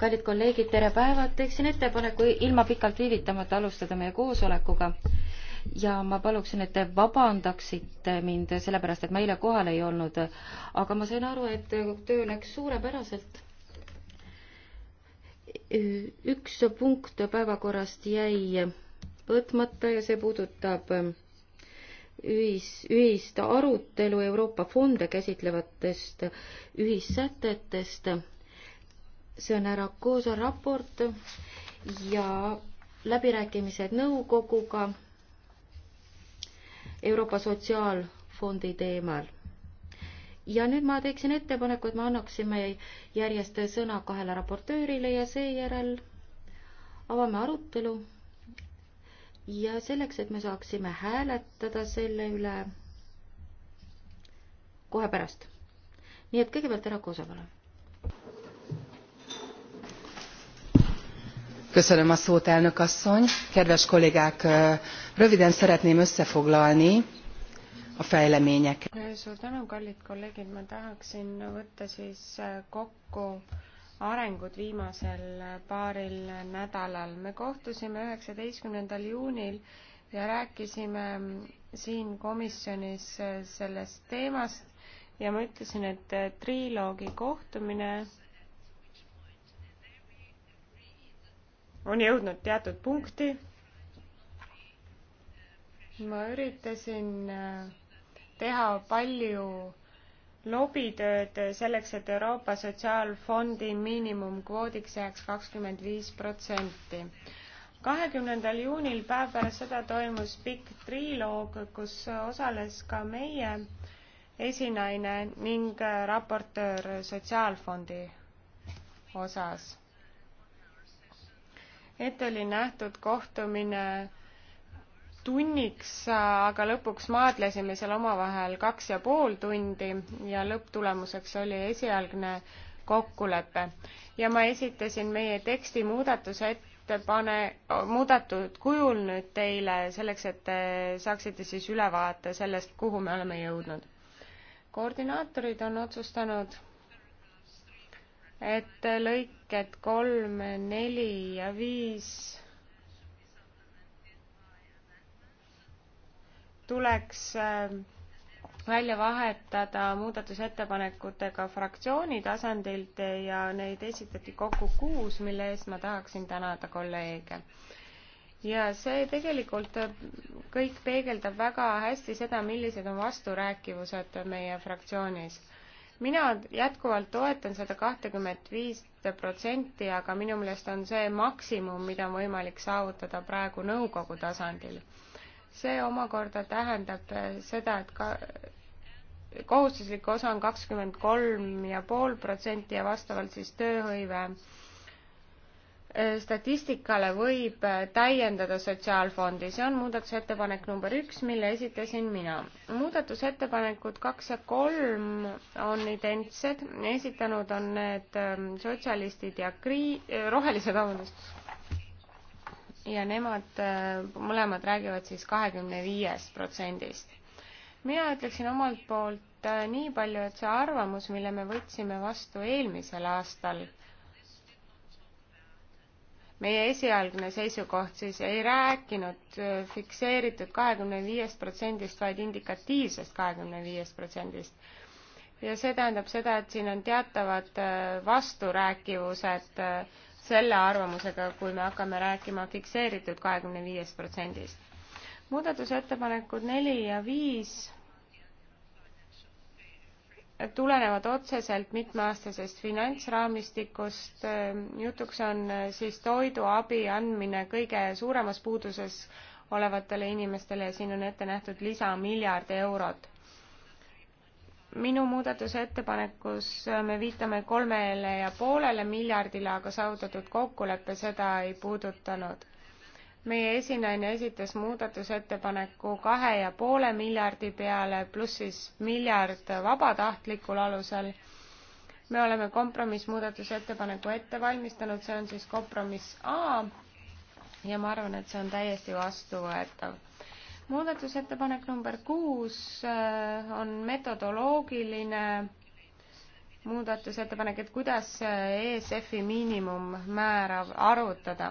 kallid kolleegid, tere päevast, teeksin ettepaneku ilma pikalt viivitamata alustada meie koosolekuga ja ma paluksin, et te vabandaksite mind sellepärast, et ma eile kohal ei olnud, aga ma sain aru, et töö läks suurepäraselt. üks punkt päevakorrast jäi võtmata ja see puudutab ühis, ühist arutelu Euroopa fonde käsitlevatest ühissätetest. see on härra Koosa raport ja läbirääkimised nõukoguga Euroopa Sotsiaalfondi teemal. ja nüüd ma teeksin ettepaneku, et me annaksime järjest sõna kahele raportöörile ja seejärel avame arutelu ja selleks, et me saaksime hääletada selle üle kohe pärast. nii et kõigepealt härra Koosa, palun. Köszönöm a szót, elnök asszony! Kedves kollégák, röviden szeretném összefoglalni a fejleményeket. Suur tänu, kallid kolleegid, ma tahaksin võtta siis kokku äh, arengud viimasel paaril nädalal. me kohtusime üheksateistkümnendal juunil ja rääkisime siin komisjonis sellest teemast ja ma ütlesin, et triloogi kohtumine on jõudnud teatud punkti. ma üritasin teha palju lobitööd selleks, et Euroopa Sotsiaalfondi miinimumkvoodiks jääks kakskümmend viis protsenti. kahekümnendal juunil päev pärast seda toimus pikk triloog, kus osales ka meie esinaine ning raportöör Sotsiaalfondi osas. ette oli nähtud kohtumine tunniks, aga lõpuks maadlesime seal omavahel kaks ja pool tundi ja lõpptulemuseks oli esialgne kokkulepe. ja ma esitasin meie teksti muudatuse ettepane, muudatud kujul nüüd teile selleks, et te saaksite siis ülevaate sellest, kuhu me oleme jõudnud. koordinaatorid on otsustanud, et lõiked kolm, neli ja viis tuleks äh, välja vahetada muudatusettepanekutega fraktsiooni tasandilt ja neid esitati kokku kuus, mille eest ma tahaksin tänada kolleege. ja see tegelikult kõik peegeldab väga hästi seda, millised on vasturääkivused meie fraktsioonis. mina jätkuvalt toetan seda kahtekümmet viit protsenti, aga minu meelest on see maksimum, mida on võimalik saavutada praegu nõukogu tasandil see omakorda tähendab seda, et ka kohustuslik osa on kakskümmend kolm ja pool protsenti ja vastavalt siis tööhõive äh, statistikale võib äh, täiendada Sotsiaalfondi, see on muudatusettepanek number üks, mille esitasin mina. muudatusettepanekud kaks ja kolm on identsed, esitanud on need ähm, sotsialistid ja krii-, äh, rohelised, vabandust ja nemad äh, mõlemad räägivad siis kahekümne viiest protsendist. mina ütleksin omalt poolt äh, nii palju, et see arvamus, mille me võtsime vastu eelmisel aastal, meie esialgne seisukoht siis ei rääkinud äh, fikseeritud kahekümne viiest protsendist, vaid indikatiivsest kahekümne viiest protsendist. ja see tähendab seda, et siin on teatavad vasturääkivused selle arvamusega, kui me hakkame rääkima fikseeritud kahekümne viiest protsendist. muudatusettepanekud neli ja viis tulenevad otseselt mitmeaastasest finantsraamistikust. jutuks on siis toiduabi andmine kõige suuremas puuduses olevatele inimestele ja siin on ette nähtud lisa miljard eurot minu muudatusettepanekus me viitame kolmele ja poolele miljardile, aga saavutatud kokkulepe seda ei puudutanud. meie esinaine esitas muudatusettepaneku kahe ja poole miljardi peale, pluss siis miljard vabatahtlikul alusel. me oleme kompromissmuudatusettepaneku ette valmistanud, see on siis kompromiss A ja ma arvan, et see on täiesti vastuvõetav muudatusettepanek number kuus äh, on metodoloogiline muudatusettepanek, et kuidas äh, ESF-i miinimummäära arvutada.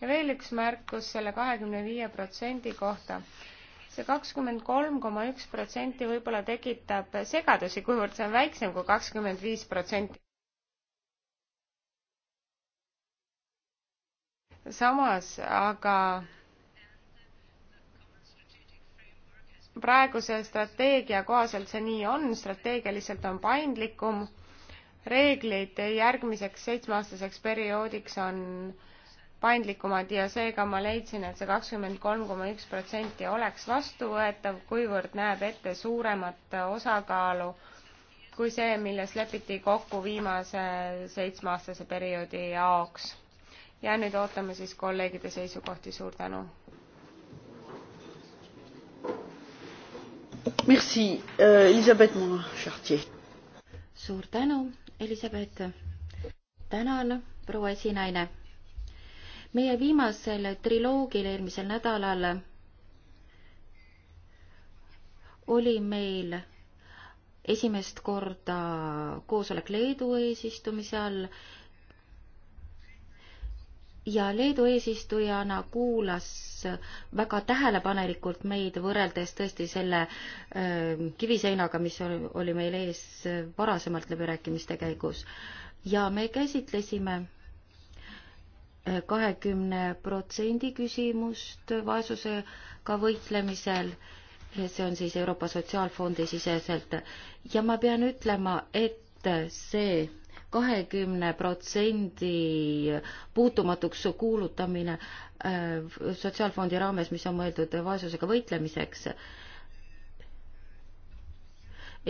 ja veel üks märkus selle kahekümne viie protsendi kohta see kakskümmend kolm koma üks protsenti võib-olla tekitab segadusi, kuivõrd see on väiksem kui kakskümmend viis protsenti. samas aga praeguse strateegia kohaselt see nii on, strateegiliselt on paindlikum, reeglid järgmiseks seitsmeaastaseks perioodiks on paindlikumad ja seega ma leidsin, et see kakskümmend kolm koma üks protsenti oleks vastuvõetav, kuivõrd näeb ette suuremat osakaalu kui see, milles lepiti kokku viimase seitsmeaastase perioodi jaoks. ja nüüd ootame siis kolleegide seisukohti, suur tänu! Merci, euh, Elisabeth Moulin-Chartier. suur tänu, Elisabeth. tänan, proua esinaine. meie viimasel triloogil eelmisel nädalal oli meil esimest korda koosolek Leedu eesistumise all ja Leedu eesistujana kuulas väga tähelepanelikult meid võrreldes tõesti selle öö, ähm, kiviseinaga, mis oli meil ees varasemalt läbirääkimiste käigus. ja me käsitlesime äh, kahekümne protsendi küsimust vaesusega võitlemisel, see on siis Euroopa Sotsiaalfondi siseselt, ja ma pean ütlema, et see kahekümne protsendi puutumatuks kuulutamine äh, sotsiaalfondi raames, mis on mõeldud vaesusega võitlemiseks,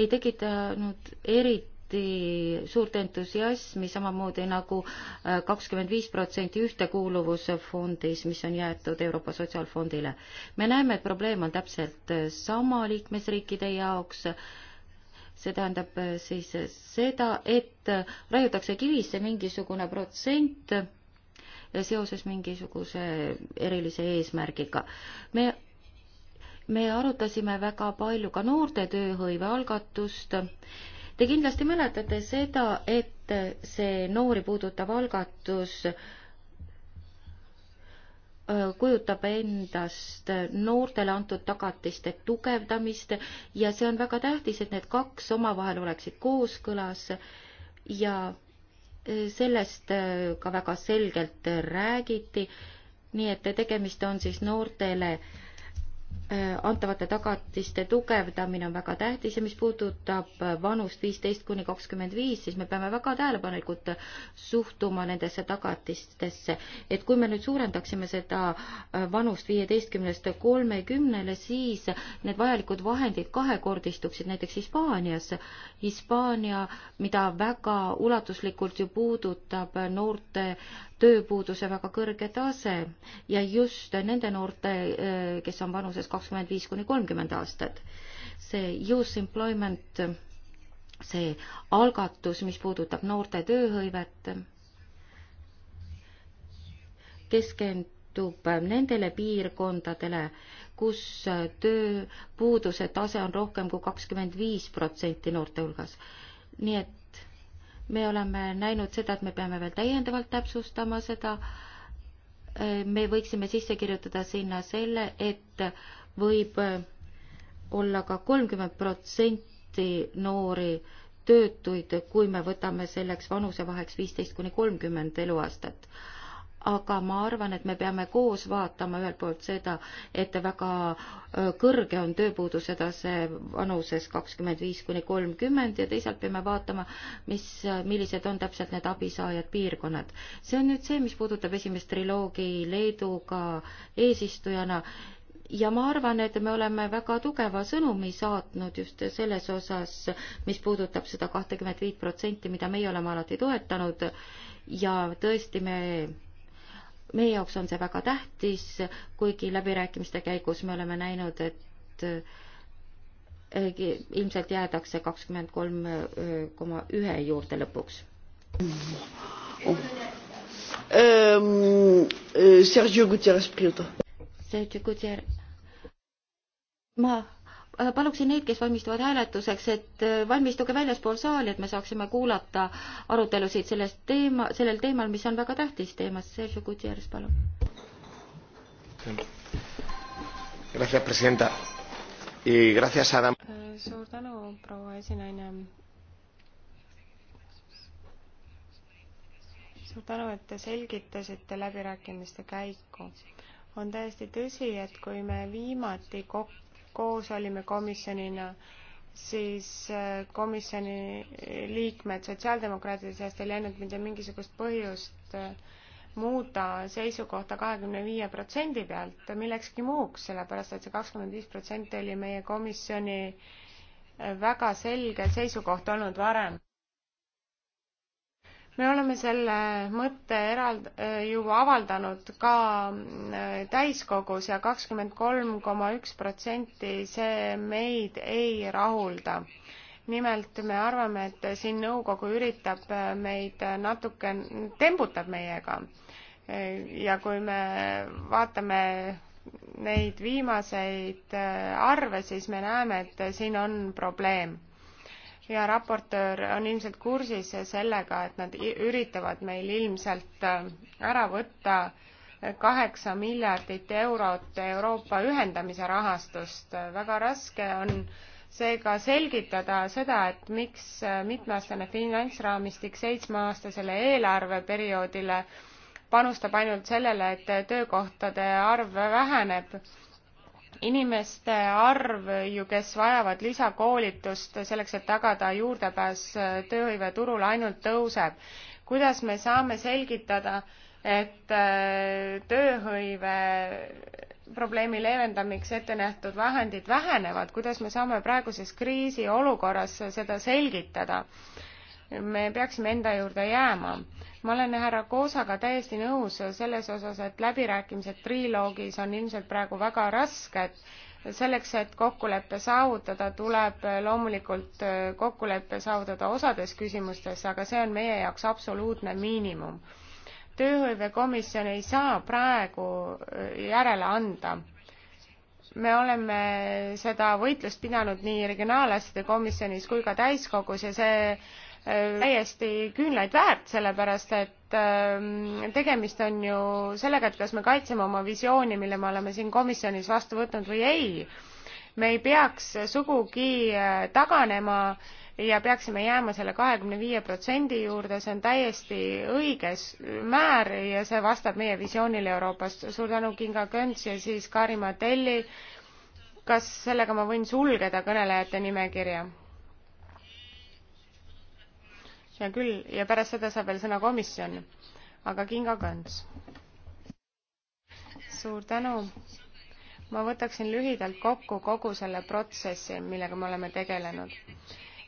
ei tekitanud eriti eriti suurt entusiasmi, samamoodi nagu äh, kakskümmend viis protsenti ühtekuuluvusfondis, mis on jäetud Euroopa Sotsiaalfondile. me näeme, et probleem on täpselt sama liikmesriikide jaoks see tähendab äh, siis seda, et raiutakse kivisse mingisugune protsent äh, seoses mingisuguse erilise eesmärgiga. me, me arutasime väga palju ka noorte tööhõive algatust. Te kindlasti mäletate seda, et see noori puudutav algatus äh, kujutab endast noortele antud tagatiste tugevdamist ja see on väga tähtis, et need kaks omavahel oleksid kooskõlas ja sellest ka väga selgelt räägiti, nii et tegemist on siis noortele äh, Äh, antavate tagatiste tugevdamine on väga tähtis ja mis puudutab äh, vanust viisteist kuni kakskümmend viis, siis me peame väga tähelepanelikult suhtuma nendesse tagatistesse. et kui me nüüd suurendaksime seda äh, vanust viieteistkümnest kolmekümnele, siis need vajalikud vahendid kahekordistuksid näiteks Hispaanias. Hispaania, mida väga ulatuslikult ju puudutab noorte tööpuuduse väga kõrge tase ja just nende noorte, kes on vanuses kakskümmend viis kuni kolmkümmend aastat. see Youth Employment, see algatus, mis puudutab noorte tööhõivet, keskendub nendele piirkondadele, kus tööpuuduse tase on rohkem kui kakskümmend viis protsenti noorte hulgas. nii et me oleme näinud seda, et me peame veel täiendavalt täpsustama seda. Äh, me võiksime sisse kirjutada sinna selle, et võib äh, olla ka kolmkümmend protsenti noori töötuid, kui me võtame selleks vanusevaheks viisteist kuni kolmkümmend eluaastat aga ma arvan, et me peame koos vaatama ühelt poolt seda, et väga kõrge on tööpuudus edasi vanuses kakskümmend viis kuni kolmkümmend ja teisalt peame vaatama, mis, millised on täpselt need abisaajad, piirkonnad. see on nüüd see, mis puudutab esimest triloogi Leeduga eesistujana ja ma arvan, et me oleme väga tugeva sõnumi saatnud just selles osas, mis puudutab seda kahtekümmet viit protsenti, mida meie oleme alati toetanud ja tõesti, me meie jaoks on see väga tähtis, kuigi läbirääkimiste käigus me oleme näinud, et eh, ilmselt jäädakse kakskümmend kolm eh, koma ühe juurde lõpuks oh.. Sergio Gutierrez Prieto. Sergio Gutierrez. ma Äh, paluksin neid, kes valmistuvad hääletuseks, et äh, valmistuge väljaspool saali, et me saaksime kuulata arutelusid sellest teema, sellel teemal, mis on väga tähtis teema. Sergio Gutierrez, palun. Äh, suur tänu, proua esinaine. suur tänu, et te selgitasite läbirääkimiste käiku on täiesti tõsi, et kui me viimati kokku koos olime komisjonina, siis äh, komisjoni liikmed sotsiaaldemokraatide seast ei leidnud mitte mingisugust põhjust äh, muuta seisukohta kahekümne viie protsendi pealt millekski muuks, sellepärast et see kakskümmend viis protsenti oli meie komisjoni äh, väga selge seisukoht olnud varem me oleme selle mõtte erald- äh, ju avaldanud ka äh, täiskogus ja kakskümmend kolm koma üks protsenti see meid ei rahulda. nimelt me arvame, et siin nõukogu üritab äh, meid natuke, tembutab meiega. ja kui me vaatame neid viimaseid arve, siis me näeme, et siin on probleem ja raportöör on ilmselt kursis sellega, et nad üritavad meil ilmselt äh, ära võtta äh, kaheksa miljardit eurot Euroopa ühendamise rahastust. väga raske on seega selgitada seda, et miks äh, mitmeaastane finantsraamistik seitsmeaastasele eelarveperioodile panustab ainult sellele, et töökohtade arv väheneb inimeste arv ju, kes vajavad lisakoolitust selleks, et tagada juurdepääs äh, tööhõiveturule, ainult tõuseb. kuidas me saame selgitada, et äh, tööhõive probleemi leevendamiseks ette nähtud vahendid vähenevad, kuidas me saame praeguses kriisiolukorras seda selgitada? me peaksime enda juurde jääma. ma olen härra Koosaga täiesti nõus selles osas, et läbirääkimised triloogis on ilmselt praegu väga rasked. selleks, et kokkulepe saavutada, tuleb loomulikult äh, kokkulepe saavutada osades küsimustes, aga see on meie jaoks absoluutne miinimum. tööhõivekomisjon ei saa praegu äh, järele anda me oleme seda võitlust pidanud nii regionaalasjade komisjonis kui ka täiskogus ja see Äh, täiesti küünlaid väärt, sellepärast et ähm, tegemist on ju sellega, et kas me kaitseme oma visiooni, mille me oleme siin komisjonis vastu võtnud või ei. me ei peaks sugugi äh, taganema ja peaksime jääma selle kahekümne viie protsendi juurde, see on täiesti õiges määr ja see vastab meie visioonile Euroopast. suur tänu, Kinga Könts ja siis Kari Matelli. kas sellega ma võin sulgeda kõnelejate nimekirja? hea küll, ja pärast seda saab veel sõna komisjon, aga Kinga Kants. suur tänu. ma võtaksin lühidalt kokku kogu selle protsessi, millega me oleme tegelenud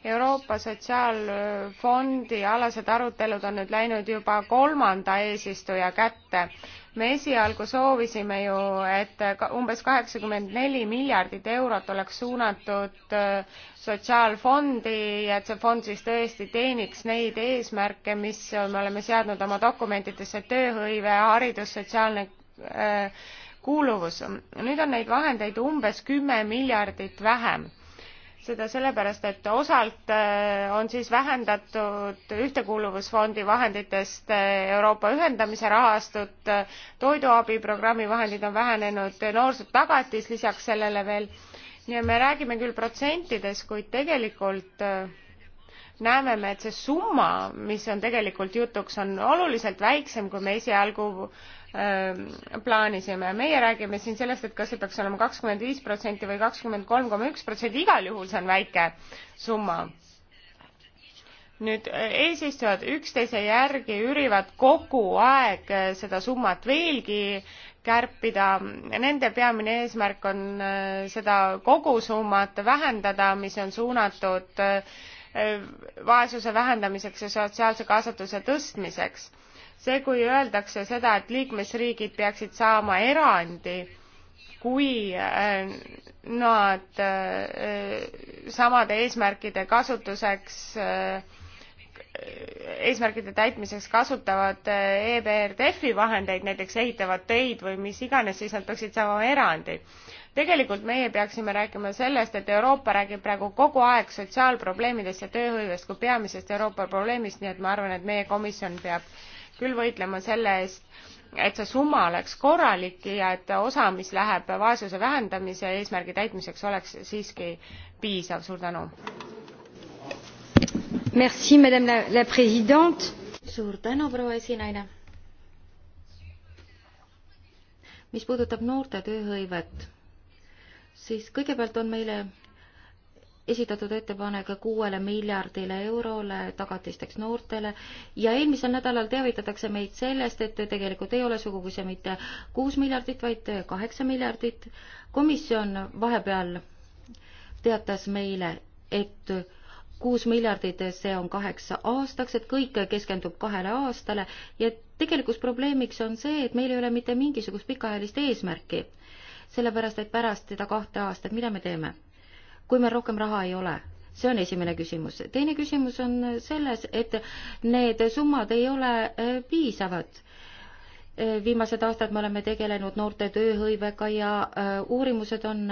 Euroopa Sotsiaalfondi alased arutelud on nüüd läinud juba kolmanda eesistuja kätte. me esialgu soovisime ju, et umbes kaheksakümmend neli miljardit eurot oleks suunatud äh, sotsiaalfondi ja et see fond siis tõesti teeniks neid eesmärke, mis me oleme seadnud oma dokumentidesse, tööhõive, haridus, sotsiaalne äh, kuuluvus. nüüd on neid vahendeid umbes kümme miljardit vähem seda sellepärast, et osalt äh, on siis vähendatud Ühtekuuluvusfondi vahenditest äh, Euroopa ühendamise rahastut, äh, toiduabiprogrammi vahendid on vähenenud, noorsootagatis lisaks sellele veel. nii et me räägime küll protsentides, kuid tegelikult näeme me, et see summa, mis on tegelikult jutuks, on oluliselt väiksem, kui me esialgu äh, Ehm, plaanisime. meie räägime siin sellest, et kas see peaks olema kakskümmend viis protsenti või kakskümmend kolm koma üks protsenti, igal juhul see on väike summa. nüüd eh, eesistujad üksteise järgi ürivad kogu aeg eh, seda summat veelgi kärpida, nende peamine eesmärk on eh, seda kogusummat vähendada, mis on suunatud vaesuse vähendamiseks ja sotsiaalse kaasatuse tõstmiseks see, kui öeldakse seda, et liikmesriigid peaksid saama erandi, kui äh, nad äh, samade eesmärkide kasutuseks, äh, eesmärkide täitmiseks kasutavad EBRDF-i vahendeid, näiteks ehitavad teid või mis iganes, siis nad peaksid saama erandi tegelikult meie peaksime rääkima sellest, et Euroopa räägib praegu kogu aeg sotsiaalprobleemidest ja tööhõivest kui peamisest Euroopa probleemist, nii et ma arvan, et meie komisjon peab küll võitlema selle eest, et see summa oleks korralik ja et osa, mis läheb vaesuse vähendamise eesmärgi täitmiseks, oleks siiski piisav. suur tänu. Merci, madame la, la president. suur tänu, proua esinaine. mis puudutab noorte tööhõivet, siis kõigepealt on meile esitatud ettepanek kuuele miljardile eurole tagatisteks noortele ja eelmisel nädalal teavitatakse meid sellest, et tegelikult ei ole sugugi see mitte kuus miljardit, vaid kaheksa miljardit. komisjon vahepeal teatas meile, et kuus miljardit, see on kaheksa aastaks, et kõik keskendub kahele aastale ja tegelikuks probleemiks on see, et meil ei ole mitte mingisugust pikaajalist eesmärki. sellepärast, et pärast seda kahte aastat, mida me teeme? kui meil rohkem raha ei ole? see on esimene küsimus. teine küsimus on selles, et need summad ei ole äh, piisavad äh, viimased aastad me oleme tegelenud noorte tööhõivega ja äh, uurimused on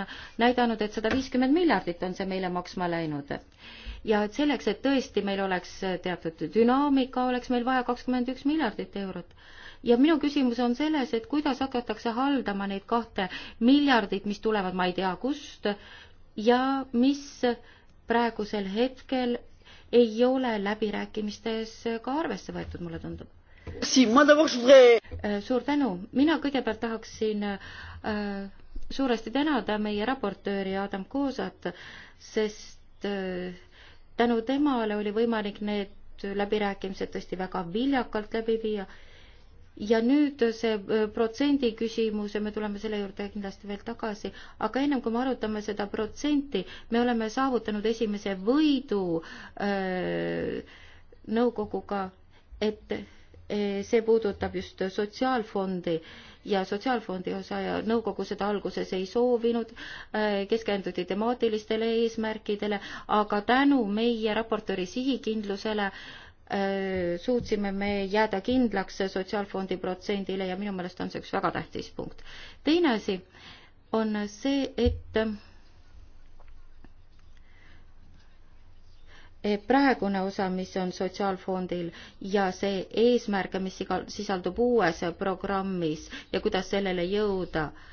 näidanud, et sada viiskümmend miljardit on see meile maksma läinud. ja et selleks, et tõesti meil oleks teatud dünaamika, oleks meil vaja kakskümmend üks miljardit eurot. ja minu küsimus on selles, et kuidas hakatakse haldama neid kahte miljardit, mis tulevad ma ei tea kust, ja mis praegusel hetkel ei ole läbirääkimistes ka arvesse võetud, mulle tundub. Äh, suur tänu, mina kõigepealt tahaksin äh, suuresti tänada meie raportööri Adam Koosat, sest äh, tänu temale oli võimalik need läbirääkimised tõesti väga viljakalt läbi viia äh, ja nüüd see äh, protsendi küsimus ja me tuleme selle juurde kindlasti veel tagasi, aga ennem kui me arutame seda protsenti, me oleme saavutanud esimese võidu öö, äh, nõukoguga, et äh, see puudutab just sotsiaalfondi ja sotsiaalfondi osa ja nõukogu seda alguses ei soovinud, keskenduti temaatilistele eesmärkidele, aga tänu meie raportööri sihikindlusele äh, Äh, suutsime me jääda kindlaks sotsiaalfondi protsendile ja minu meelest on see üks väga tähtis punkt. teine asi on see, et praegune osa, mis on sotsiaalfondil ja see eesmärk, mis igal, sisaldub uues programmis ja kuidas sellele jõuda äh,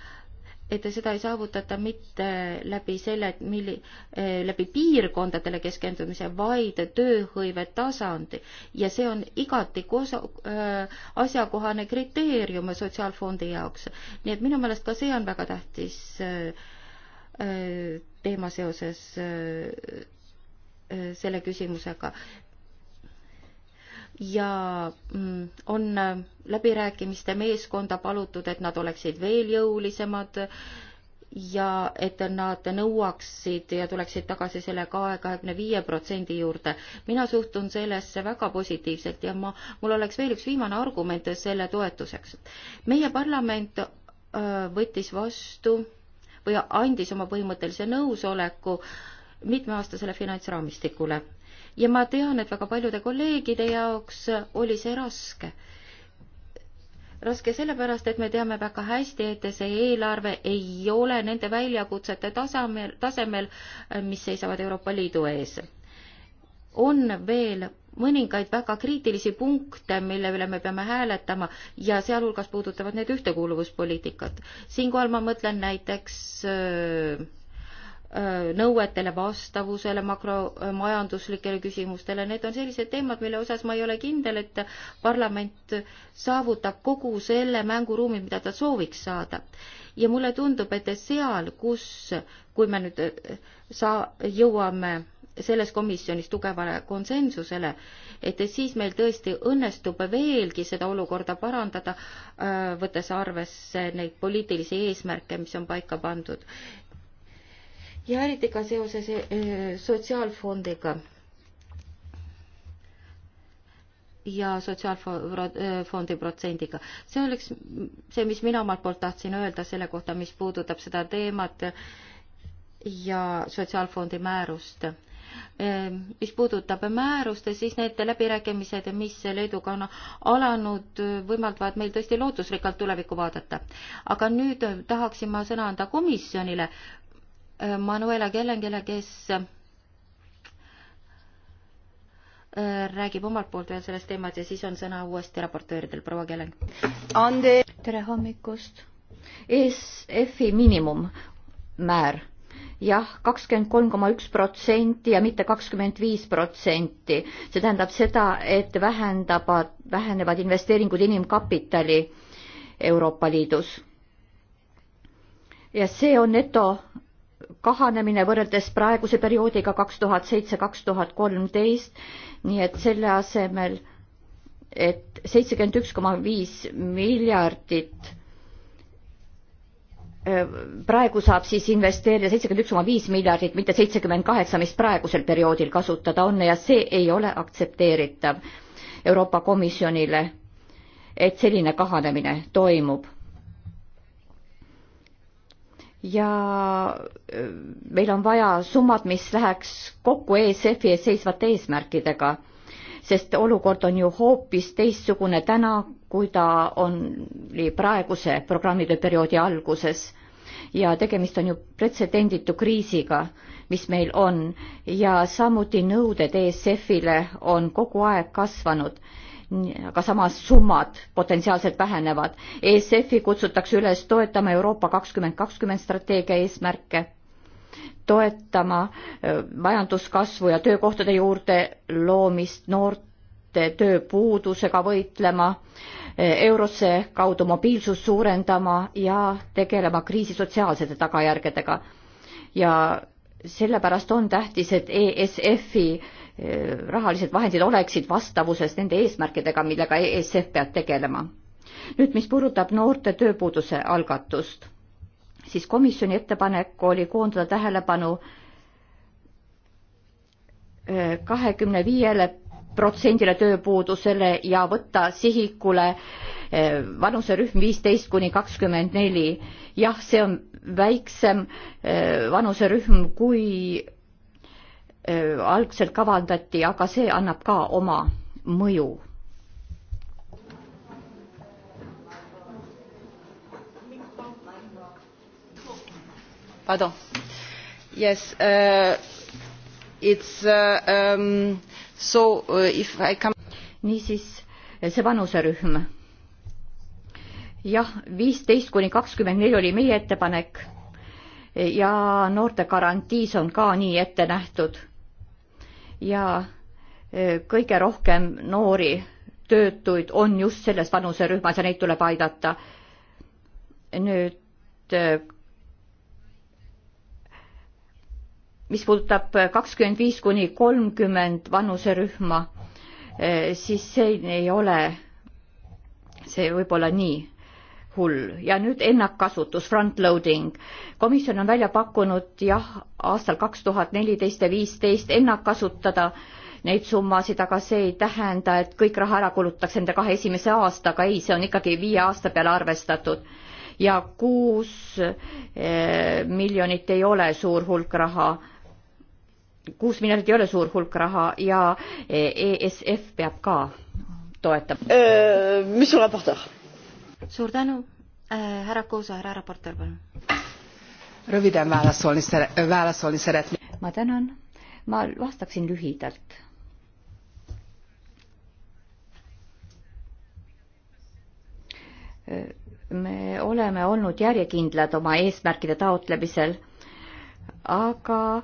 et seda ei saavutata mitte läbi selle, et milli-, eh, läbi piirkondadele keskendumise, vaid tööhõive tasandi. ja see on igati kosa- äh,, eh, asjakohane kriteerium Sotsiaalfondi jaoks. nii et minu meelest ka see on väga tähtis äh, teema seoses äh, selle küsimusega ja mm, on äh, läbirääkimiste meeskonda palutud, et nad oleksid veel jõulisemad ja et nad nõuaksid ja tuleksid tagasi selle kahe, kahekümne viie protsendi juurde. mina suhtun sellesse väga positiivselt ja ma, mul oleks veel üks viimane argument selle toetuseks. meie parlament öö, äh, võttis vastu või andis oma põhimõttelise nõusoleku mitmeaastasele finantsraamistikule ja ma tean, et väga paljude kolleegide jaoks oli see raske. raske sellepärast, et me teame väga hästi, et see eelarve ei ole nende väljakutsete tasemel, tasemel, mis seisavad Euroopa Liidu ees. on veel mõningaid väga kriitilisi punkte, mille üle me peame hääletama ja sealhulgas puudutavad need ühtekuuluvuspoliitikat. siinkohal ma mõtlen näiteks öö, äh, Äh, nõuetele vastavusele, makromajanduslikele küsimustele, need on sellised teemad, mille osas ma ei ole kindel, et parlament saavutab kogu selle mänguruumi, mida ta sooviks saada. ja mulle tundub, et seal, kus, kui me nüüd äh, saa-, jõuame selles komisjonis tugevale konsensusele, et siis meil tõesti õnnestub veelgi seda olukorda parandada, äh, võttes arvesse neid poliitilisi eesmärke, mis on paika pandud ja eriti ka seoses eh, sotsiaalfondiga. ja sotsiaalfondi protsendiga. see oleks see, mis mina omalt poolt tahtsin öelda selle kohta, mis puudutab seda teemat ja sotsiaalfondi määrust. Eh, mis puudutab määrust, siis need läbirääkimised, mis Leeduga on alanud, võimaldavad meil tõesti lootusrikkalt tulevikku vaadata. aga nüüd tahaksin ma sõna anda komisjonile, Äh, Manuela Kellengile, kes äh, räägib omalt poolt veel sellest teemast ja siis on sõna uuesti raportööridel, proua Kelleng. tere hommikust. ESF-i miinimummäär jah, kakskümmend kolm koma üks protsenti ja mitte kakskümmend viis protsenti. see tähendab seda, et vähendavad, vähenevad investeeringud inimkapitali Euroopa Liidus. ja see on neto kahanemine võrreldes praeguse perioodiga kaks tuhat seitse, kaks tuhat kolmteist, nii et selle asemel, et seitsekümmend üks koma viis miljardit praegu saab siis investeerida seitsekümmend üks koma viis miljardit, mitte seitsekümmend kaheksa, mis praegusel perioodil kasutada on ja see ei ole aktsepteeritav Euroopa Komisjonile, et selline kahanemine toimub ja äh, meil on vaja summat, mis läheks kokku ESF-i ees seisvate eesmärkidega, sest olukord on ju hoopis teistsugune täna, kui ta on, oli praeguse programmide perioodi alguses ja tegemist on ju pretsedenditu kriisiga, mis meil on ja samuti nõuded ESF-ile on kogu aeg kasvanud aga samas summad potentsiaalselt vähenevad. ESF-i kutsutakse üles toetama Euroopa kakskümmend kakskümmend strateegia eesmärke, toetama majanduskasvu ja töökohtade juurde loomist, noorte tööpuudusega võitlema, Eurose kaudu mobiilsust suurendama ja tegelema kriisi sotsiaalsete tagajärgedega. ja sellepärast on tähtis, et ESF-i rahalised vahendid oleksid vastavuses nende eesmärkidega, millega ESF peab tegelema. nüüd, mis puudutab noorte tööpuuduse algatust, siis komisjoni ettepanek oli koondada tähelepanu äh, kahekümne viiele protsendile tööpuudusele ja võtta sihikule äh, vanuserühm viisteist kuni kakskümmend neli. jah, see on väiksem äh, vanuserühm kui algselt kavandati, aga see annab ka oma mõju pardon. Yes, uh, it's uh, um, so uh, if I come. niisiis see vanuserühm. jah, viisteist kuni kakskümmend neli oli meie ettepanek ja noorte garantiis on ka nii ette nähtud ja kõige rohkem noori töötuid on just selles vanuserühmas ja neid tuleb aidata. nüüd mis puudutab kakskümmend viis kuni kolmkümmend vanuserühma, siis see ei ole, see võib-olla nii hull ja nüüd ennakkasutus, front-loading. komisjon on välja pakkunud jah, aastal kaks tuhat neliteist ja viisteist ennakkasutada neid summasid, aga see ei tähenda, et kõik raha ära kulutatakse nende kahe esimese aastaga, ei, see on ikkagi viie aasta peale arvestatud. ja kuus eh, miljonit ei ole suur hulk raha, kuus miljonit ei ole suur hulk raha ja ESF eh, e peab ka toetama äh,. Eh, mis sul raportöör? suur tänu, äh, härra Kuusa, härra raportöör, palun. Röviden válaszolni, válaszolni szeretném. Ma tänan. Ma vastaksin lühidalt. me oleme olnud järjekindlad oma eesmärkide taotlemisel, aga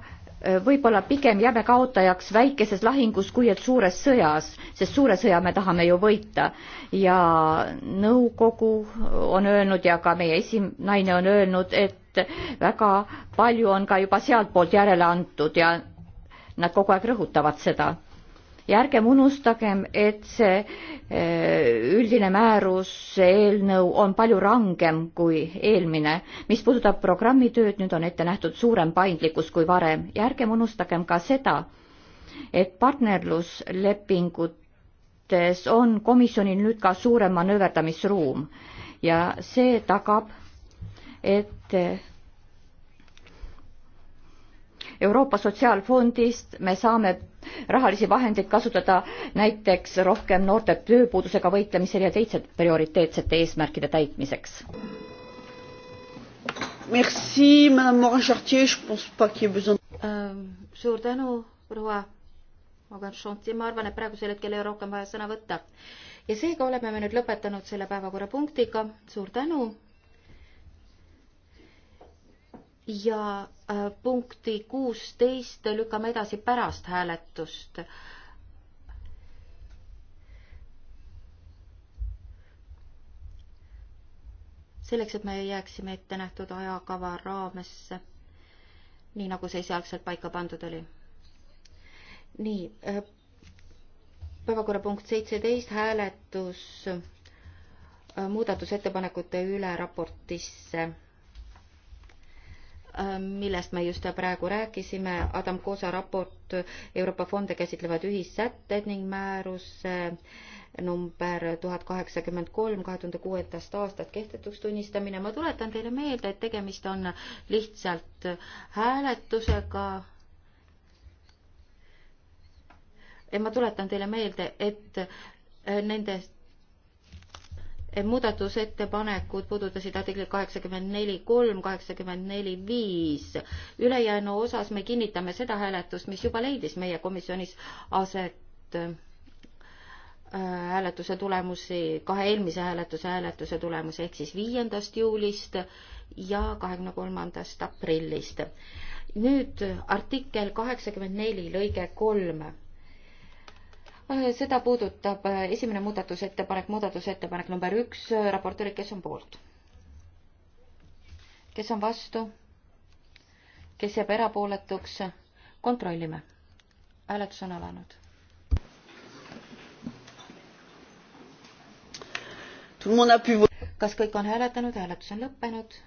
võib-olla pigem jääme kaotajaks väikeses lahingus, kui et suures sõjas, sest suure sõja me tahame ju võita. ja nõukogu on öelnud ja ka meie esinaine on öelnud, et väga palju on ka juba sealtpoolt järele antud ja nad kogu aeg rõhutavad seda ja ärgem unustagem, et see eh, üldine määrus, eelnõu on palju rangem kui eelmine. mis puudutab programmitööd, nüüd on ette nähtud suurem paindlikkus kui varem ja ärgem unustagem ka seda, et partnerluslepingutes on komisjonil nüüd ka suurem manööverdamisruum ja see tagab, et eh, Euroopa Sotsiaalfondist me saame rahalisi vahendeid kasutada näiteks rohkem noorte tööpuudusega võitlemisel ja teiste prioriteetsete eesmärkide täitmiseks. Merci, madame Morin-Chartier, je pense pas qu'il y ait besoin uh,. suur tänu, proua Morin-Chartier, ma arvan, et praegusel hetkel ei ole rohkem vaja sõna võtta. ja seega oleme me nüüd lõpetanud selle päevakorrapunktiga, suur tänu ja äh, punkti kuusteist lükkame edasi pärast hääletust. selleks, et me jääksime ettenähtud ajakava raamesse, nii nagu see esialgselt paika pandud oli. nii, äh, päevakorrapunkt seitseteist, hääletus äh, muudatusettepanekute üle raportisse Äh, millest me just praegu rääkisime, Adam Koosa raport Euroopa fonde käsitlevad ühissätted ning määruse number tuhat kaheksakümmend kolm kahe tuhande kuuendast aastast kehtetuks tunnistamine. ma tuletan teile meelde, et tegemist on lihtsalt hääletusega. ma tuletan teile meelde, et nendest muudatusettepanekud puudutasid artiklit kaheksakümmend neli kolm, kaheksakümmend neli viis. ülejäänu osas me kinnitame seda hääletust, mis juba leidis meie komisjonis aset äh, hääletuse tulemusi, kahe eelmise hääletuse hääletuse tulemusi ehk siis viiendast juulist ja kahekümne kolmandast aprillist. nüüd artikkel kaheksakümmend neli lõige kolm Äh, seda puudutab äh, esimene muudatusettepanek, muudatusettepanek number üks, äh, raportöörid, kes on poolt? kes on vastu? kes jääb erapooletuks? kontrollime. hääletus on alanud. kas kõik on hääletanud, hääletus on lõppenud?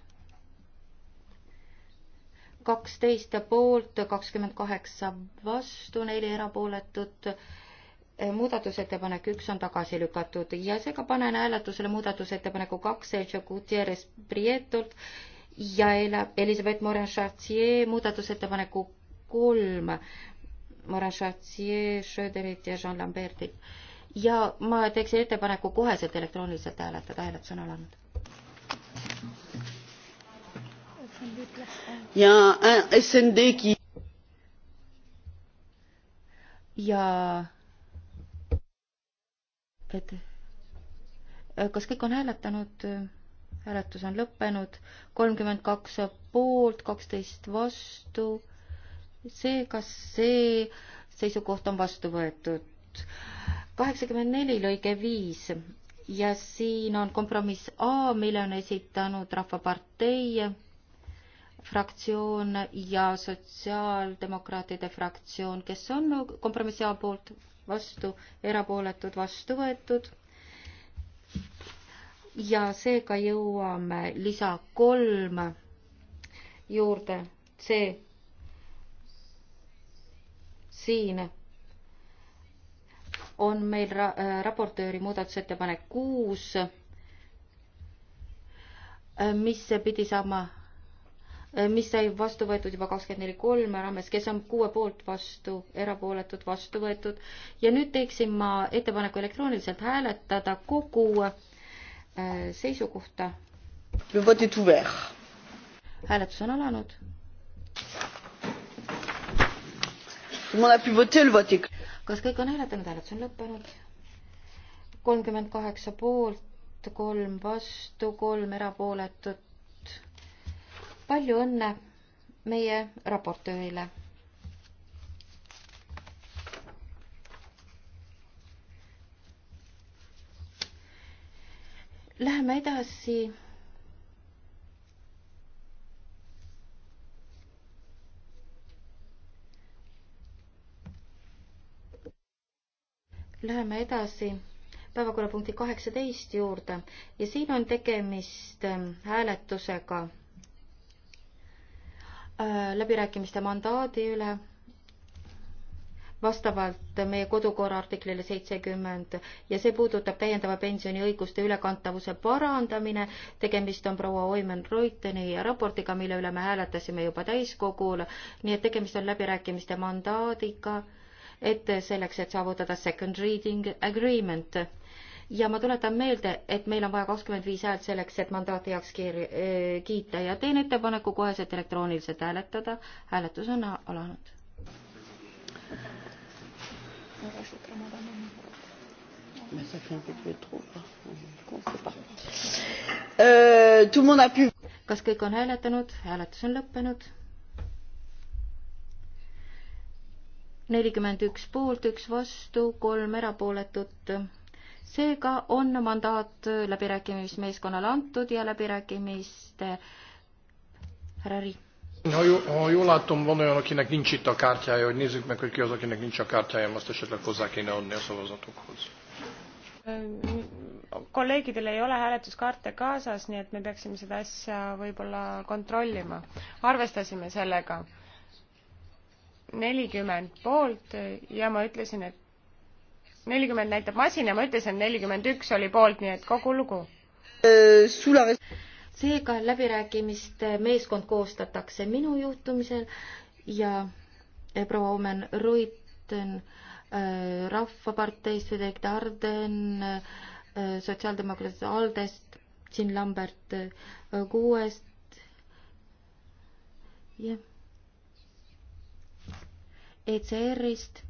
kaksteist poolt, kakskümmend kaheksa vastu, neli erapooletut muudatusettepanek üks on tagasi lükatud ja seega panen hääletusele muudatusettepaneku kaks Sergio Gutierrez Prietult ja Elizabeth Morin-Chartier muudatusettepaneku kolm Morin-Chartier, Schröderit ja Jean Lambertit. ja ma teeksin ettepaneku koheselt elektrooniliselt hääletada, hääletus on alanud. ja äh, SND ki-. ja et äh, kas kõik on hääletanud? hääletus on lõppenud, kolmkümmend kaks poolt, kaksteist vastu. seega see seisukoht on vastu võetud. kaheksakümmend neli lõige viis ja siin on kompromiss A, mille on esitanud Rahvapartei fraktsioon ja Sotsiaaldemokraatide fraktsioon, kes on kompromissi A poolt vastu, erapooletud, vastu võetud. ja seega jõuame lisa kolm juurde, C. siin on meil ra äh, raportööri muudatusettepanek kuus, äh, mis pidi saama Äh, mis sai vastu võetud juba kakskümmend neli kolme raames, kes on kuue poolt vastu, erapooletud, vastu võetud. ja nüüd teeksin ma ettepaneku elektrooniliselt hääletada kogu äh, seisukohta. hääletus on alanud. kas kõik on hääletanud, hääletus on lõppenud. kolmkümmend kaheksa poolt, kolm vastu, kolm erapooletut palju õnne meie raportöörile. Läheme edasi Läheme edasi päevakorrapunkti kaheksateist juurde ja siin on tegemist ähm, hääletusega Äh, läbirääkimiste mandaadi üle vastavalt meie kodukorra artiklile seitsekümmend ja see puudutab täiendava pensioni õiguste ülekantavuse parandamine. tegemist on proua Oimen Reuteni raportiga, mille üle me hääletasime juba täiskogul, nii et tegemist on läbirääkimiste mandaadiga, et selleks, et saavutada second reading agreement ja ma tuletan meelde, et meil on vaja kakskümmend viis häält selleks, et mandaati heaks eh, kiita ja teen ettepaneku koheselt elektrooniliselt hääletada. hääletus on alanud. Euh, kas kõik on hääletanud? hääletus on lõppenud nelikümmend üks poolt, üks vastu, kolm erapooletut seega on mandaat läbirääkimismeeskonnale antud ja läbirääkimiste härra Riik. Ha jól, ha jól látom, van olyan, akinek nincs itt a kártyája, hogy nézzük meg, hogy ki az, akinek nincs a kártyája, azt esetleg hozzá kéne adni a szavazatokhoz. kolleegidel ei ole hääletuskaarte kaasas, nii et me peaksime seda asja võib-olla kontrollima. arvestasime sellega nelikümmend poolt ja ma ütlesin, et nelikümmend näitab masin ja ma ütlesin, et nelikümmend üks oli poolt, nii et kogu lugu. seega läbirääkimiste meeskond koostatakse minu juhtumisel ja eh, proua Omen Ruiten eh, Rahvaparteist, Fredrik Darden eh, Sotsiaaldemokraatide Aldest, Jean Lambert kuuest. jah. ECR-ist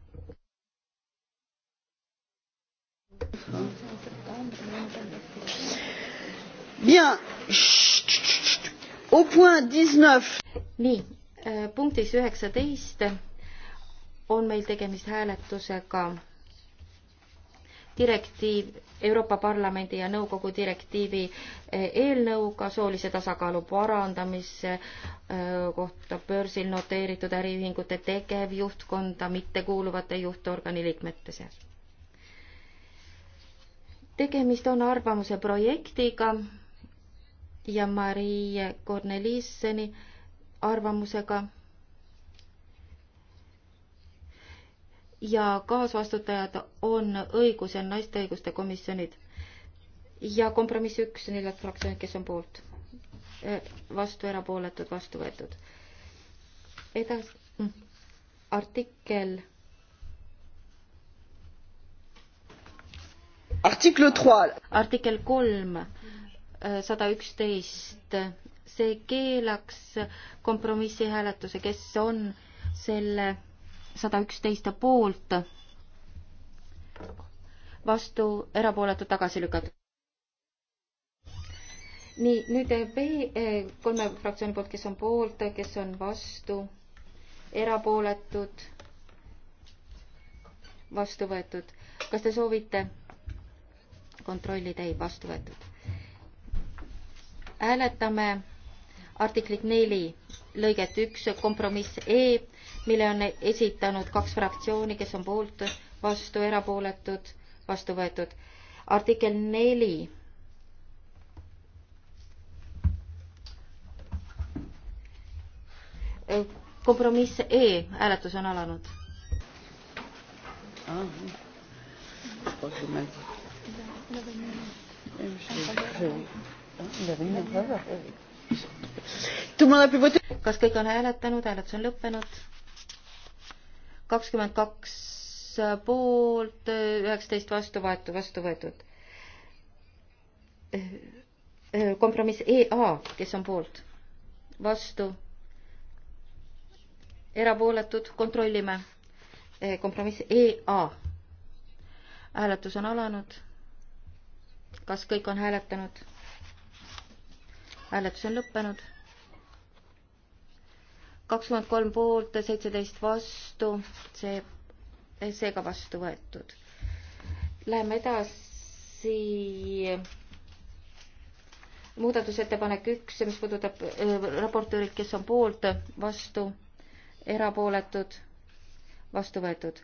nii, äh, punktis üheksateist on meil tegemist hääletusega direktiiv, Euroopa Parlamendi ja Nõukogu direktiivi äh, eelnõuga soolise tasakaalu parandamise äh, kohta börsil noteeritud äriühingute tegevjuhtkonda mittekuuluvate juhtorgani liikmete seas tegemist on arvamuse projektiga ja Marie Kornelisseni arvamusega. ja kaasvastutajad on õigus- ja naiste õiguste komisjonid ja kompromiss üks neljalt fraktsioonilt, kes on poolt, äh, vastu erapooletud, vastu võetud. edasi, mm, artikkel artikkel kolm. artikkel äh, kolm, sada üksteist, see keelaks kompromissihääletuse, kes on selle sada üksteist poolt, vastu, erapooletu, tagasi lükatud. nii, nüüd äh, B äh, kolme fraktsiooni poolt, kes on poolt, kes on vastu, erapooletud, vastu võetud. kas te soovite kontrollida ei vastu võetud. hääletame artiklit neli lõiget üks kompromiss E, mille on esitanud kaks fraktsiooni, kes on poolt, vastu, erapooletud, vastu võetud. artikkel neli kompromiss E hääletus on alanud ah, kas kõik on hääletanud, hääletus on lõppenud? kakskümmend kaks poolt, üheksateist vastu vahetu, vastu võetud. kompromiss EA, kes on poolt, vastu, erapooletud, kontrollime. kompromiss EA. hääletus on alanud kas kõik on hääletanud? hääletus on lõppenud. kakskümmend kolm poolt, seitseteist vastu, see, seega vastu võetud. Läheme edasi muudatusettepanek üks, mis puudutab äh, raportöörilt, kes on poolt, vastu, erapooletud, vastu võetud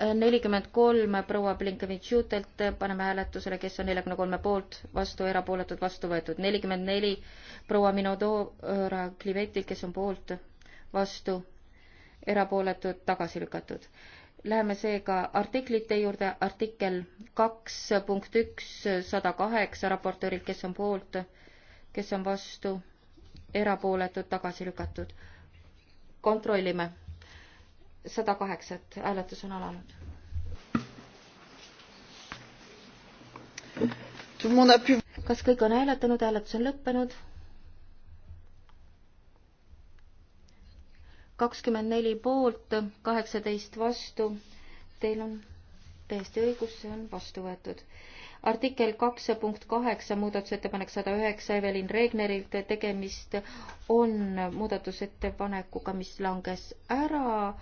nelikümmend kolm proua Blinkevitšutelt, paneme hääletusele, kes on neljakümne kolme poolt, vastu, erapooletud, vastu võetud. nelikümmend neli proua Minodora Klivetilt, kes on poolt, vastu, erapooletud, tagasi lükatud. Läheme seega artiklite juurde, artikkel kaks punkt üks, sada kaheksa raportöörilt, kes on poolt, kes on vastu, erapooletud, tagasi lükatud. kontrollime sada kaheksat, hääletus on alanud. kas kõik on hääletanud, hääletus on lõppenud? kakskümmend neli poolt, kaheksateist vastu. Teil on täiesti õigus, see on vastu võetud. artikkel kaks punkt kaheksa, muudatusettepanek sada üheksa Evelin Regnerilt, tegemist on muudatusettepanekuga, mis langes ära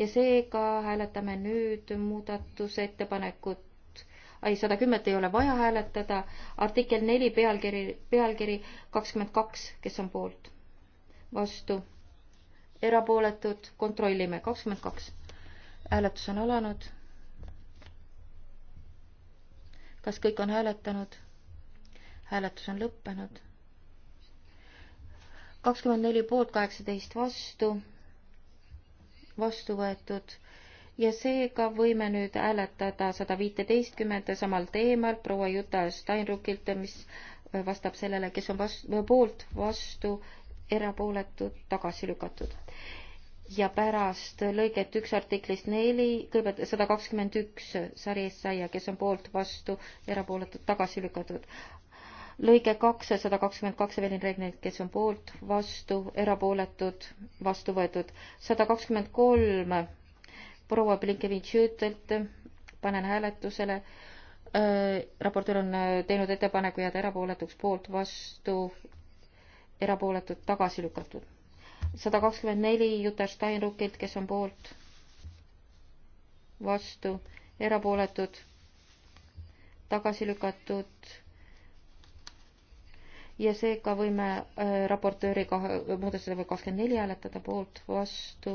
ja seega hääletame nüüd muudatusettepanekut ei, sada kümmet ei ole vaja hääletada, artikkel neli pealkiri, pealkiri kakskümmend kaks, kes on poolt, vastu, erapooletud, kontrollime, kakskümmend kaks. hääletus on alanud. kas kõik on hääletanud? hääletus on lõppenud kakskümmend neli poolt, kaheksateist vastu, vastu võetud ja seega võime nüüd hääletada sada viiteistkümnenda samal teemal proua Juta Steinruckilt, mis vastab sellele, kes on vastu, poolt, vastu, erapooletud, tagasi lükatud. ja pärast lõiget üks artiklist neli, kõigepealt sada kakskümmend üks sari eessaia, kes on poolt, vastu, erapooletud, tagasi lükatud lõige kaks ja sada kakskümmend kaks Evelin Regnerit, kes on poolt, vastu, erapooletud, vastu võetud. sada kakskümmend kolm proua Blinkevitš-Jutelt panen hääletusele. Äh, raportöör on äh, teinud ettepaneku jääda erapooletuks, poolt, vastu, erapooletud, tagasi lükatud. sada kakskümmend neli Juta Steinruckilt, kes on poolt, vastu, erapooletud, tagasi lükatud ja seega võime äh, raportööri muudatusettepaneku kakskümmend neli hääletada poolt, vastu,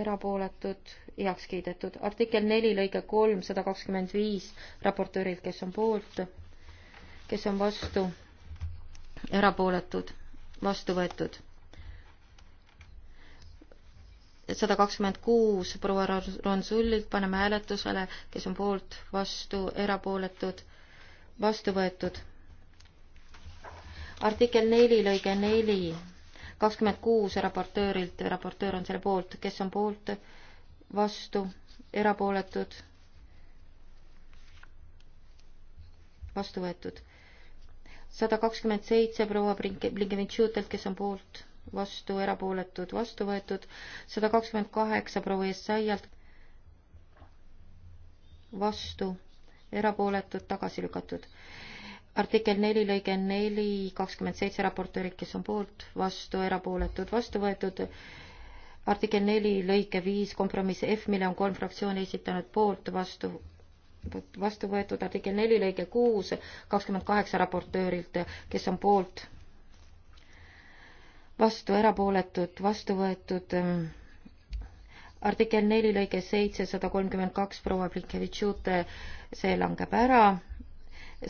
erapooletud, heaks kiidetud. artikkel neli lõige kolm, sada kakskümmend viis raportöörilt, kes on poolt, kes on vastu, erapooletud, vastu võetud. sada kakskümmend kuus proua Ronsullilt paneme hääletusele, kes on poolt, vastu, erapooletud, vastu võetud artikkel neli lõige neli, kakskümmend kuus raportöörilt, raportöör on selle poolt, kes on poolt, vastu, erapooletud, vastu võetud. sada kakskümmend seitse proua Blinkevitšutelt, kes on poolt, vastu, erapooletud, vastu võetud, sada kakskümmend kaheksa proua Essayalt, vastu, erapooletud, tagasi lükatud artikkel neli lõige neli, kakskümmend seitse raportöörid, kes on poolt, vastu, erapooletud, vastu võetud. artikkel neli lõike viis kompromiss F, mille on kolm fraktsiooni esitanud poolt, vastu, vastu võetud. artikkel neli lõige kuus, kakskümmend kaheksa raportöörilt, kes on poolt, vastu, erapooletud, vastu võetud artikkel neli lõige seitse, sada kolmkümmend kaks proua Plikevitšute, see langeb ära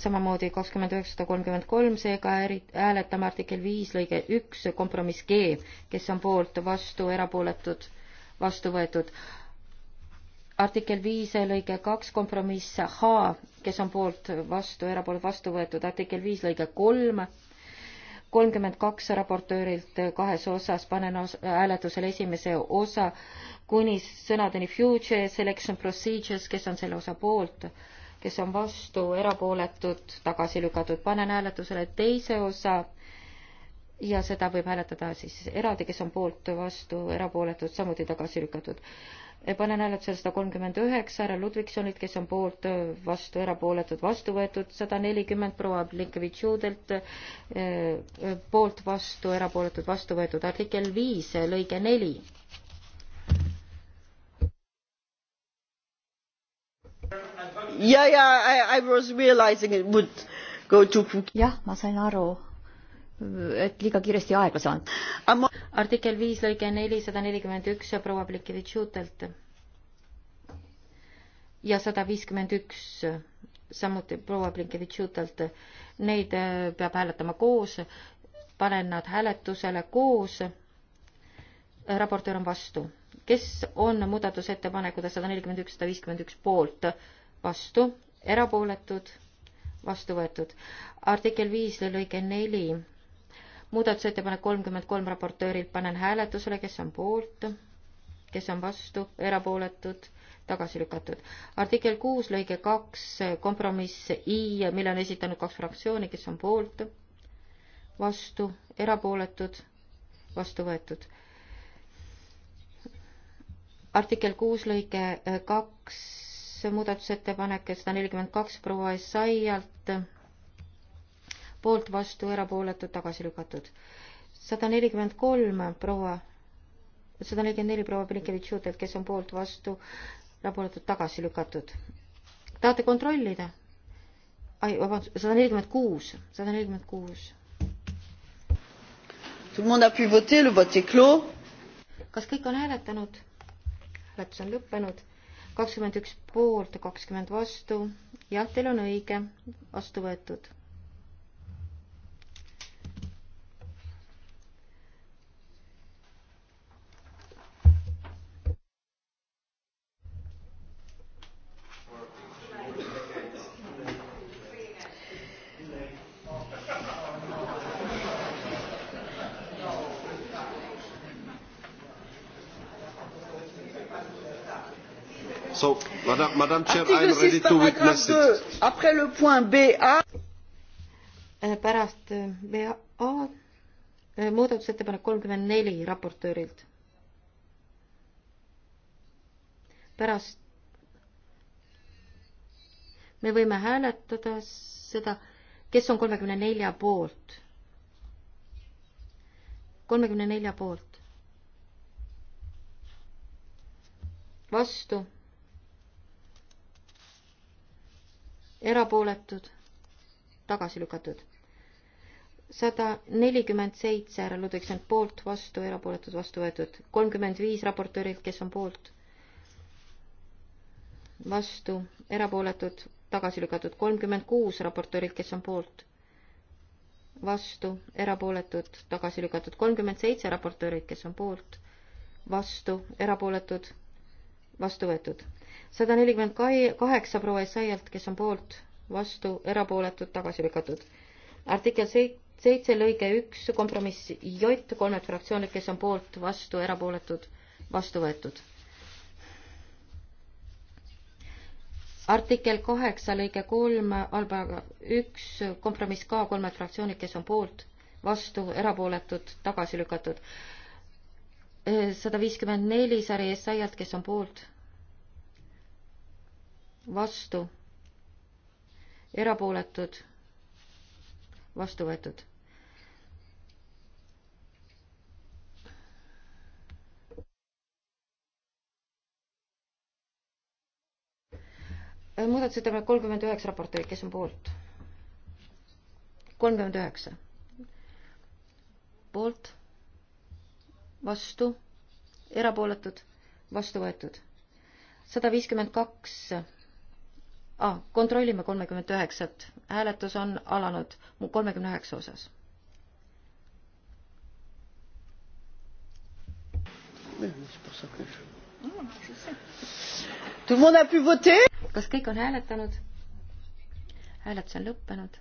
samamoodi kakskümmend üheksasada kolmkümmend kolm, seega hääletame artikkel viis lõige üks kompromiss G, kes on poolt, vastu, erapooletud, vastu võetud. artikkel viis lõige kaks kompromiss H, kes on poolt, vastu, erapooletud, vastu võetud. artikkel viis lõige kolm, kolmkümmend kaks raportöörilt kahes osas, panen os hääletusele esimese osa kuni sõnadeni future selection procedures, kes on selle osa poolt kes on vastu, erapooletud, tagasi lükatud. panen hääletusele teise osa ja seda võib hääletada siis eraldi, kes on poolt, vastu, erapooletud, samuti tagasi lükatud. panen hääletusele sada kolmkümmend üheksa härra Ludvigsonilt, kes on poolt, vastu, erapooletud, vastu võetud, sada nelikümmend proua Blinkevitšudelt, eh, poolt, vastu, erapooletud, vastu võetud, artikkel viis, lõige neli yeah, yeah, I, I was realizing it would go too quick. jah, ma sain aru, et liiga kiiresti aega saanud. artikkel viis lõige nelisada nelikümmend üks ja proua Plikivitšutelt. ja sada viiskümmend üks samuti proua Blinkevitšutelt, neid äh, peab hääletama koos, panen nad hääletusele koos, raportöör on vastu. kes on muudatusettepanekud sada nelikümmend üks, sada viiskümmend üks poolt, vastu, erapooletud, vastu võetud. artikkel viis lõige neli, muudatusettepanek kolmkümmend kolm raportöörilt panen hääletusele, kes on poolt, kes on vastu, erapooletud tagasi lükatud. artikkel kuus lõige kaks, kompromiss I, mille on esitanud kaks fraktsiooni, kes on poolt, vastu, erapooletud, vastu võetud. artikkel kuus lõige kaks, muudatusettepanek sada nelikümmend kaks proua Essayalt, poolt, vastu, erapooletud, tagasi lükatud. sada nelikümmend kolm proua, sada nelikümmend neli proua Blinkevitšutelt, kes on poolt, vastu, erapooletud, tagasi lükatud. tahate kontrollida? ai, vabandust, sada nelikümmend kuus, sada nelikümmend kuus. Tout le monde a pu voter, le vote est clos. Kas kõik on hääletanud? Hääletus on lõppenud kakskümmend üks poolt, kakskümmend vastu. jah, teil on õige, vastu võetud. artikkel six paragrahv deux après le point ba euh, pärast euh, ba euh, muudatusettepanek kolmkümmend neli raportöörilt pärast me võime hääletada seda, kes on kolmekümne nelja poolt. kolmekümne nelja poolt. vastu erapooletud, tagasi lükatud. sada nelikümmend seitse härra Ludvigson poolt, vastu, erapooletud, vastu võetud. kolmkümmend viis raportöörilt, kes on poolt, vastu, erapooletud, tagasi lükatud. kolmkümmend kuus raportöörilt, kes on poolt vastu, erapooletud, tagasi lükatud kolmkümmend seitse raportöörid, kes on poolt, vastu, erapooletud, vastu võetud sada nelikümmend kaheksa proua Essayalt, kes on poolt, vastu, erapooletud, tagasi lükatud. artikkel seitse lõige üks, kompromiss J, kolmelt fraktsioonilt, kes on poolt, vastu, erapooletud, vastu võetud. artikkel kaheksa lõige kolm, allpäeva üks, kompromiss K kolmelt fraktsioonilt, kes on poolt, vastu, erapooletud, tagasi lükatud. sada viiskümmend neli sari Essayalt, kes on poolt vastu, erapooletud, vastu võetud. muudatusettepanek kolmkümmend üheksa raportööri, kes on poolt? kolmkümmend üheksa. poolt, vastu, erapooletud, vastu võetud. sada viiskümmend kaks ah,. kontrollime kolmekümmet üheksat, hääletus on alanud kolmekümne üheksa osas. kas kõik on hääletanud? hääletus on lõppenud.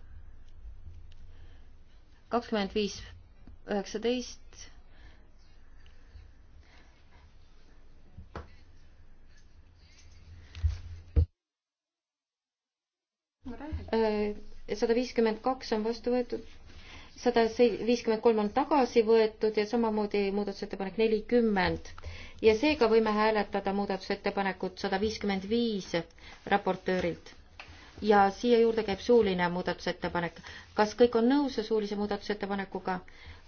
kakskümmend viis, üheksateist Äh, sada viiskümmend kaks on vastu võetud, sada viiskümmend kolm on tagasi võetud ja samamoodi muudatusettepanek nelikümmend. ja seega võime hääletada muudatusettepanekut sada viiskümmend viis raportöörilt. ja siia juurde käib suuline muudatusettepanek. kas kõik on nõus suulise muudatusettepanekuga?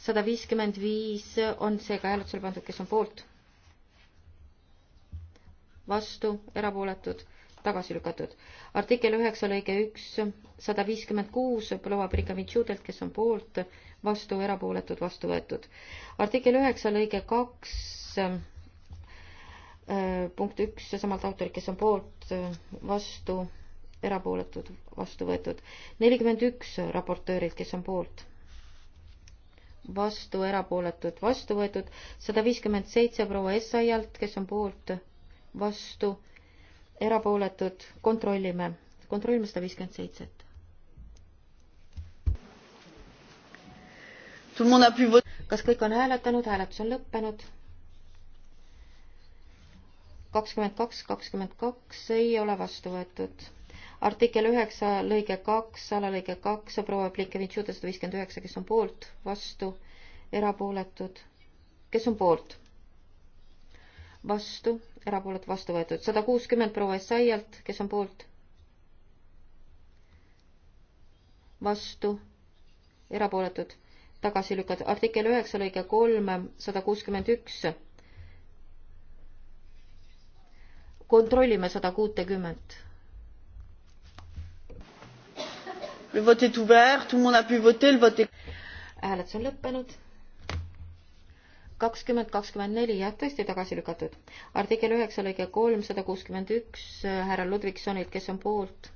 sada viiskümmend viis on seega hääletusele pandud, kes on poolt? vastu, erapooletud tagasi lükatud. artikkel üheksa lõige üks, sada viiskümmend kuus proua Brikavitšudelt, kes on poolt, vastu, erapooletud, vastu võetud. artikkel üheksa lõige kaks, äh, punkt üks, samalt autorilt, kes on poolt, vastu, erapooletud, vastu võetud. nelikümmend üks raportöörilt, kes on poolt, vastu, erapooletud, vastu võetud. sada viiskümmend seitse proua Essayalt, kes on poolt, vastu erapooletud, kontrollime, kontrollime sada viiskümmend seitset. kas kõik on hääletanud, hääletus on lõppenud? kakskümmend kaks, kakskümmend kaks ei ole vastu võetud. artikkel üheksa lõige kaks, alalõige kaks, proua Plikevitš-Juta sada viiskümmend üheksa, kes on poolt, vastu, erapooletud, kes on poolt? vastu erapooletu vastu võetud. sada kuuskümmend proua Essayalt, kes on poolt? vastu, erapooletud, tagasi lükatud. artikkel üheksa lõige kolm, sada kuuskümmend üks. kontrollime sada kuutekümmet. Le vote est ouvert, tout le monde a pu voter, le vote est... hääletus on lõppenud kakskümmend, kakskümmend neli, jah, tõesti tagasi lükatud. artikkel üheksa lõige kolm, sada kuuskümmend üks härra Ludvigsonilt, kes on poolt,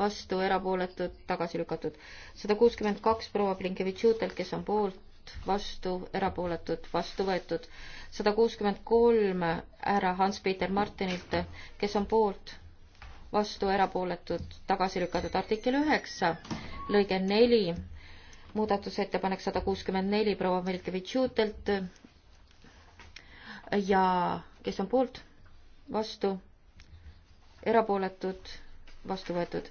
vastu, erapooletud, tagasi lükatud. sada kuuskümmend kaks proua Blinkevitšutelt, kes on poolt, vastu, erapooletud, vastu võetud. sada kuuskümmend kolm härra Hans-Peter Martinilt, kes on poolt, vastu, erapooletud, tagasi lükatud. artikkel üheksa lõige neli muudatusettepanek sada kuuskümmend neli proua Melkevitšutelt. ja kes on poolt, vastu, erapooletud, vastu võetud.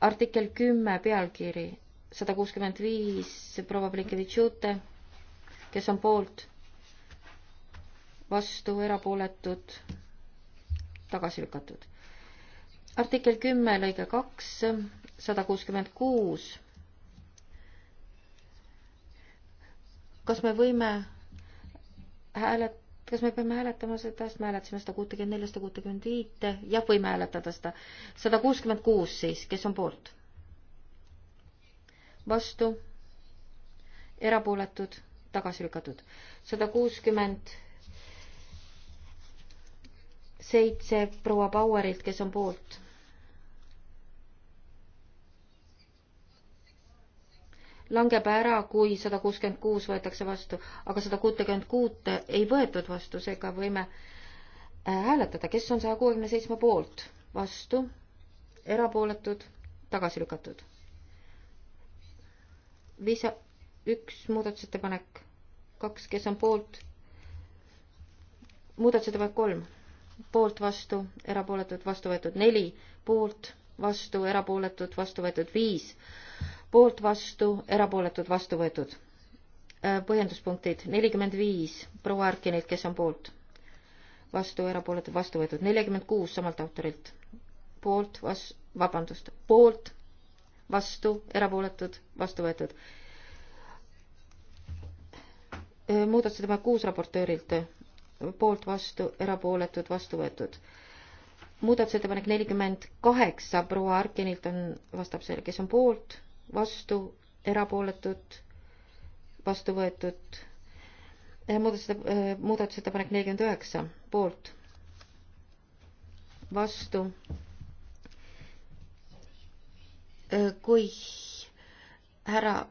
artikkel kümme pealkiri sada kuuskümmend viis proua Melkevitšute, kes on poolt, vastu, erapooletud, tagasi lükatud. artikkel kümme lõige kaks sada kuuskümmend kuus kas me võime hääletada kas me peame hääletama seda, sest me hääletasime sada kuutekümmet neli, sada kuutekümmet viite, jah, võime hääletada seda. sada kuuskümmend kuus siis, kes on poolt? vastu? erapooletud? tagasi lükatud? sada kuuskümmend seitse proua Bauerilt, kes on poolt? langeb ära, kui sada kuuskümmend kuus võetakse vastu, aga sada kuutekümmet kuut ei võetud vastu, seega võime äh, hääletada, kes on saja kuuekümne seitsme poolt, vastu, erapooletud, tagasi lükatud. viisa, üks muudatusettepanek, kaks, kes on poolt, muudatusettepanek kolm, poolt, vastu, erapooletud, vastu võetud neli, poolt, vastu, erapooletud, vastu võetud viis, poolt vastu, erapooletud vastu võetud. Äh, põhjenduspunktid nelikümmend viis proua Erkinilt, kes on poolt, vastu, erapooletud vastu võetud, nelikümmend kuus samalt autorilt, poolt, vas-, vabandust, poolt, vastu, erapooletud, vastu võetud. Äh, muudatusettepanek kuus raportöörilt, poolt, vastu, erapooletud, vastu võetud muudatusettepanek nelikümmend kaheksa proua Arkinilt on, vastab selle, kes on poolt, vastu, erapooletud, vastu võetud. Eh, eh, muudatusettepanek nelikümmend üheksa, poolt, vastu. Eh, kui härra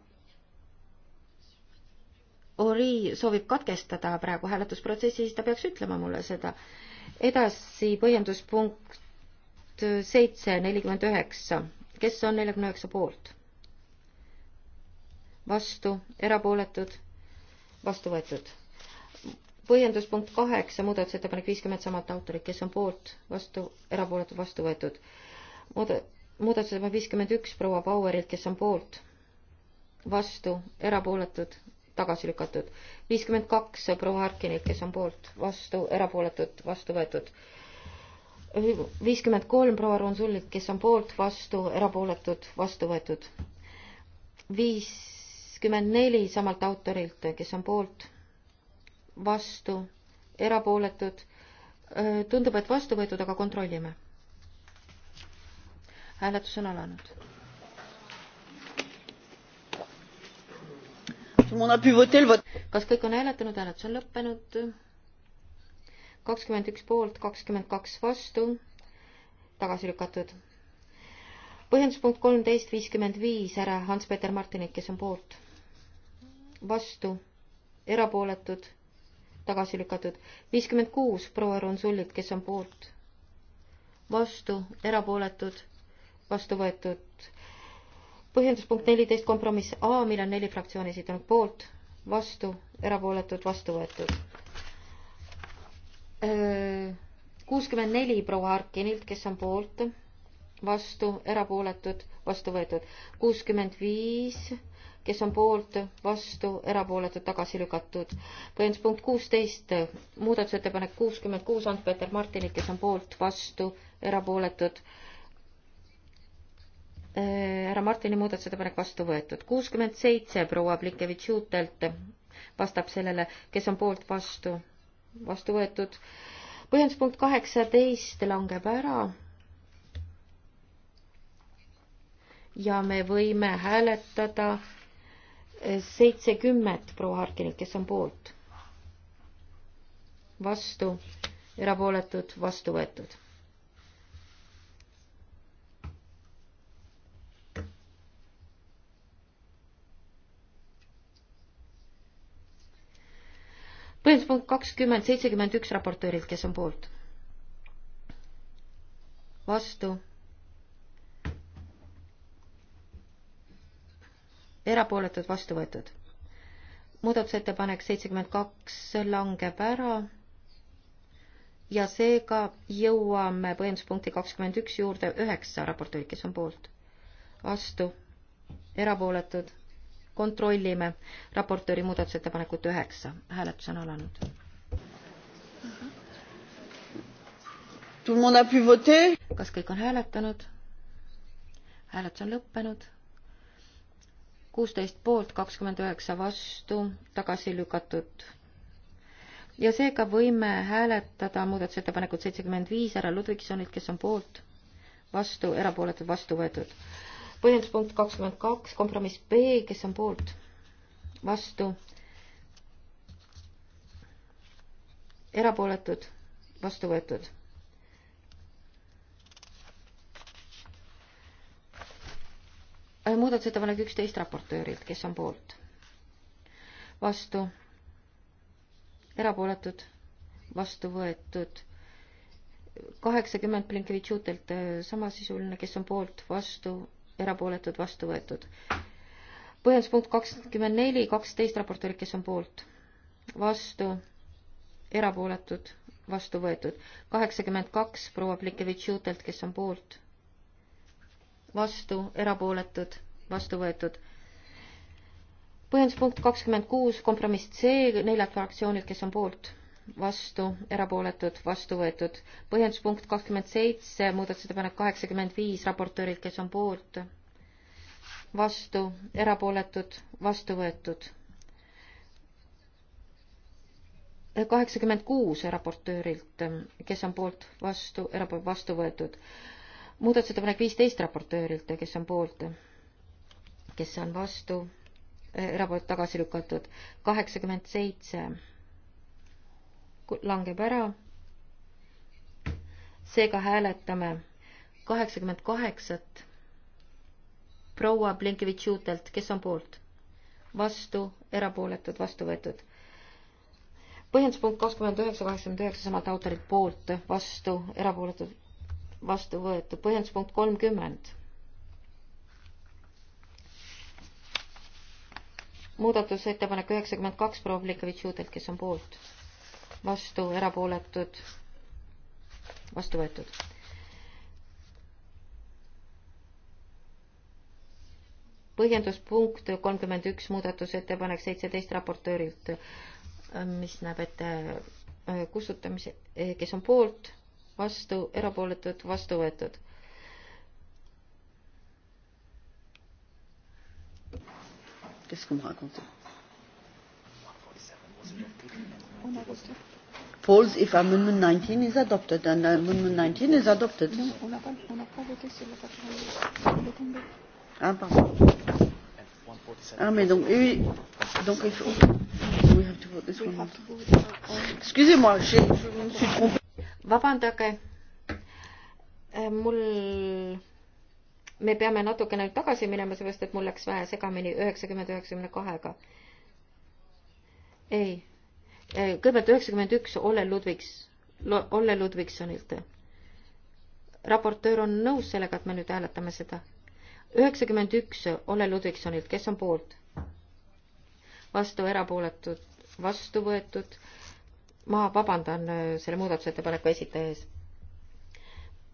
Ori soovib katkestada praegu hääletusprotsessi, siis ta peaks ütlema mulle seda. edasi põhjenduspunkt seitse, nelikümmend üheksa. kes on neljakümne üheksa poolt? vastu, erapooletud, vastu võetud. põhjendus punkt kaheksa, muudatusettepanek viiskümmend samalt autorilt, kes on poolt, vastu, erapooletud, vastu võetud. Muuda-, muudatusettepanek viiskümmend üks proua Bauerilt, kes on poolt, vastu, erapooletud, tagasi lükatud. viiskümmend kaks proua Harkinilt, kes on poolt, vastu, erapooletud, vastu võetud viiskümmend kolm proua Ronsullit, kes on poolt, vastu, erapooletud, vastu võetud. viis viiskümmend neli samalt autorilt, kes on poolt, vastu, erapooletud. tundub, et vastu võetud, aga kontrollime. hääletus on alanud. kas kõik on hääletanud, hääletus on lõppenud? kakskümmend üks poolt, kakskümmend kaks vastu, tagasi lükatud. põhjenduspunkt kolmteist viiskümmend viis, härra Hans-Peter Martinit, kes on poolt vastu, erapooletud, tagasi lükatud. viiskümmend kuus proua Ronsullit, kes on poolt, vastu, erapooletud, vastu võetud. põhjenduspunkt neliteist, kompromiss A, mille on neli fraktsiooni esitanud poolt, vastu, erapooletud, vastu võetud. kuuskümmend neli proua Harkinilt, kes on poolt, vastu, erapooletud, vastu võetud. kuuskümmend viis kes on poolt, vastu, erapooletud, tagasi lükatud. põhjendus punkt kuusteist, muudatusettepanek kuuskümmend kuus Ants-Peeter Martinilt, kes on poolt, vastu, erapooletud. härra Martini muudatusettepanek vastu võetud. kuuskümmend seitse proua Plikevitš-Juutelt vastab sellele, kes on poolt, vastu, vastu võetud. põhjendus punkt kaheksateist langeb ära ja me võime hääletada seitsekümmend proua Harkinilt, kes on poolt? vastu, erapooletud, vastu võetud. põhjenduspunkt kakskümmend, seitsekümmend üks raportöörilt, kes on poolt? vastu erapooletud, vastu võetud. muudatusettepanek seitsekümmend kaks langeb ära ja seega jõuame põhjenduspunkti kakskümmend üks juurde üheksa raportööri, kes on poolt, vastu, erapooletud, kontrollime raportööri muudatusettepanekut üheksa, hääletus on alanud. kas kõik on hääletanud? hääletus on lõppenud kuusteist poolt, kakskümmend üheksa vastu, tagasi lükatud. ja seega võime hääletada muudatusettepanekut seitsekümmend viis härra Ludvigsonilt, kes on poolt, vastu, erapooletud, vastu võetud. põhjenduspunkt kakskümmend kaks, kompromiss B, kes on poolt, vastu, erapooletud, vastu võetud Äh, muudatusettepanek üksteist raportöörilt, kes on poolt? vastu? erapooletud? vastu võetud? kaheksakümmend Blinkevitšutelt äh, samasisuline, kes on poolt, vastu, erapooletud, vastu võetud. põhjenduspunkt kakskümmend neli, kaksteist raportöörid, kes on poolt, vastu, erapooletud, vastu võetud. kaheksakümmend kaks proua Blinkevitšutelt, kes on poolt, vastu, erapooletud, vastu võetud. põhjenduspunkt kakskümmend kuus, kompromiss C neljalt fraktsioonilt, kes on poolt, vastu, erapooletud, vastu võetud. põhjenduspunkt kakskümmend seitse, muudatusettepanek kaheksakümmend viis raportöörilt, kes on poolt, vastu, erapooletud, vastu võetud. kaheksakümmend kuus raportöörilt, kes on poolt, vastu, erapooletud, vastu võetud muudatusettepanek viisteist raportöörilt, kes on poolt, kes on vastu, erapoolt eh, tagasi lükatud, kaheksakümmend seitse langeb ära. seega hääletame kaheksakümmend kaheksat proua Blinkevitš-Juutelt, kes on poolt, vastu, erapooletud, vastu võetud põhjenduspunkt kakskümmend üheksa, kaheksakümmend üheksa samalt autorilt poolt, vastu, erapooletud, vastu võetud, põhjenduspunkt kolmkümmend. muudatusettepanek üheksakümmend kaks proua Plikavitšudelt, kes on poolt, vastu, erapooletud, vastu võetud. põhjenduspunkt kolmkümmend üks, muudatusettepanek seitseteist raportöörilt, mis näeb ette äh, kustutamise, äh, kes on poolt vastu, erapooletud, vastu võetud. Qu'est-ce qu'on me raconte Falls if amendment 19 is adopted and amendment 19 is adopted. Non, on n'a pas, on n'a pas voté sur le 80. Ah, pardon. Ah, mais donc, oui, donc il faut. Excusez-moi, je me suis trompée vabandage, äh, mul, me peame natukene nüüd tagasi minema, sellepärast et mul läks vähe segamini üheksakümmend üheksakümne kahega. ei, äh, kõigepealt üheksakümmend üks Olle Ludvigs, Olle Ludvigsonilt. raportöör on nõus sellega, et me nüüd hääletame seda. üheksakümmend üks Olle Ludvigsonilt, kes on poolt? vastu erapooletud, vastu võetud ma vabandan äh, selle muudatusettepaneku esitaja ees.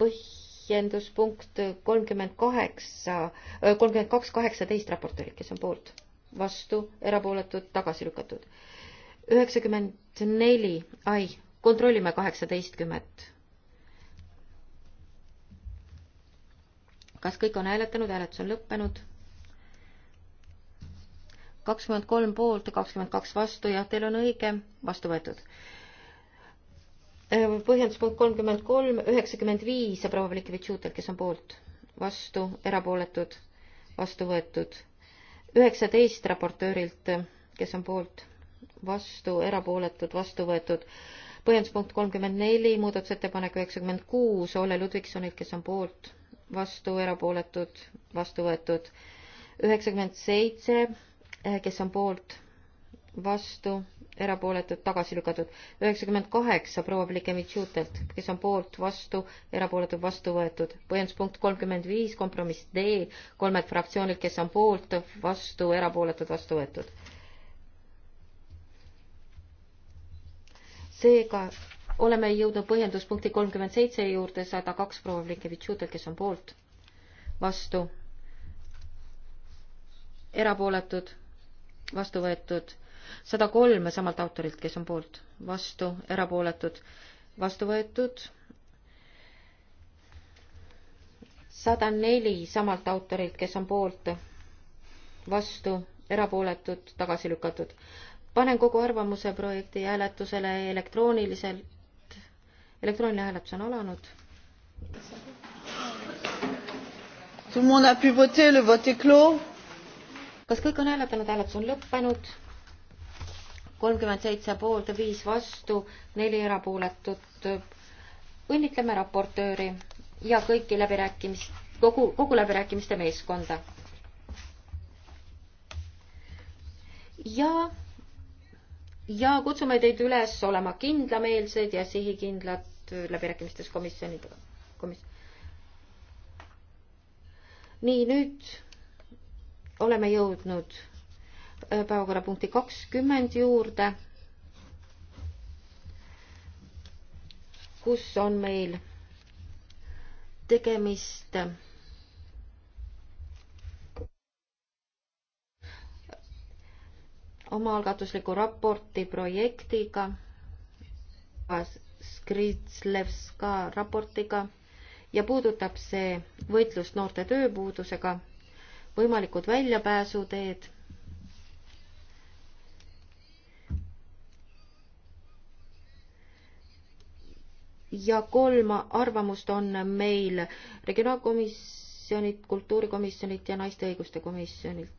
põhjenduspunkt kolmkümmend kaheksa, äh, kolmkümmend kaks kaheksateist raportöörid, kes on poolt, vastu, erapooletud, tagasi lükatud. üheksakümmend neli, ai, kontrollime kaheksateistkümmet. kas kõik on hääletanud, hääletus on lõppenud? kakskümmend kolm poolt, kakskümmend kaks vastu, jah, teil on õige, vastu võetud Äh, põhjenduspunkt kolmkümmend kolm, üheksakümmend viis ja proua Velikivitš-Juutelt, kes on poolt, vastu, erapooletud, vastu võetud. üheksateist raportöörilt, kes on poolt, vastu, erapooletud, vastu võetud. põhjenduspunkt kolmkümmend neli, muudatusettepanek üheksakümmend kuus Olle Ludvigsonilt, kes on poolt, vastu, erapooletud, vastu võetud. üheksakümmend seitse, kes on poolt, vastu erapooletud, tagasi lükatud. üheksakümmend kaheksa proua Plikevitšutelt, kes on poolt, vastu, erapooletud, vastu võetud. põhjenduspunkt kolmkümmend viis, kompromiss D, kolmelt fraktsioonilt, kes on poolt, vastu, erapooletud, vastu võetud. seega oleme jõudnud põhjenduspunkti kolmkümmend seitse juurde, sada kaks proua Plikevitšutelt, kes on poolt, vastu, erapooletud vastu võetud sada kolm samalt autorilt, kes on poolt, vastu, erapooletud, vastu võetud. sada neli samalt autorilt, kes on poolt, vastu, erapooletud, tagasi lükatud. panen kogu arvamuse projekti hääletusele elektrooniliselt. elektrooniline hääletus on alanud. Tout le monde a pu voter, le vote est clos. Kas kõik on hääletanud, hääletus on lõppenud? kolmkümmend seitse poolt, viis vastu, neli erapooletut. õnnitleme raportööri ja kõiki läbirääkimist, kogu, kogu läbirääkimiste meeskonda. ja, ja kutsume teid üles olema kindlameelsed ja sihikindlad läbirääkimistes komisjonidega, komis-. nii, nüüd oleme jõudnud päevakorrapunkti kakskümmend juurde, kus on meil tegemist omaalgatusliku raporti projektiga, Skritslevska raportiga ja puudutab see võitlust noorte tööpuudusega, võimalikud väljapääsuteed ja kolm arvamust on meil regionaalkomisjonilt, kultuurikomisjonilt ja naiste õiguste komisjonilt.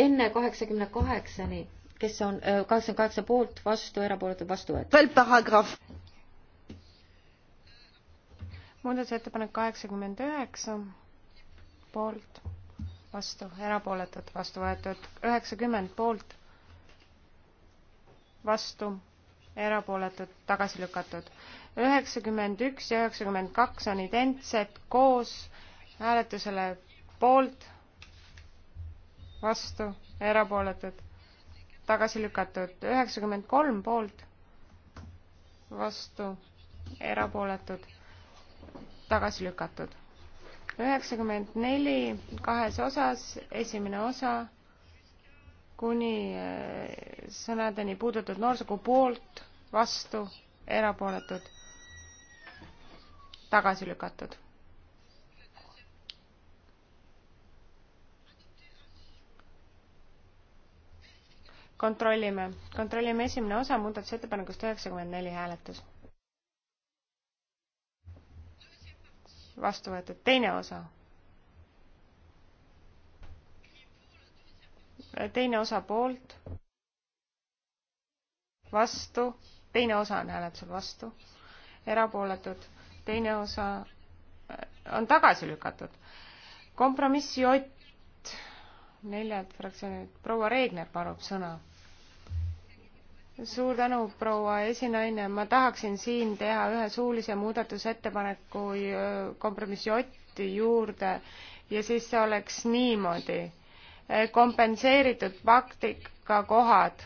enne kaheksakümne kaheksani, kes on äh, kaheksakümmend kaheksa poolt, vastu, erapooletud, vastu võetud. veel paragrahv. muudatusettepanek kaheksakümmend üheksa, poolt vastu, erapooletud, vastu võetud üheksakümmend poolt, vastu, erapooletud, tagasi lükatud. üheksakümmend üks ja üheksakümmend kaks on identsed koos hääletusele poolt, vastu, erapooletud, tagasi lükatud. üheksakümmend kolm poolt, vastu, erapooletud, tagasi lükatud üheksakümmend neli kahes osas, esimene osa kuni eh, sõnadeni puudutud noorsoogu poolt, vastu, erapooletud, tagasi lükatud. kontrollime, kontrollime esimene osa muudatusettepanekust üheksakümmend neli hääletus vastu võetud teine osa. teine osa poolt, vastu, teine osa on hääletusel vastu, erapooletud, teine osa äh, on tagasi lükatud. kompromissi Ott, neljad fraktsioonid, proua Reegner palub sõna suur tänu, proua esinaine, ma tahaksin siin teha ühe suulise muudatusettepaneku äh, kompromissi Ott juurde ja siis see oleks niimoodi äh, kompenseeritud praktika kohad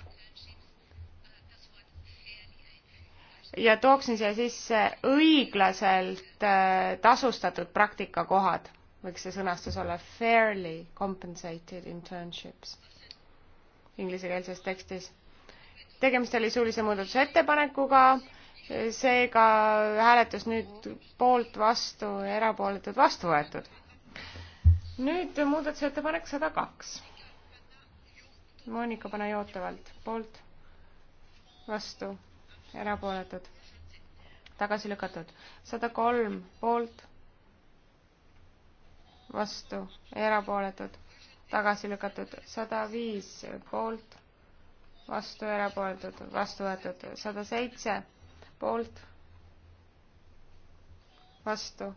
ja tooksin siia sisse õiglaselt äh, tasustatud praktikakohad, võiks see sõnastus olla fairly compensated internships inglisekeelses tekstis tegemist oli suulise muudatusettepanekuga seega hääletus nüüd poolt vastu ja erapooletud vastu võetud nüüd muudatusettepanek sada kaks Monika Panajotevalt poolt vastu erapooletud tagasi lükatud sada kolm poolt vastu erapooletud tagasi lükatud sada viis poolt vastu erapooletud, vastu võetud sada seitse poolt, vastu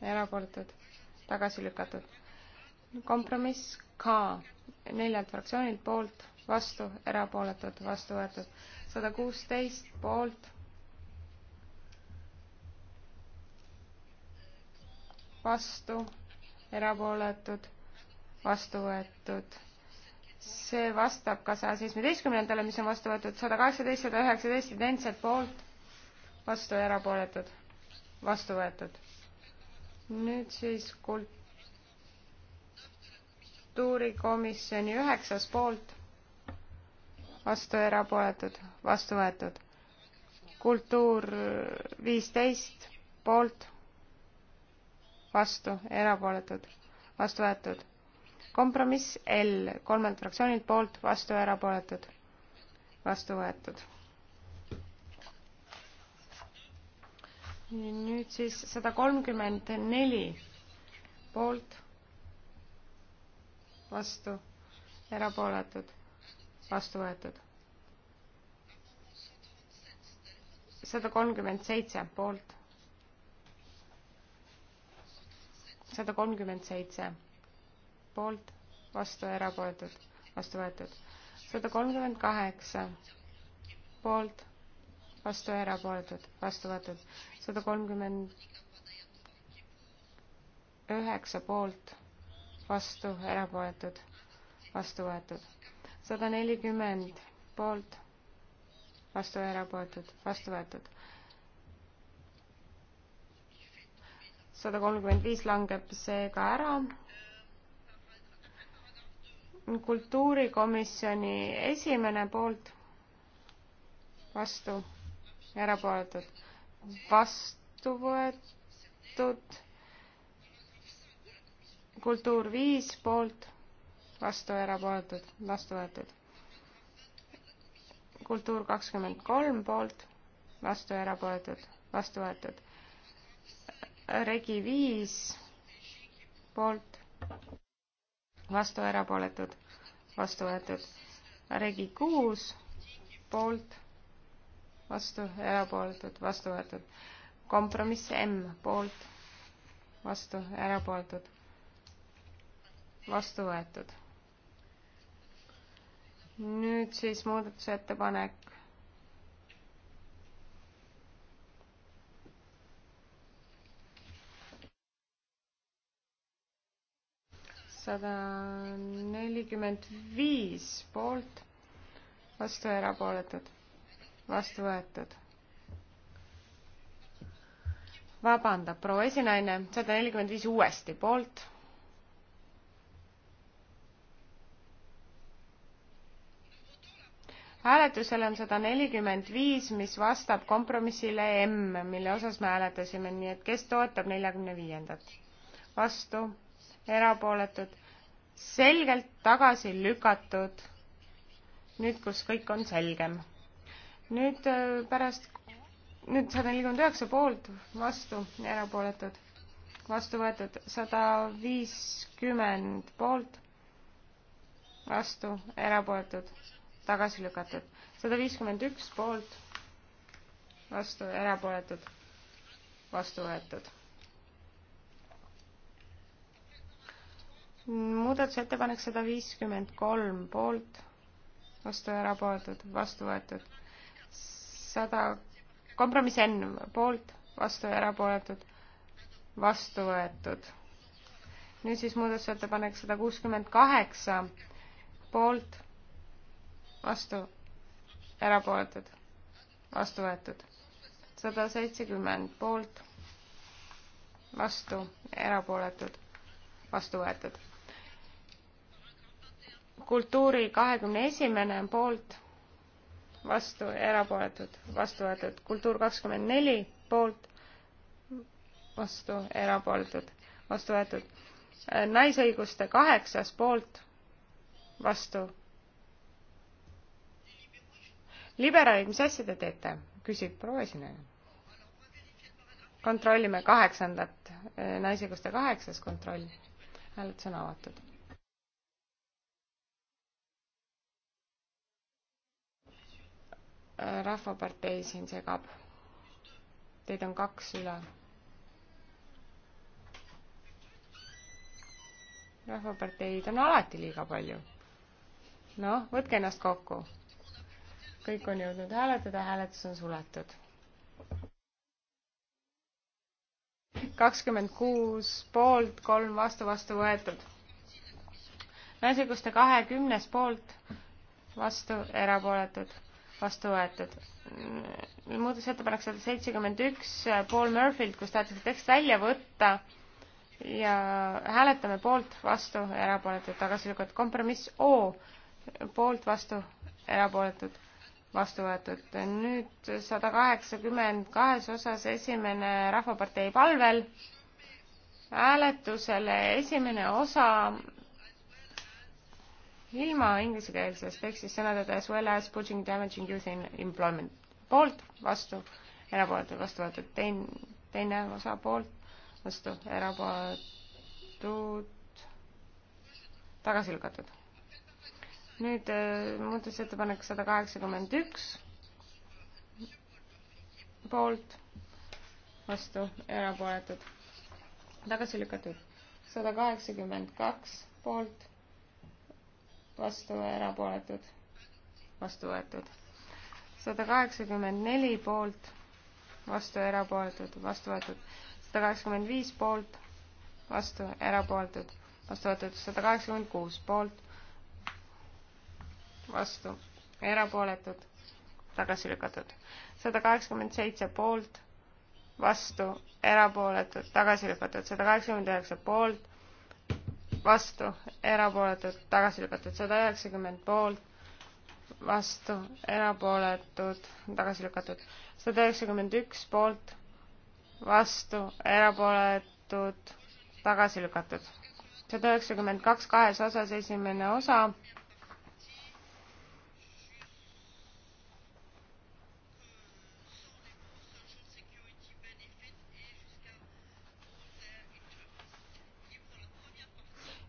erapooletud, tagasi lükatud. kompromiss ka neljalt fraktsioonilt poolt, vastu erapooletud, vastu võetud sada kuusteist poolt, vastu erapooletud, vastu võetud see vastab ka saja seitsmeteistkümnendale, mis on vastu võetud, sada kaheksateist, sada üheksateist identselt poolt, vastu ja erapooletud, vastu võetud. nüüd siis kultuurikomisjoni üheksas poolt, vastu ja erapooletud, vastu võetud. kultuur viisteist poolt, vastu, erapooletud, vastu võetud kompromiss L kolmelt fraktsioonilt poolt, vastu, erapooletud, vastu võetud. nüüd siis sada kolmkümmend neli poolt, vastu, erapooletud, vastu võetud. sada kolmkümmend seitse poolt, sada kolmkümmend seitse poolt, vastu, erapooletud, vastu võetud. sada kolmkümmend kaheksa poolt, vastu, erapooletud, vastu võetud. sada kolmkümmend üheksa poolt, vastu, erapooletud, vastu võetud. sada nelikümmend poolt, vastu, erapooletud, vastu võetud sada kolmkümmend viis langeb seega ära, kultuurikomisjoni esimene poolt, vastu, erapooletud, vastu võetud, kultuur viis poolt, vastu, erapooletud, vastu võetud. kultuur kakskümmend kolm poolt, vastu, erapooletud, vastu võetud. regi viis poolt, vastu, erapooletud vastu võetud. Regi kuus poolt, vastu, erapooletud, vastu võetud. kompromiss M poolt, vastu, erapooletud, vastu võetud. nüüd siis muudatusettepanek sada nelikümmend viis poolt, vastu ja erapooletud, vastu võetud. vabandab, proua esinaine, sada nelikümmend viis uuesti poolt. hääletusel on sada nelikümmend viis, mis vastab kompromissile M, mille osas me hääletasime, nii et kes toetab neljakümne viiendat? vastu erapooletud, selgelt tagasi lükatud. nüüd, kus kõik on selgem. nüüd äh, pärast, nüüd sada nelikümmend üheksa poolt, vastu, erapooletud, vastu võetud sada viiskümmend poolt, vastu, erapooletud, tagasi lükatud, sada viiskümmend üks poolt, vastu, erapooletud, vastu võetud muudatusettepanek sada viiskümmend kolm poolt, vastu erapooletud, vastu võetud. sada, kompromiss N poolt, vastu erapooletud, vastu võetud. nüüd siis muudatusettepanek sada kuuskümmend kaheksa poolt, vastu erapooletud, vastu võetud. sada seitsekümmend poolt, vastu erapooletud, vastu võetud kultuuri kahekümne esimene poolt, vastu, erapooletud, vastu võetud. kultuur kakskümmend neli poolt, vastu, erapooletud, vastu võetud. naisõiguste kaheksas poolt, vastu. liberaalid, mis asja te teete? küsib proua esineja. kontrollime kaheksandat, naisõiguste kaheksas kontroll. hääletus on avatud Rahvapartei siin segab. Teid on kaks üle. rahvaparteid on alati liiga palju. noh, võtke ennast kokku. kõik on jõudnud hääletada, hääletus on suletud. kakskümmend kuus poolt, kolm vastu, vastu võetud. naisõiguste kahekümnes poolt, vastu, erapooletud vastu võetud. muudatusettepanek sada seitsekümmend üks Paul Murphy'lt, kus tahetakse tekst välja võtta ja hääletame poolt, vastu, erapooletud, tagasi lükatud. kompromiss O, poolt, vastu, erapooletud, vastu võetud. nüüd sada kaheksakümmend kahes osas esimene Rahvapartei palvel hääletusele esimene osa ilma inglisekeelsest tekstist sõnadeta as well as putting damaging youth in employment. poolt, vastu, erapooletu, vastu võetud, tein-, teine osa poolt, vastu, erapooletud, tagasi lükatud. nüüd äh, muudatusettepanek sada kaheksakümmend üks, poolt, vastu, erapooletud, tagasi lükatud, sada kaheksakümmend kaks, poolt vastu, erapooletud, vastu võetud. sada kaheksakümmend neli poolt, vastu, erapooletud, vastu võetud. sada kaheksakümmend viis poolt, vastu, erapooletud, vastu võetud. sada kaheksakümmend kuus poolt, vastu, erapooletud, tagasi lükatud. sada kaheksakümmend seitse poolt, vastu, erapooletud, tagasi lükatud. sada kaheksakümmend üheksa poolt, vastu, erapooletud, tagasi lükatud sada üheksakümmend poolt, vastu, erapooletud, tagasi lükatud sada üheksakümmend üks poolt, vastu, erapooletud, tagasi lükatud sada üheksakümmend kaks kahes osas, esimene osa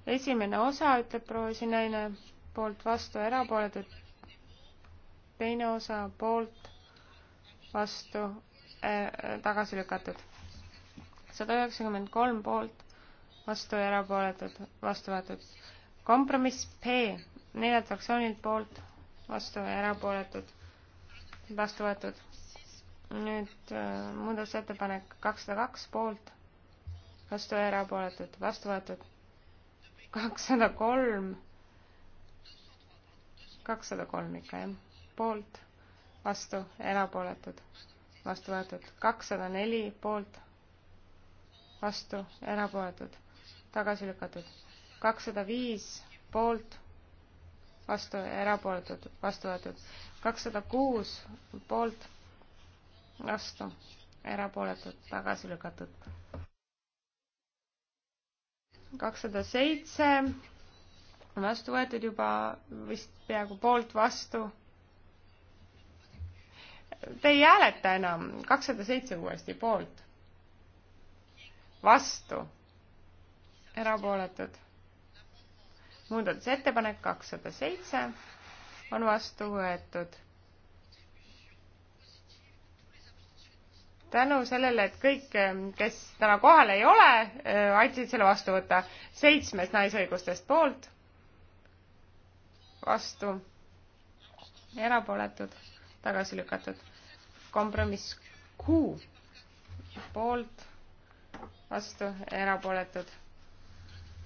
esimene osa, ütleb proua Sinaine, poolt vastu, erapooletud. teine osa poolt vastu äh,, tagasi lükatud. sada üheksakümmend kolm poolt vastu, erapooletud, vastu võetud. kompromiss P, neljalt fraktsioonilt poolt vastu, erapooletud, vastu võetud. nüüd äh, muudatusettepanek kakssada kaks poolt vastu, erapooletud, vastu võetud kakssada kolm, kakssada kolm ikka jah, poolt, vastu, erapooletud, vastu võetud, kakssada neli poolt, vastu, erapooletud, tagasi lükatud, kakssada viis poolt, vastu, erapooletud, vastu võetud, kakssada kuus poolt, vastu, erapooletud, tagasi lükatud kakssada seitse on vastu võetud juba vist peaaegu poolt vastu. Te ei hääleta enam, kakssada seitse uuesti poolt. vastu, erapooletud. muudatusettepanek kakssada seitse on vastu võetud tänu sellele, et kõik, ähm, kes täna kohal ei ole, äh, aitasid selle vastu võtta. seitsmes naisõigustest poolt, vastu, erapooletud, tagasi lükatud. kompromiss Q poolt, vastu, erapooletud,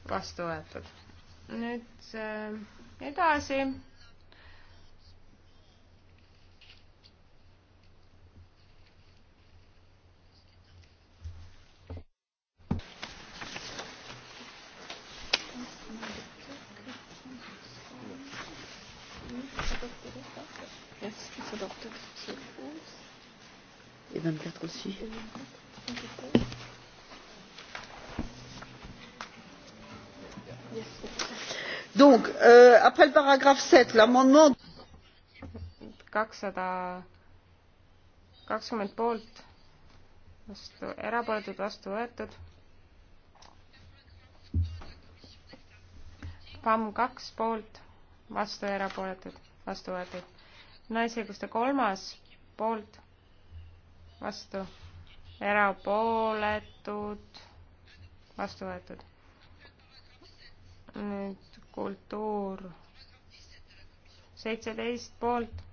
vastu võetud. nüüd äh, edasi après le paragraphe sept l'amendement kakssada kakskümmend poolt vastu erapooletud vastu võetud PAM kaks poolt vastu erapooletud vastu võetud naisõiguste kolmas poolt vastu erapooletud vastu võetud nüüd kultuur seitseteist poolt.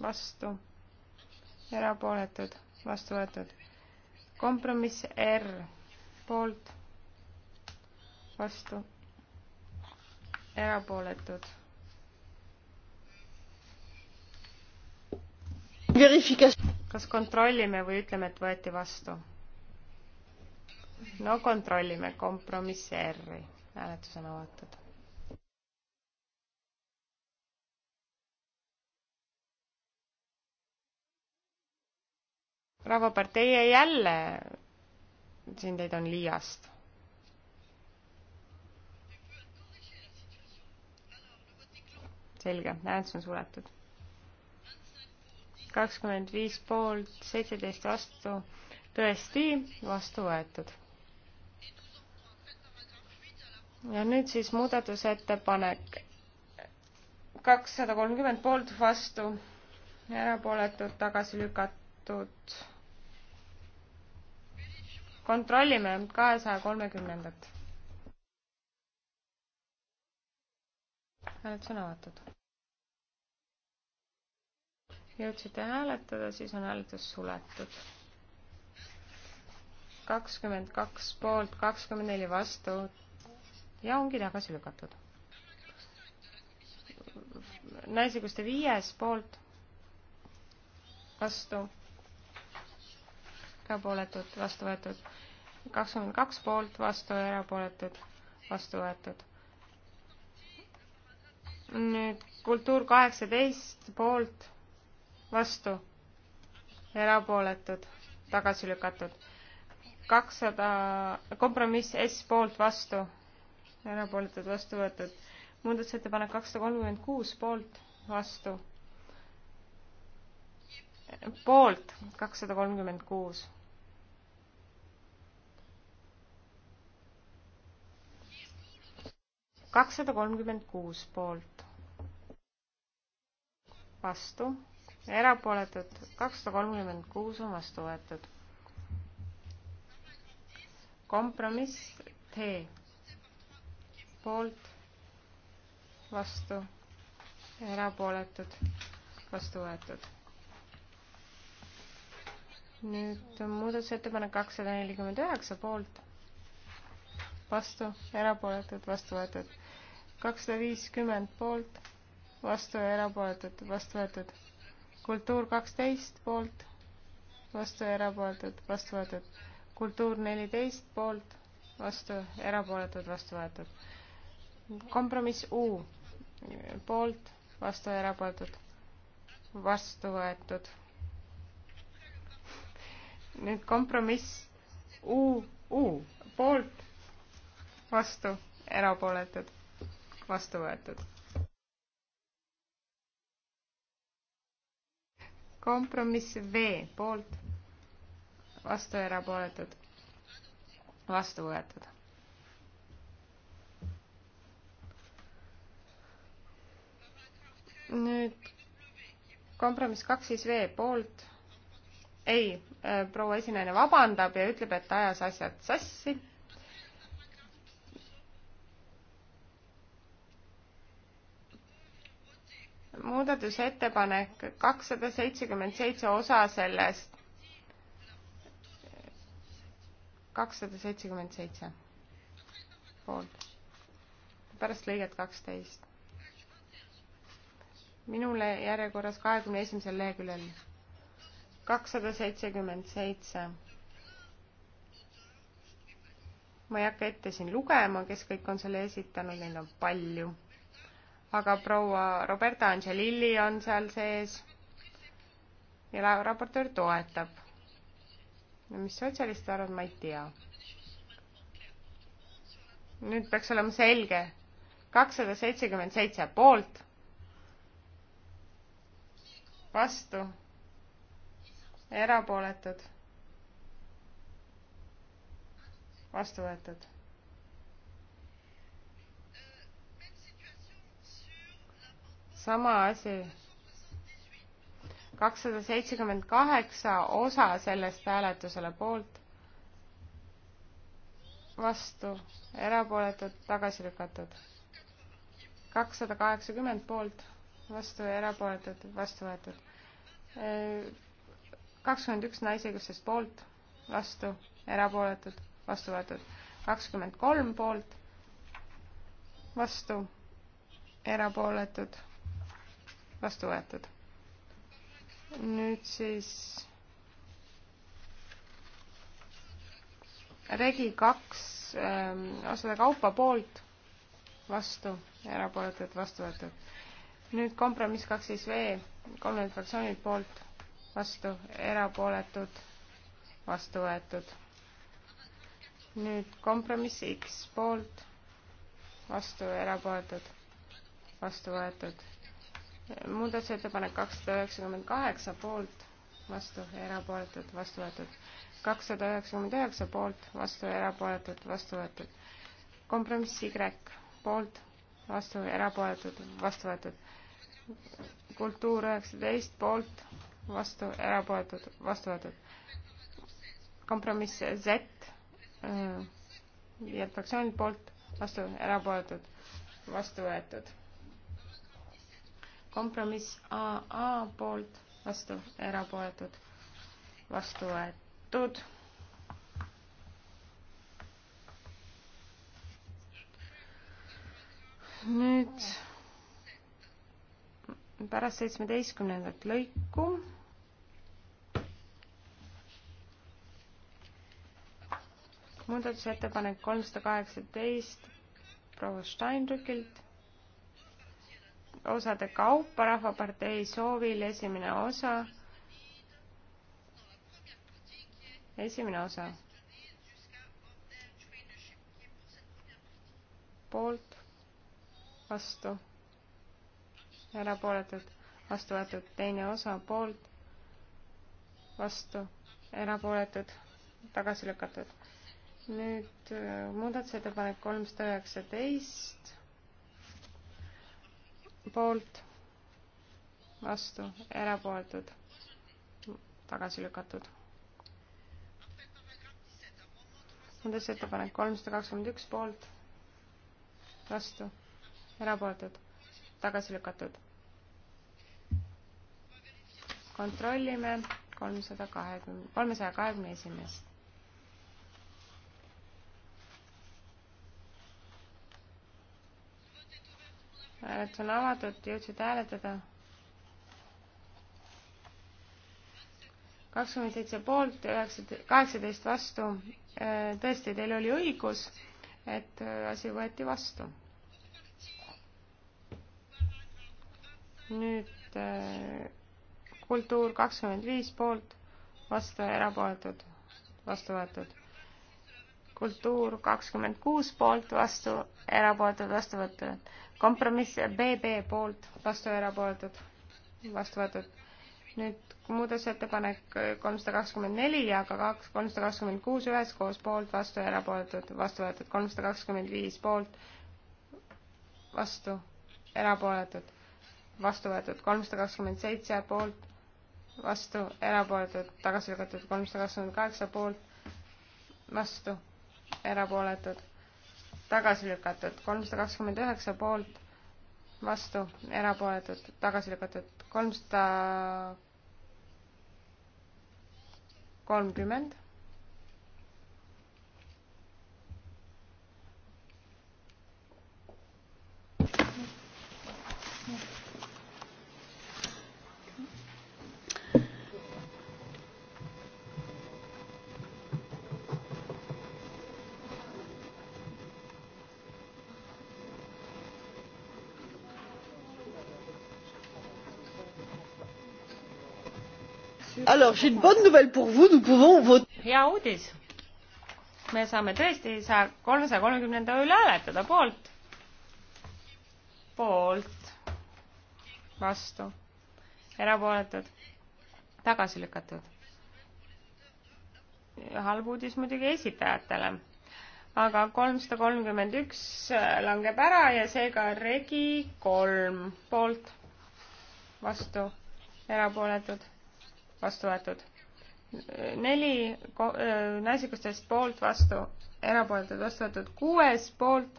vastu, erapooletud, vastu võetud. kompromiss R poolt, vastu, erapooletud. kas kontrollime või ütleme, et võeti vastu? no kontrollime kompromissi R-i. hääletus on avatud. rahvapartei jälle, siin teid on liiast. selge, hääletus on suletud. kakskümmend viis poolt, seitseteist vastu, tõesti vastu võetud ja nüüd siis muudatusettepanek kakssada kolmkümmend poolt vastu, erapooletud, tagasi lükatud. kontrollime kahesaja kolmekümnendat. hääled on avatud. jõudsite hääletada, siis on hääletus suletud kakskümmend kaks poolt, kakskümmend neli vastu, ja ongi tagasi lükatud. naisõiguste viies poolt, vastu, erapooletud, vastu võetud, kakskümmend kaks poolt, vastu, erapooletud, vastu võetud. nüüd kultuur kaheksateist poolt, vastu, erapooletud, tagasi lükatud kakssada kompromiss S poolt vastu erapooletud, vastu võetud. muudatusettepanek kakssada kolmkümmend kuus, poolt, vastu. poolt kakssada kolmkümmend kuus. kakssada kolmkümmend kuus poolt, vastu, erapooletud, kakssada kolmkümmend kuus on vastu võetud. kompromiss T poolt, vastu, erapooletud, vastu võetud. nüüd muudatusettepanek kakssada nelikümmend üheksa poolt, vastu, erapooletud, vastu võetud. kakssada viiskümmend poolt, vastu ja erapooletud, vastu võetud. kultuur kaksteist poolt, vastu ja erapooletud, vastu võetud. kultuur neliteist poolt, vastu, erapooletud, vastu võetud kompromiss U poolt, vastu ja erapooletud, vastu võetud. nüüd kompromiss U, U poolt, vastu, erapooletud, vastu võetud. kompromiss V poolt, vastu ja erapooletud, vastu võetud nüüd kompromiss kaks siis V poolt. ei, äh, proua esinaine vabandab ja ütleb, et ajas asjad sassi. muudatusettepanek kakssada seitsekümmend seitse osa sellest. kakssada seitsekümmend seitse poolt, pärast lõiget kaksteist minule järjekorras kahekümne esimesel leheküljel kakssada seitsekümmend seitse. ma ei hakka ette siin lugema, kes kõik on selle esitanud, neid on palju. aga proua Roberta Angelilli on seal sees ja raportöör toetab. no mis sotsialistid arvavad, ma ei tea. nüüd peaks olema selge, kakssada seitsekümmend seitse poolt vastu, erapooletud, vastu võetud. sama asi, kakssada seitsekümmend kaheksa osa sellest hääletusele poolt, vastu, erapooletud, tagasi lükatud. kakssada kaheksakümmend poolt vastu ja erapooletud, vastu võetud. kakskümmend üks naisõigustest poolt, vastu, erapooletud, vastu võetud. kakskümmend kolm poolt, vastu, erapooletud, vastu võetud. nüüd siis regi kaks ähm, osade kaupa poolt, vastu, erapooletud, vastu võetud nüüd kompromiss kaks siis V, kolmelt fraktsioonilt poolt, vastu, erapooletud, vastu võetud. nüüd kompromiss X poolt, vastu, erapooletud, vastu võetud. muudatusettepanek kakssada üheksakümmend kaheksa poolt, vastu, erapooletud, vastu võetud. kakssada üheksakümmend üheksa poolt, vastu, erapooletud, vastu võetud. kompromiss Y poolt vastu, erapooletud, vastu võetud. kultuur üheksateist poolt, vastu, erapooletud, vastu võetud. kompromiss Z viielt äh, fraktsioonilt poolt, vastu, erapooletud, vastu võetud. kompromiss AA poolt, vastu, erapooletud, vastu võetud nüüd pärast seitsmeteistkümnendat lõiku muudatusettepanek kolmsada kaheksateist proua Steinrückilt osade kaupa Rahvapartei soovil esimene osa esimene osa poolt vastu, erapooletud, vastu võetud, teine osa poolt, vastu, erapooletud, tagasi lükatud. nüüd äh, muudatusettepanek kolmsada üheksateist, poolt, vastu, erapooletud, tagasi lükatud. muudatusettepanek kolmsada kakskümmend üks poolt, vastu erapooletud, tagasi lükatud. kontrollime kolmsada kahekümne, kolmesaja kahekümne esimest. hääletus on avatud, jõudsid hääletada? kakskümmend seitse poolt, üheksa, kaheksateist vastu. tõesti, teil oli õigus, et asi võeti vastu nüüd äh, kultuur kakskümmend viis poolt, vastu erapooletud, vastu võetud. kultuur kakskümmend kuus poolt, vastu erapooletud, vastu võetud. kompromiss BB poolt, vastu erapooletud, vastu võetud. nüüd muudatusettepanek kolmsada kakskümmend neli ja ka kaks, kolmsada kakskümmend kuus üheskoos poolt, vastu erapooletud, vastu võetud. kolmsada kakskümmend viis poolt, vastu erapooletud vastu võetud kolmsada kakskümmend seitse poolt, vastu, erapooletud, tagasi lükatud kolmsada kakskümmend kaheksa poolt, vastu, erapooletud, tagasi lükatud kolmsada kakskümmend üheksa poolt, vastu, erapooletud, tagasi lükatud kolmsada kolmkümmend Alors, j'ai une bonne nouvelle pour vous, nous pouvons voter. hea uudis. me saame tõesti saja kolmesaja kolmekümnenda üle hääletada poolt. poolt. vastu. erapooletud. tagasi lükatud. halb uudis muidugi esitajatele. aga kolmsada kolmkümmend üks langeb ära ja seega regi kolm poolt, vastu, erapooletud vastu võetud. neli naisikustest poolt vastu, erapooletud vastu võetud, kuues poolt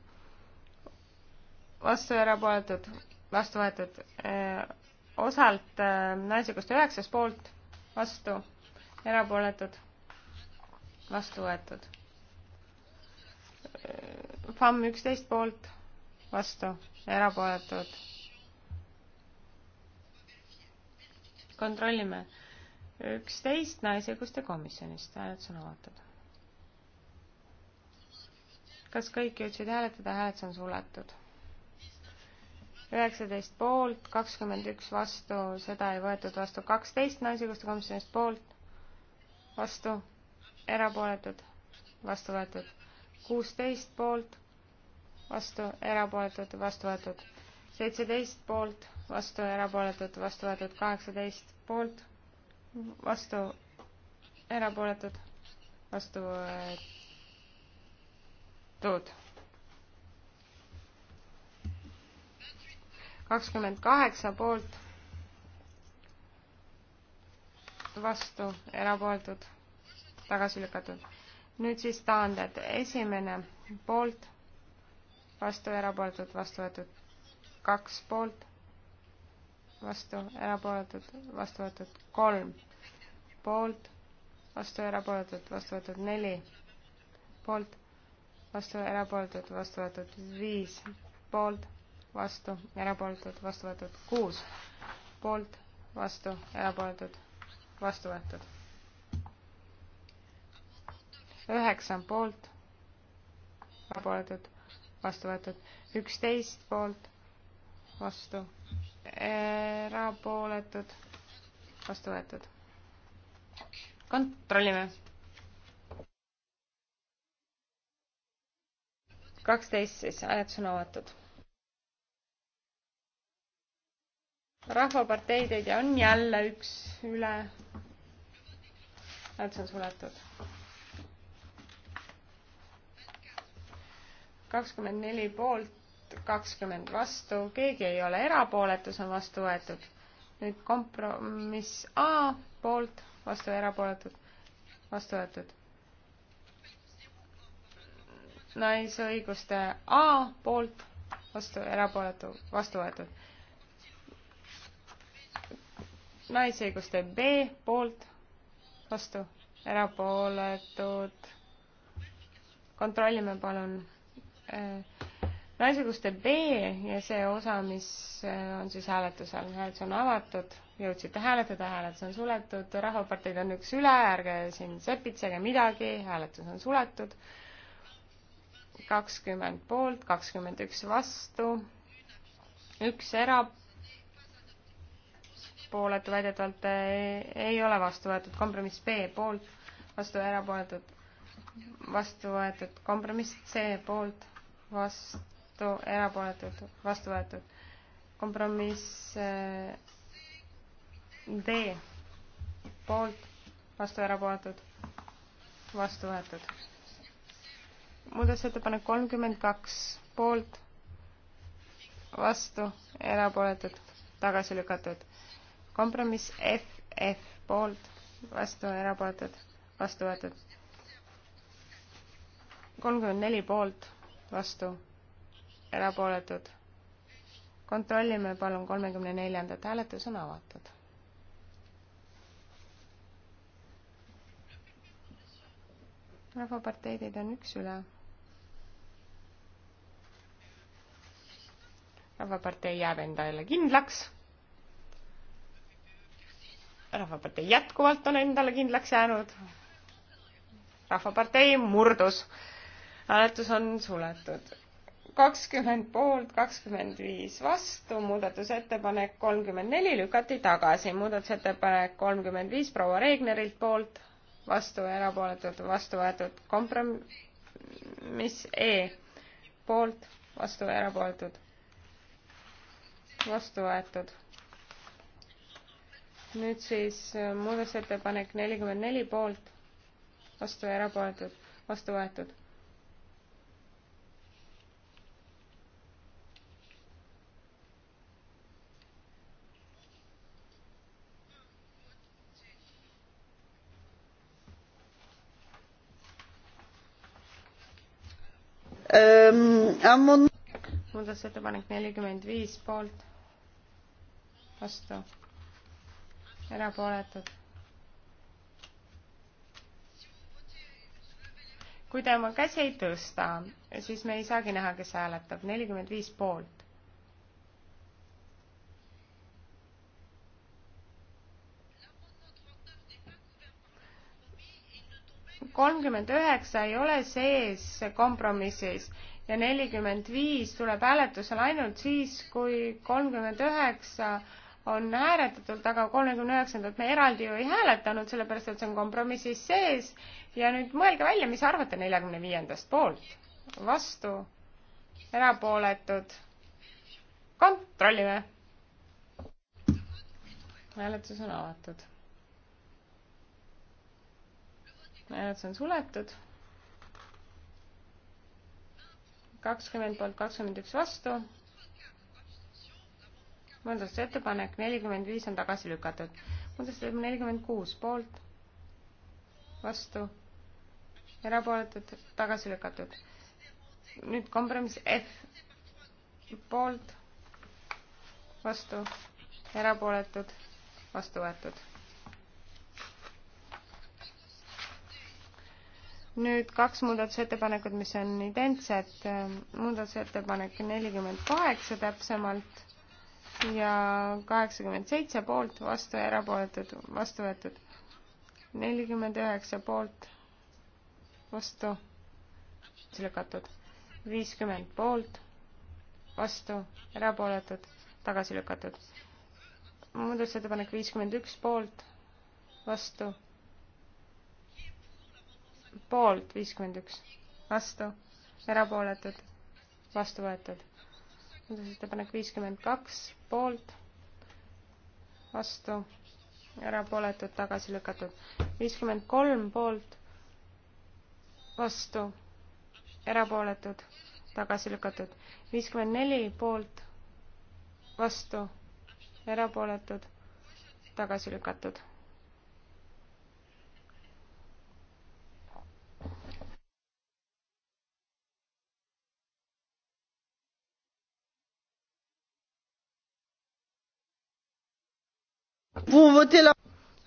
vastu, erapooletud vastu võetud, osalt naisikuste üheksas poolt vastu, erapooletud vastu võetud. FAM üksteist poolt vastu, erapooletud kontrollime üksteist Naisõiguste komisjonist, hääletus on avatud. kas kõik jõudsid hääletada, hääletus on suletud? üheksateist poolt, kakskümmend üks vastu, seda ei võetud vastu, kaksteist Naisõiguste komisjonist poolt, vastu, erapooletud, vastu võetud, kuusteist poolt, vastu, erapooletud, vastu võetud, seitseteist poolt, vastu, erapooletud, vastu võetud, kaheksateist poolt vastu, erapooletud, vastu äh, tood. kakskümmend kaheksa poolt, vastu, erapooletud, tagasi lükatud. nüüd siis taanded, esimene poolt, vastu, erapooletud, vastu võetud, kaks poolt vastu, erapooletud, vastu võetud kolm, poolt, vastu, erapooletud, vastu võetud neli, poolt, vastu, erapooletud, vastu võetud viis, poolt, vastu, erapooletud, vastu võetud kuus, poolt, vastu, erapooletud, vastu võetud. üheksa on poolt, erapooletud, vastu võetud, üksteist poolt, vastu, erapooletud, vastu võetud. kontrollime. kaksteist siis, hääletus on avatud. rahvapartei teid ja on jälle üks üle. hääletus on suletud. kakskümmend neli poolt, kakskümmend vastu, keegi ei ole erapooletu, see on vastu võetud. nüüd kompromiss A poolt, vastu erapooletud, vastu võetud. naisõiguste A poolt, vastu erapooletu, vastu võetud. naisõiguste B poolt, vastu erapooletud. kontrollime palun äh, naisõiguste B ja see osa, mis äh, on siis hääletusel, hääletus on avatud, jõudsite hääletada, hääletus on suletud, rahvaparteid on üks üle, ärge siin sepitsege midagi, hääletus on suletud. kakskümmend poolt, kakskümmend üks vastu, üks erapooletu väidetavalt äh, ei ole vastu võetud, kompromiss B poolt, vastu erapooletud, vastu võetud, kompromiss C poolt, vastu vastu, erapooletud, vastu võetud. kompromiss eh, D poolt, vastu, erapooletud, vastu võetud. muudatusettepanek kolmkümmend kaks poolt, vastu, erapooletud, tagasi lükatud. kompromiss F, F poolt, vastu, erapooletud, vastu võetud kolmkümmend neli poolt, vastu, erapooletud. kontrollime palun kolmekümne neljandat, hääletus on avatud. rahvaparteidid on üks üle. rahvapartei jääb endale kindlaks. rahvapartei jätkuvalt on endale kindlaks jäänud. rahvapartei murdus. hääletus on suletud kakskümmend poolt, kakskümmend viis vastu, muudatusettepanek kolmkümmend neli lükati tagasi, muudatusettepanek kolmkümmend viis proua Reegnerilt poolt, vastu ja erapooletult vastu võetud kompromiss E poolt, vastu ja erapooletud, vastu võetud. nüüd siis äh, muudatusettepanek nelikümmend neli poolt, vastu ja erapooletud, vastu võetud muudatusettepanek nelikümmend viis poolt, vastu, erapooletud. kui te oma käsi ei tõsta, siis me ei saagi näha, kes hääletab, nelikümmend viis poolt. kolmkümmend üheksa ei ole sees kompromissis ja nelikümmend viis tuleb hääletusele ainult siis, kui kolmkümmend üheksa on hääletatud, aga kolmekümne üheksandat me eraldi ju ei hääletanud, sellepärast et see on kompromissis sees. ja nüüd mõelge välja, mis arvate neljakümne viiendast poolt, vastu, erapooletud. kontrollime. hääletus on avatud. hääletus on suletud kakskümmend poolt kakskümmend üks vastu. muudatusettepanek nelikümmend viis on tagasi lükatud. muudatusettepanek nelikümmend kuus poolt, vastu, erapooletud, tagasi lükatud. nüüd kompromiss F poolt, vastu, erapooletud, vastu võetud nüüd kaks muudatusettepanekut, mis on identsed, muudatusettepanek nelikümmend kaheksa täpsemalt ja kaheksakümmend seitse poolt, vastu ja erapooletud, vastu võetud. nelikümmend üheksa poolt, vastu, lükatud. viiskümmend poolt, vastu, erapooletud, tagasi lükatud. muudatusettepanek viiskümmend üks poolt, vastu poolt viiskümmend üks, vastu, erapooletud, vastu võetud. muudatusettepanek viiskümmend kaks, poolt, vastu, erapooletud, tagasi lükatud. viiskümmend kolm poolt, vastu, erapooletud, tagasi lükatud. viiskümmend neli poolt, vastu, erapooletud, tagasi lükatud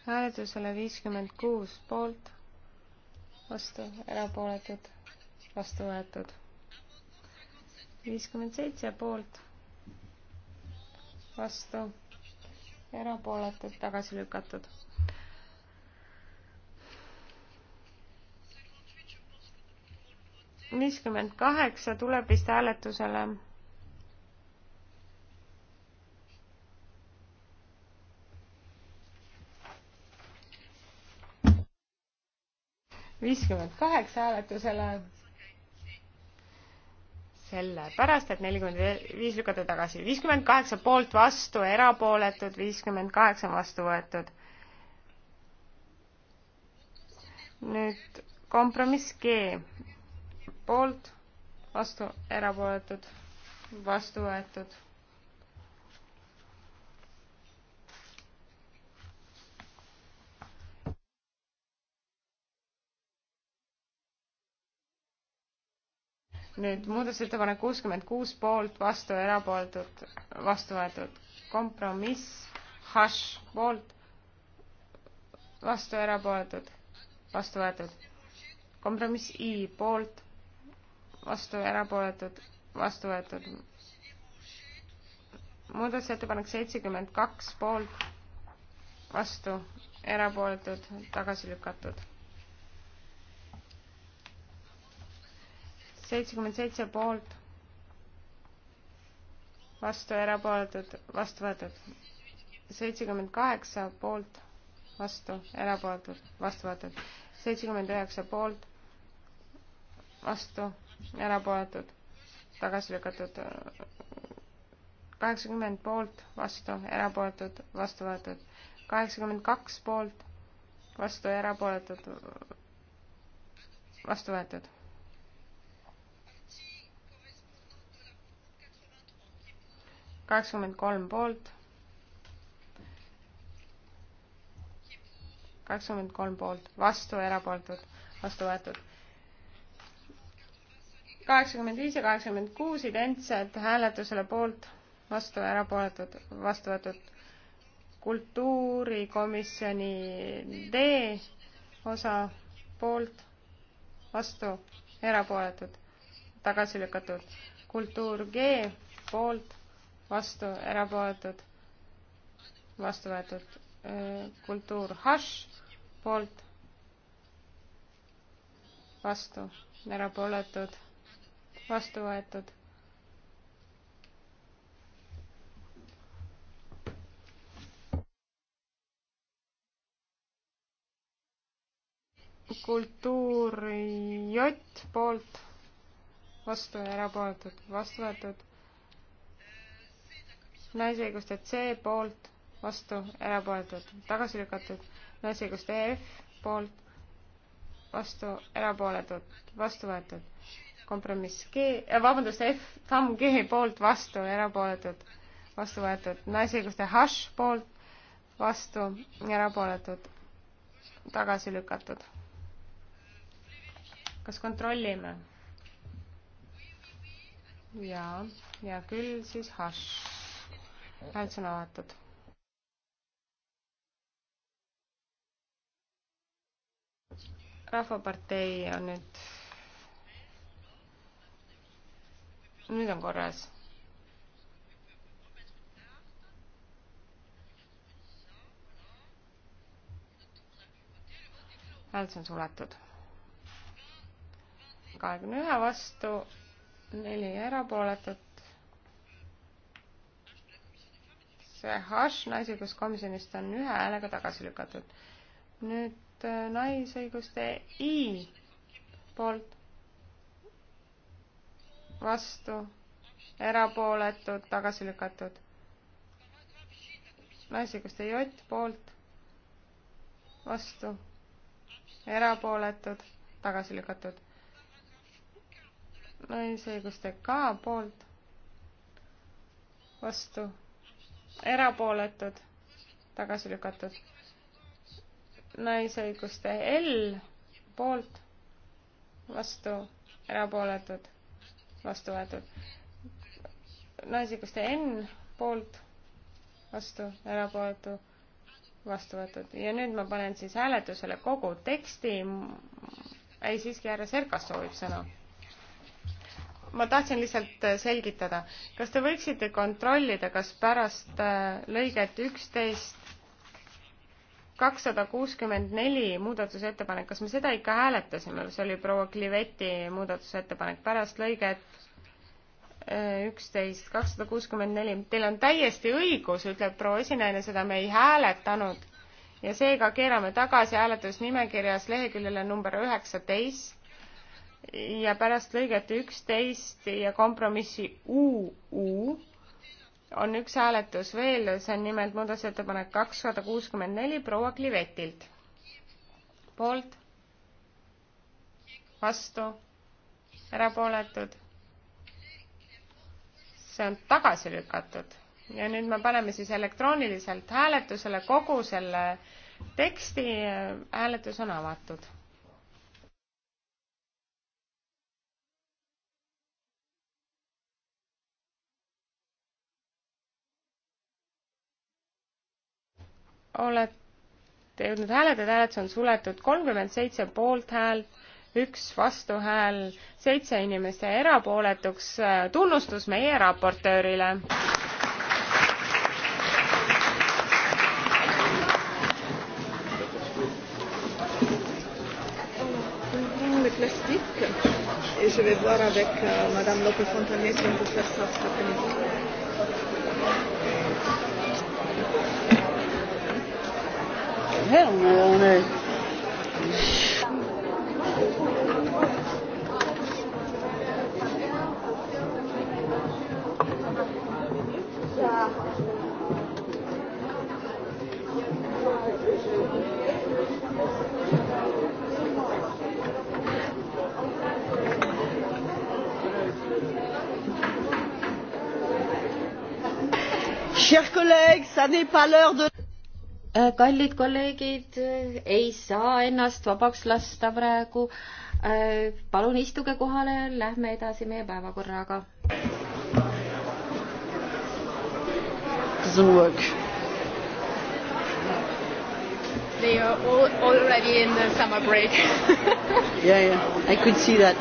hääletusele viiskümmend kuus poolt, vastu, erapooletud, vastu võetud. viiskümmend seitse poolt, vastu, erapooletud, tagasi lükatud. viiskümmend kaheksa tuleb vist hääletusele viiskümmend kaheksa hääletusele sellepärast, et nelikümmend viis lükati tagasi. viiskümmend kaheksa poolt vastu, erapooletud, viiskümmend kaheksa on vastu võetud. nüüd kompromiss G. poolt, vastu, erapooletud, vastu võetud nüüd muudatusettepanek kuuskümmend kuus poolt, vastu, erapooletud, vastu võetud. kompromiss, hašš, poolt, vastu, erapooletud, vastu võetud. kompromiss I poolt, vastu, erapooletud, vastu võetud. muudatusettepanek seitsekümmend kaks poolt, vastu, erapooletud, tagasi lükatud seitsekümmend seitse poolt, vastu erapooletud, vastu võetud. seitsekümmend kaheksa poolt, vastu erapooletud, vastu võetud. seitsekümmend üheksa poolt, vastu erapooletud, tagasi lükatud. kaheksakümmend poolt, vastu erapooletud, vastu võetud. kaheksakümmend kaks poolt, vastu erapooletud, vastu võetud kakskümmend kolm poolt. kakskümmend kolm poolt, vastu, erapooletud, vastu võetud. kaheksakümmend viis ja kaheksakümmend kuus identsed hääletusele poolt, vastu, erapooletud, vastu võetud. kultuurikomisjoni D osa poolt, vastu, erapooletud, tagasi lükatud. kultuur G poolt vastu, erapooletud, vastu võetud. Äh, kultuur hašš, poolt, vastu, erapooletud, vastu võetud kultuur J poolt vastu ja erapooletud vastu võetud naisõiguste C poolt, vastu, erapooletud, tagasi lükatud, naisõiguste EF poolt, vastu, erapooletud, vastu võetud, kompromiss G, äh, vabandust, F, FAM G poolt, vastu, erapooletud, vastu võetud, naisõiguste H poolt, vastu, erapooletud, tagasi lükatud. kas kontrollime? jaa, hea küll, siis hašš häält sõna avatud. rahvapartei on nüüd, nüüd on korras häält on suletud. kahekümne ühe vastu, neli erapooletut. H naisõiguskomisjonist on ühe häälega tagasi lükatud. nüüd äh, naisõiguste I poolt, vastu, erapooletud, tagasi lükatud. naisõiguste J poolt, vastu, erapooletud, tagasi lükatud. naisõiguste K poolt, vastu erapooletud, tagasi lükatud. naisõiguste L poolt, vastu, erapooletud, vastu võetud. naisõiguste N poolt, vastu, erapooletu, vastu võetud. ja nüüd ma panen siis hääletusele kogu teksti. ei, siiski härra Serkas soovib sõna ma tahtsin lihtsalt äh, selgitada, kas te võiksite kontrollida, kas pärast äh, lõiget üksteist kakssada kuuskümmend neli muudatusettepanek, kas me seda ikka hääletasime, see oli proua Kliveti muudatusettepanek pärast lõiget äh, üksteist kakssada kuuskümmend neli. Teil on täiesti õigus, ütleb proua esinaine, seda me ei hääletanud ja seega keerame tagasi hääletusnimekirjas leheküljele number üheksateist ja pärast lõiget üksteist ja kompromissi UU on üks hääletus veel, see on nimelt muudatusettepanek kakssada kuuskümmend neli proua Klivetilt. poolt, vastu, erapooletud. see on tagasi lükatud ja nüüd me paneme siis elektrooniliselt hääletusele kogu selle teksti, hääletus on avatud olete jõudnud hääletada, hääletus on suletud, kolmkümmend seitse poolthäält, üks vastuhääl, seitse inimest jäi erapooletuks. tunnustus meie raportöörile. plastique et je vais voir avec euh, Madame Lopez Fontanier si on peut faire ça cet après-midi après, on, on est... chers collègues ce n'est pas l'heure de Äh, kallid kolleegid, äh, ei saa ennast vabaks lasta praegu. Äh, palun istuge kohale, lähme edasi meie päevakorraga. Doesn't work. They are all already in the summer break yeah, yeah, I could see that.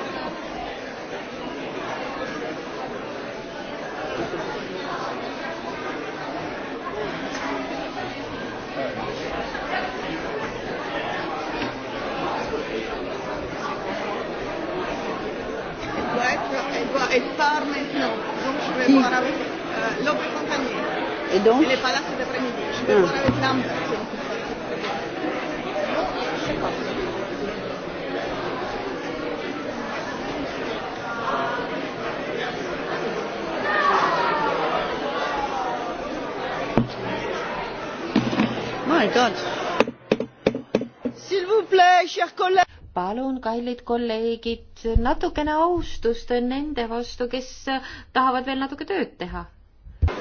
Pardon Il n'est pas là cet après-midi. Je vais ah. voir avec l'âme. palun, kallid kolleegid, natukene austust nende vastu, kes tahavad veel natuke tööd teha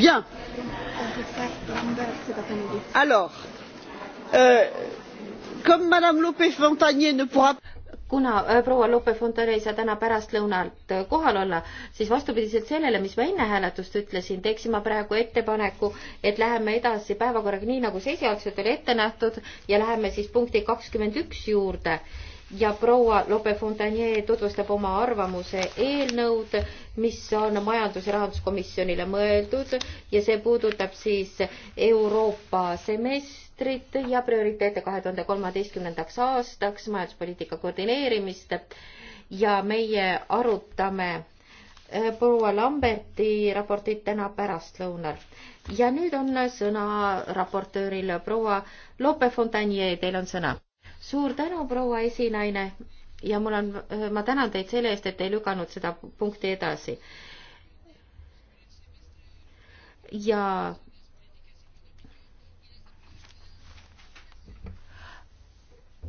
Bien. Alors, euh, comme Madame Lopez Fontanier ne pourra kuna äh, proua Lope Fontana ei saa täna pärastlõunalt äh, kohal olla, siis vastupidiselt sellele, mis ma enne hääletust ütlesin, teeksin ma praegu ettepaneku, et läheme edasi päevakorraga nii, nagu see esialgselt oli ette nähtud ja läheme siis punkti kakskümmend üks juurde ja proua Lope Fontanier tutvustab oma arvamuse eelnõud, mis on majandus- ja rahanduskomisjonile mõeldud ja see puudutab siis Euroopa semestrit ja prioriteete kahe tuhande kolmeteistkümnendaks aastaks, majanduspoliitika koordineerimist ja meie arutame äh, proua Lamberti raportit täna pärastlõunal. ja nüüd on sõna raportööril proua Lope Fontanier, teil on sõna suur tänu, proua esinaine ja mul on, äh, ma tänan teid selle eest, et te ei lükanud seda punkti edasi. ja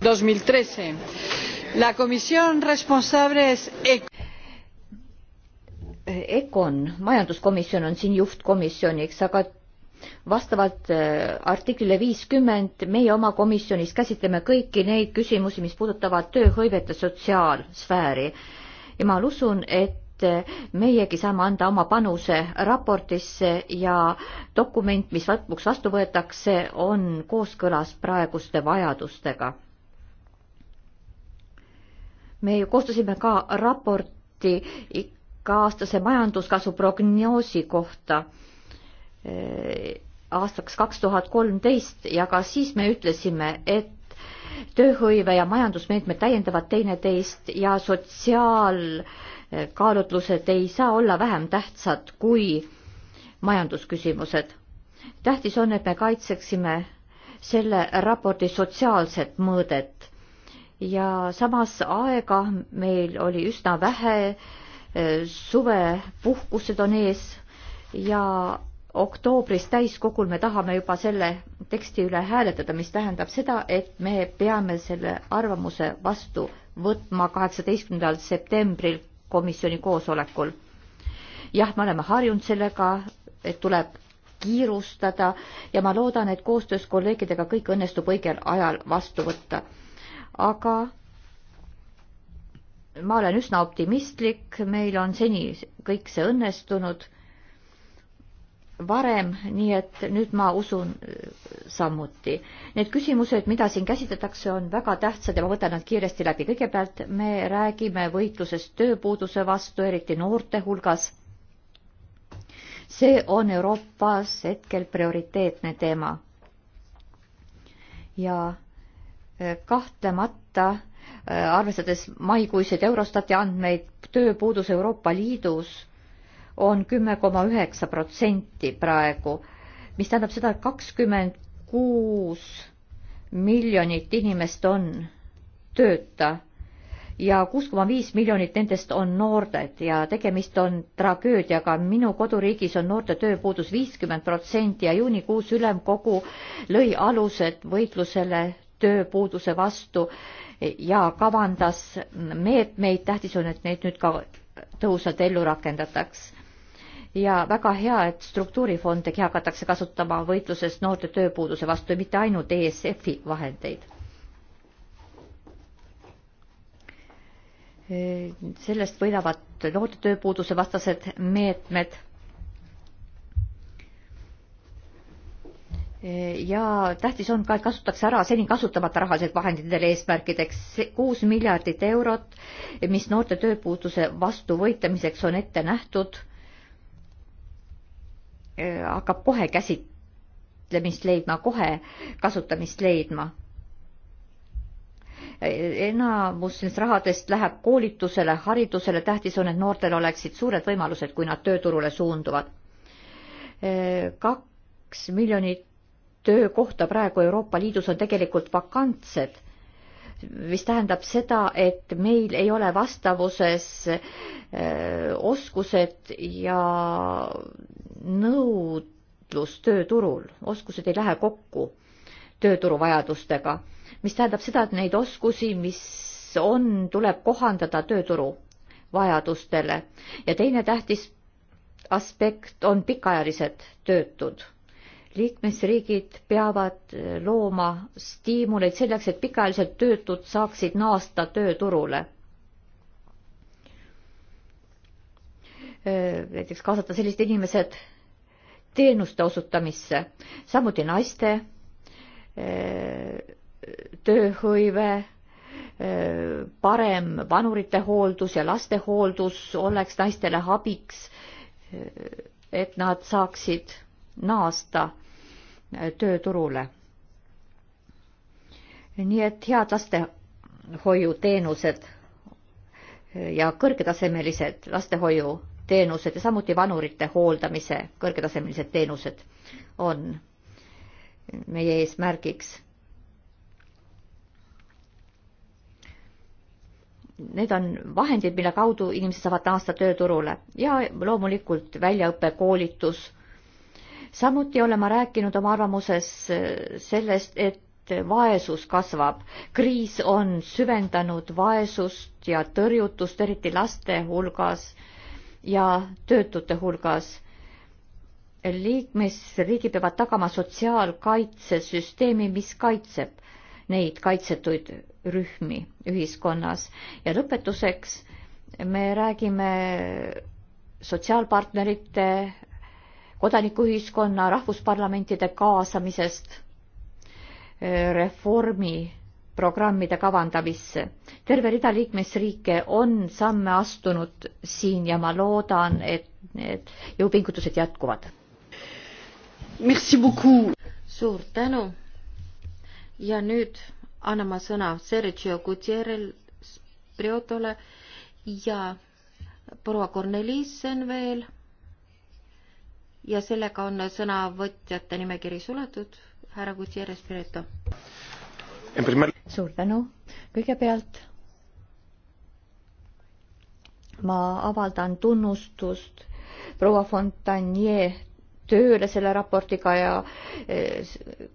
dos mil trece la comisión responsable es ECON, e majanduskomisjon on siin juhtkomisjoniks, aga vastavalt äh, artiklile viiskümmend meie oma komisjonis käsitleme kõiki neid küsimusi, mis puudutavad tööhõivet ja sotsiaalsfääri. ja ma usun, et äh, meiegi saame anda oma panuse raportisse ja dokument, mis lõpuks vastu võetakse, on kooskõlas praeguste vajadustega. me ju koostasime ka raporti iga-aastase majanduskasvu prognoosi kohta Eh, aastaks kaks tuhat kolmteist ja ka siis me ütlesime, et tööhõive ja majandusmeetmed täiendavad teineteist ja sotsiaalkaalutlused ei saa olla vähem tähtsad kui majandusküsimused. tähtis on, et me kaitseksime selle raporti sotsiaalset mõõdet ja samas aega meil oli üsna vähe, eh, suvepuhkused on ees ja oktoobris täiskogul me tahame juba selle teksti üle hääletada, mis tähendab seda, et me peame selle arvamuse vastu võtma kaheksateistkümnendal septembril komisjoni koosolekul. jah, me oleme harjunud sellega, et tuleb kiirustada ja ma loodan, et koostöös kolleegidega kõik õnnestub õigel ajal vastu võtta. aga ma olen üsna optimistlik, meil on seni kõik see õnnestunud varem, nii et nüüd ma usun äh, samuti. Need küsimused, mida siin käsitletakse, on väga tähtsad ja ma võtan nad kiiresti läbi. kõigepealt me räägime võitlusest tööpuuduse vastu, eriti noorte hulgas. see on Euroopas hetkel prioriteetne teema. ja äh, kahtlemata äh, arvestades maikuiseid Eurostati andmeid, tööpuudus Euroopa Liidus on kümme koma üheksa protsenti praegu, mis tähendab seda, et kakskümmend kuus miljonit inimest on tööta ja kuus koma viis miljonit nendest on noored ja tegemist on tragöödiaga. minu koduriigis on noorte tööpuudus viiskümmend protsenti ja juunikuus ülemkogu lõi alused võitlusele tööpuuduse vastu ja kavandas meetmeid, tähtis on, et neid nüüd ka tõhusalt ellu rakendataks ja väga hea, et struktuurifondegi hakatakse kasutama võitluses noorte tööpuuduse vastu ja mitte ainult ESF-i vahendeid. sellest võidavad noorte tööpuuduse vastased meetmed. ja tähtis on ka, et kasutatakse ära seni kasutamata rahalised vahendid nendele eesmärkideks. kuus miljardit eurot, mis noorte tööpuuduse vastu võitlemiseks on ette nähtud Äh, hakkab kohe käsitlemist leidma, kohe kasutamist leidma. Äh, enamus sellest rahadest läheb koolitusele, haridusele, tähtis on, et noortel oleksid suured võimalused, kui nad tööturule suunduvad. Äh, kaks miljonit töökohta praegu Euroopa Liidus on tegelikult vakantsed mis tähendab seda, et meil ei ole vastavuses äh, oskused ja nõudlus tööturul, oskused ei lähe kokku tööturu vajadustega, mis tähendab seda, et neid oskusi, mis on, tuleb kohandada tööturu vajadustele ja teine tähtis aspekt on pikaajalised töötud liikmesriigid peavad eh, looma stiimuleid selleks, et pikaajaliselt töötud saaksid naasta tööturule. Eh, näiteks kaasata sellised inimesed teenuste osutamisse, samuti naiste eh, tööhõive, parem vanurite hooldus ja laste hooldus oleks naistele abiks, et nad saaksid naasta tööturule. nii et head lastehoiuteenused ja kõrgetasemelised lastehoiuteenused ja samuti vanurite hooldamise kõrgetasemelised teenused on meie eesmärgiks. Need on vahendid, mille kaudu inimesed saavad naasta tööturule ja loomulikult väljaõpe, koolitus samuti olen ma rääkinud oma arvamuses äh, sellest, et vaesus kasvab. kriis on süvendanud vaesust ja tõrjutust, eriti laste hulgas ja töötute hulgas. liikmesriigid peavad tagama sotsiaalkaitsesüsteemi, mis kaitseb neid kaitsetuid rühmi ühiskonnas. ja lõpetuseks me räägime sotsiaalpartnerite kodanikuühiskonna rahvusparlamentide kaasamisest eh, reformi programmide kavandamisse. terve rida liikmesriike on samme astunud siin ja ma loodan, et need jõupingutused jätkuvad. suur tänu. ja nüüd annan ma sõna Sergio Gutierrez Priotole ja proua Cornelissen veel ja sellega on sõnavõtjate nimekiri suletud. härra Gutierrez Pireto. suur tänu. kõigepealt ma avaldan tunnustust proua Fontanier tööle selle raportiga ja eh,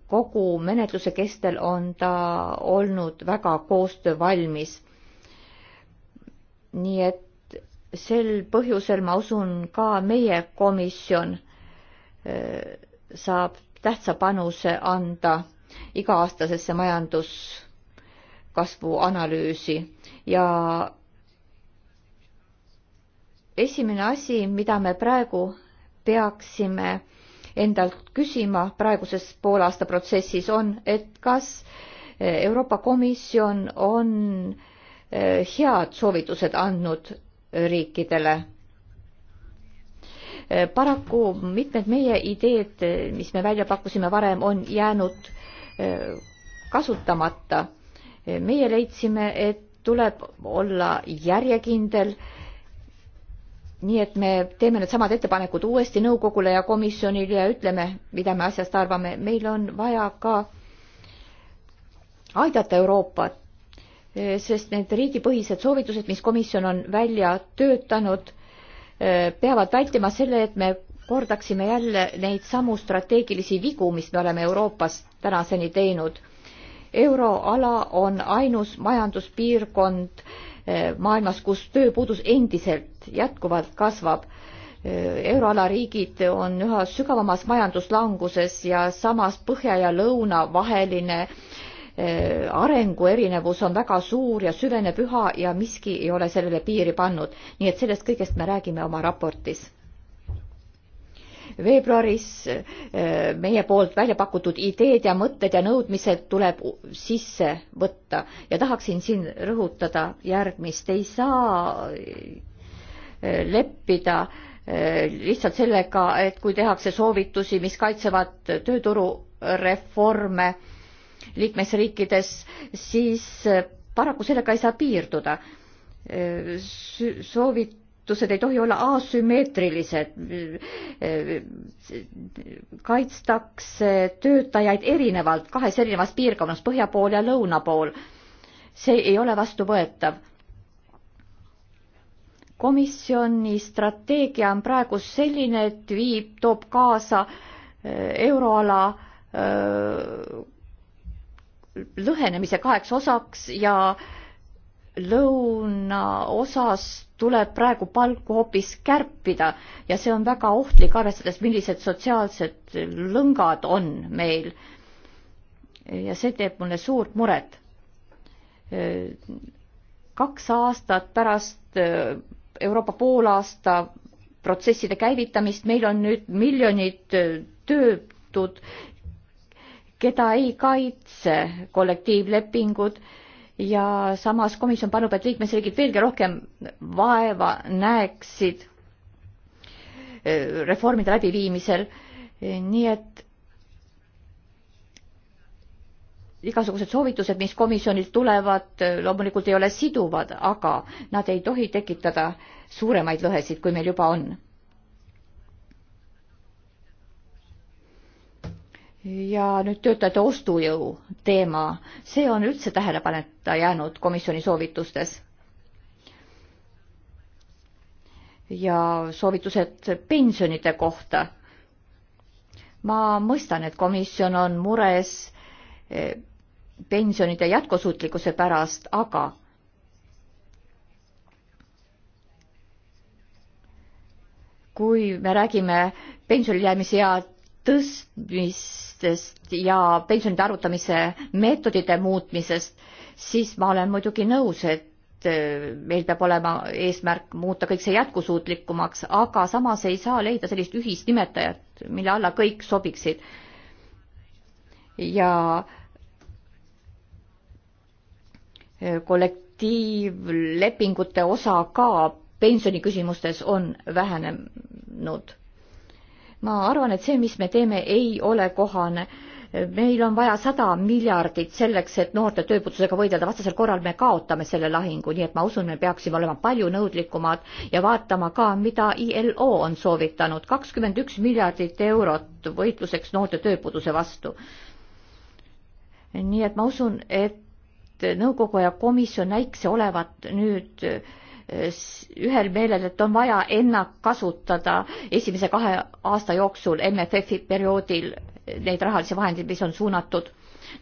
kogu menetluse kestel on ta olnud väga koostöövalmis. nii et sel põhjusel ma usun ka meie komisjon saab tähtsa panuse anda iga-aastasesse majanduskasvu analüüsi ja esimene asi, mida me praegu peaksime endalt küsima praeguses poolaasta protsessis on, et kas Euroopa Komisjon on eh, head soovitused andnud riikidele Eh, paraku mitmed meie ideed, eh, mis me välja pakkusime varem, on jäänud eh, kasutamata. meie leidsime, et tuleb olla järjekindel. nii et me teeme needsamad ettepanekud uuesti nõukogule ja komisjonile ja ütleme, mida me asjast arvame. meil on vaja ka aidata Euroopat, sest need riigipõhised soovitused, mis komisjon on välja töötanud, Äh, peavad vältima selle, et me kordaksime jälle neid samu strateegilisi vigu, mis me oleme Euroopas tänaseni teinud. euroala on ainus majanduspiirkond äh, maailmas, kus tööpuudus endiselt jätkuvalt kasvab. Äh, euroala riigid on üha sügavamas majanduslanguses ja samas põhja ja lõuna vaheline äh, Äh, arengu erinevus on väga suur ja süveneb üha ja miski ei ole sellele piiri pannud. nii et sellest kõigest me räägime oma raportis. veebruaris äh, meie poolt välja pakutud ideed ja mõtted ja nõudmised tuleb sisse võtta ja tahaksin siin rõhutada järgmist, ei saa äh, leppida lihtsalt sellega, et kui tehakse soovitusi, mis kaitsevad tööturureforme, liikmesriikides, siis eh, paraku sellega ei saa piirduda. Eh, soovitused ei tohi olla asümmeetrilised. Eh, kaitstakse töötajaid erinevalt kahes erinevas piirkonnas, põhja pool ja lõuna pool. see ei ole vastuvõetav komisjoni strateegia on praegu selline, et viib, toob kaasa euroala lõhenemise kaheks osaks ja lõunaosas tuleb praegu palku hoopis kärpida ja see on väga ohtlik, arvestades, millised sotsiaalsed lõngad on meil. ja see teeb mulle suurt muret. kaks aastat pärast Euroopa poolaasta protsesside käivitamist meil on nüüd miljonid töötud keda ei kaitse kollektiivlepingud ja samas komisjon palub, et liikmesriigid veelgi rohkem vaeva näeksid eh, reformide läbiviimisel, eh, nii et igasugused soovitused, mis komisjonilt tulevad, eh, loomulikult ei ole siduvad, aga nad ei tohi tekitada suuremaid lõhesid, kui meil juba on. ja nüüd töötajate ostujõu teema, see on üldse tähelepaneta jäänud komisjoni soovitustes. ja soovitused pensionide kohta. ma mõistan, et komisjon on mures eh, pensionide jätkusuutlikkuse pärast, aga kui me räägime pensionile jäämise ea tõstmist, hüvitistest ja pensionide arvutamise meetodite muutmisest, siis ma olen muidugi nõus, et äh, meil peab olema eesmärk muuta kõik see jätkusuutlikumaks, aga samas ei saa leida sellist ühisnimetajat, mille alla kõik sobiksid. ja äh, kollektiivlepingute osa ka pensioniküsimustes on vähenenud ma arvan, et see, mis me teeme, ei ole kohane. meil on vaja sada miljardit selleks, et noorte tööpuudusega võidelda, vastasel korral me kaotame selle lahingu, nii et ma usun, me peaksime olema palju nõudlikumad ja vaatama ka, mida ILO on soovitanud, kakskümmend üks miljardit eurot võitluseks noorte tööpuuduse vastu. nii et ma usun, et nõukogu ja komisjon näikse olevat nüüd äh, ühel meelel, et on vaja ennakkasutada esimese kahe aasta jooksul MFF-i perioodil neid rahalisi vahendeid, mis on suunatud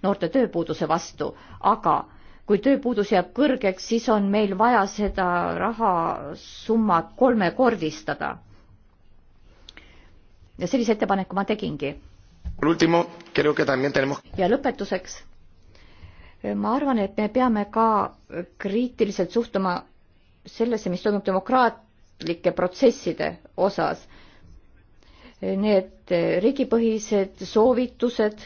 noorte tööpuuduse vastu, aga kui tööpuudus jääb kõrgeks, siis on meil vaja seda rahasummat kolmekordistada. ja sellise ettepaneku ma tegingi. ja lõpetuseks, ma arvan, et me peame ka kriitiliselt suhtuma sellesse, mis toimub demokraatlike protsesside osas. Need riigipõhised soovitused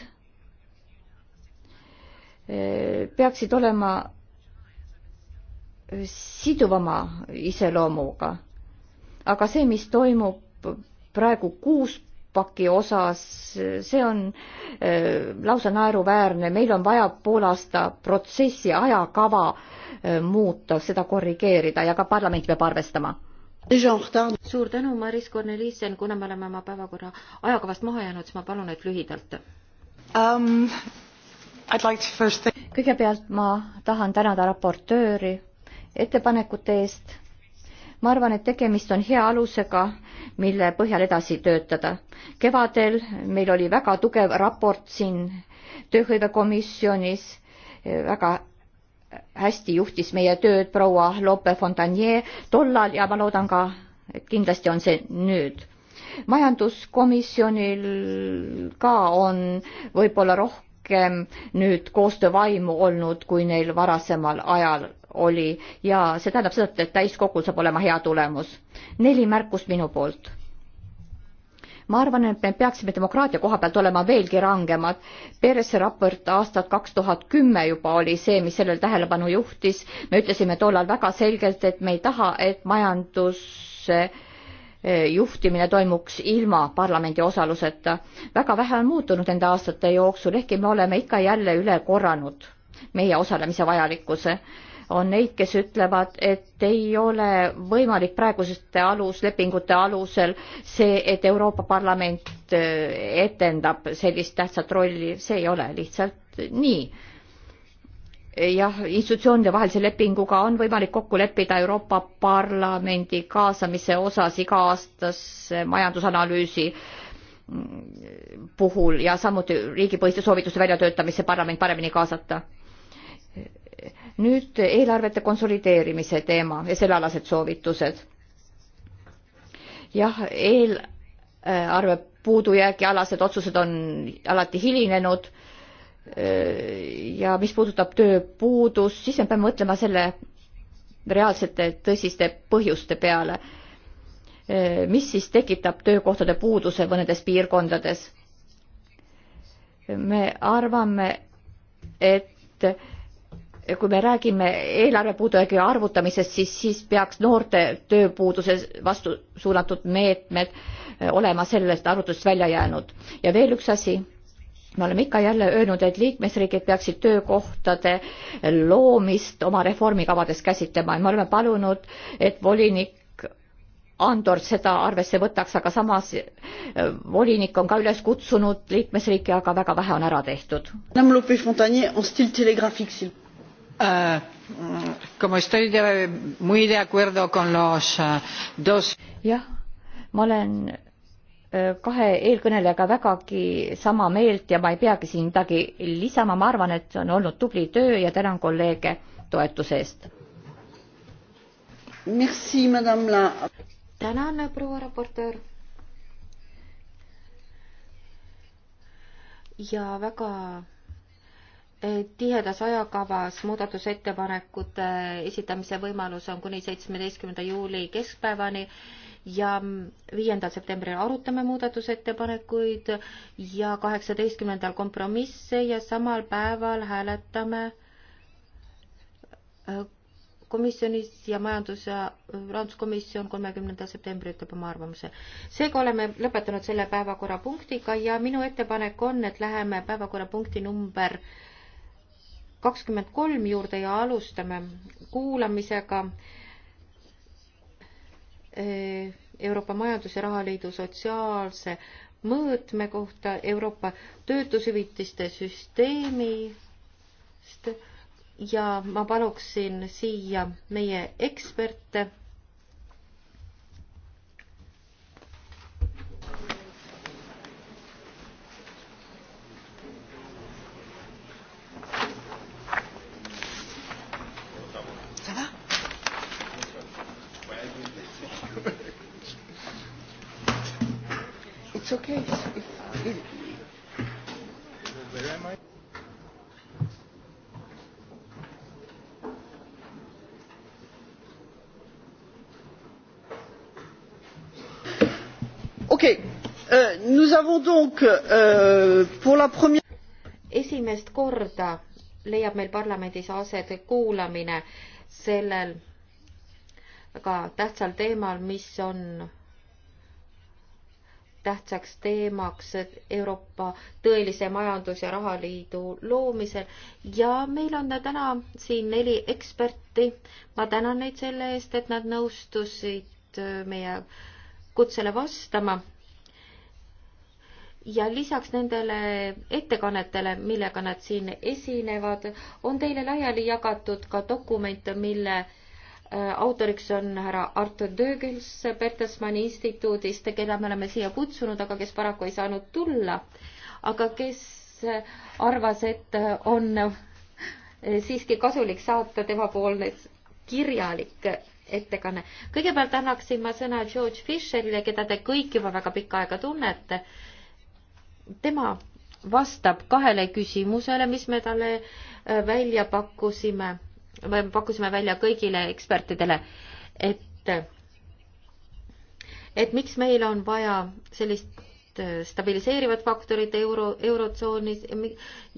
eh, peaksid olema siduvama iseloomuga. aga see, mis toimub praegu kuus paki osas, see on äh, lausa naeruväärne, meil on vaja poole aasta protsessi ajakava äh, muuta, seda korrigeerida ja ka parlament peab arvestama. suur tänu, Maris Korneliisen, kuna me oleme oma päevakorra ajakavast maha jäänud, siis ma palun, et lühidalt um,. Like first... kõigepealt ma tahan tänada raportööri ettepanekute eest ma arvan, et tegemist on hea alusega, mille põhjal edasi töötada. kevadel meil oli väga tugev raport siin tööhõivekomisjonis, väga hästi juhtis meie tööd proua Lope Fontanier tollal ja ma loodan ka, et kindlasti on see nüüd. majanduskomisjonil ka on võib-olla rohkem nüüd koostöövaimu olnud, kui neil varasemal ajal oli ja see tähendab seda, et täiskogul saab olema hea tulemus. neli märkust minu poolt ma arvan, et me peaksime demokraatia koha pealt olema veelgi rangemad. Peresse raport aastat kaks tuhat kümme juba oli see, mis sellele tähelepanu juhtis. me ütlesime tollal väga selgelt, et me ei taha, et majanduse e, juhtimine toimuks ilma parlamendi osaluseta. väga vähe on muutunud nende aastate jooksul, ehkki me oleme ikka jälle üle korranud meie osalemise vajalikkuse on neid, kes ütlevad, et ei ole võimalik praeguste aluslepingute alusel see, et Euroopa Parlament äh, etendab sellist tähtsat rolli, see ei ole lihtsalt nii jah, institutsioonide vahelise lepinguga on võimalik kokku leppida Euroopa Parlamendi kaasamise osas iga-aastase majandusanalüüsi mm, puhul ja samuti riigipõhiste soovituste väljatöötamisse parlament paremini kaasata nüüd eelarvete konsolideerimise teema ja sellealased soovitused. jah, eelarve puudujäägi alased otsused on alati hilinenud ja mis puudutab tööpuudust, siis me peame mõtlema selle reaalsete tõsiste põhjuste peale, mis siis tekitab töökohtade puuduse mõnedes piirkondades. me arvame, et kui me räägime eelarve puudujäägi arvutamisest, siis, siis peaks noorte tööpuuduse vastu suunatud meetmed eh, olema sellest arvutusest välja jäänud. ja veel üks asi, me oleme ikka jälle öelnud, et liikmesriigid peaksid töökohtade loomist oma reformikavades käsitlema ja me oleme palunud, et volinik Andor seda arvesse võtaks, aga samas eh, volinik on ka üles kutsunud liikmesriike, aga väga vähe on ära tehtud. Uh, como estoy de, muy de acuerdo con los uh, dos. jah, ma olen eh, kahe eelkõnelejaga vägagi sama meelt ja ma ei peagi siin midagi lisama, ma arvan, et see on olnud tubli töö ja tänan kolleege toetuse eest. tänan, proua raportöör. ja väga tihedas ajakavas muudatusettepanekute esitamise võimalus on kuni seitsmeteistkümnenda juuli keskpäevani ja viiendal septembril arutame muudatusettepanekuid ja kaheksateistkümnendal kompromisse ja samal päeval hääletame äh, komisjonis ja majandus- ja rahanduskomisjon kolmekümnendal septembril ütleb oma arvamuse. seega oleme lõpetanud selle päevakorrapunktiga ja minu ettepanek on, et läheme päevakorrapunkti number kakskümmend kolm juurde ja alustame kuulamisega Euroopa Majandus- ja Rahaliidu sotsiaalse mõõtme kohta Euroopa töötushüvitiste süsteemist ja ma paluksin siia meie eksperte case. If, if, Where am I? Okay. Euh, nous avons donc euh, pour la première esimest korda leiab meil parlamendis aset kuulamine sellel väga tähtsal teemal, mis on tähtsaks teemaks Euroopa tõelise majandus- ja rahaliidu loomisel ja meil on täna siin neli eksperti. ma tänan neid selle eest, et nad nõustusid äh, meie kutsele vastama. ja lisaks nendele ettekannetele, millega nad siin esinevad, on teile laiali jagatud ka dokument, mille Äh, autoriks on härra Artur Dögels Bertelsmanni instituudist, keda me oleme siia kutsunud, aga kes paraku ei saanud tulla, aga kes äh, arvas, et äh, on siiski kasulik saata temapoolne kirjalik ettekanne. kõigepealt annaksin ma sõna George Fisherile, keda te kõik juba väga pikka aega tunnete. tema vastab kahele küsimusele, mis me talle välja pakkusime me pakkusime välja kõigile ekspertidele, et, et miks meil on vaja sellist stabiliseerivat faktorit euro, eurotsoonis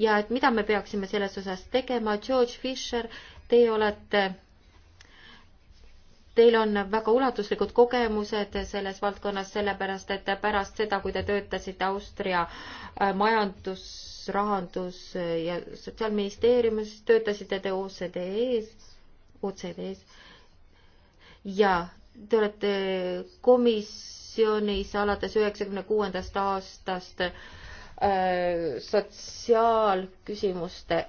ja et mida me peaksime selles osas tegema. George Fisher, teie olete Teil on väga ulatuslikud kogemused selles valdkonnas, sellepärast et pärast seda, kui te töötasite Austria äh, majandus, rahandus ja sotsiaalministeeriumis, töötasite te OCD-s, OCD-s ja te olete komisjonis alates üheksakümne kuuendast aastast äh, sotsiaalküsimuste äh,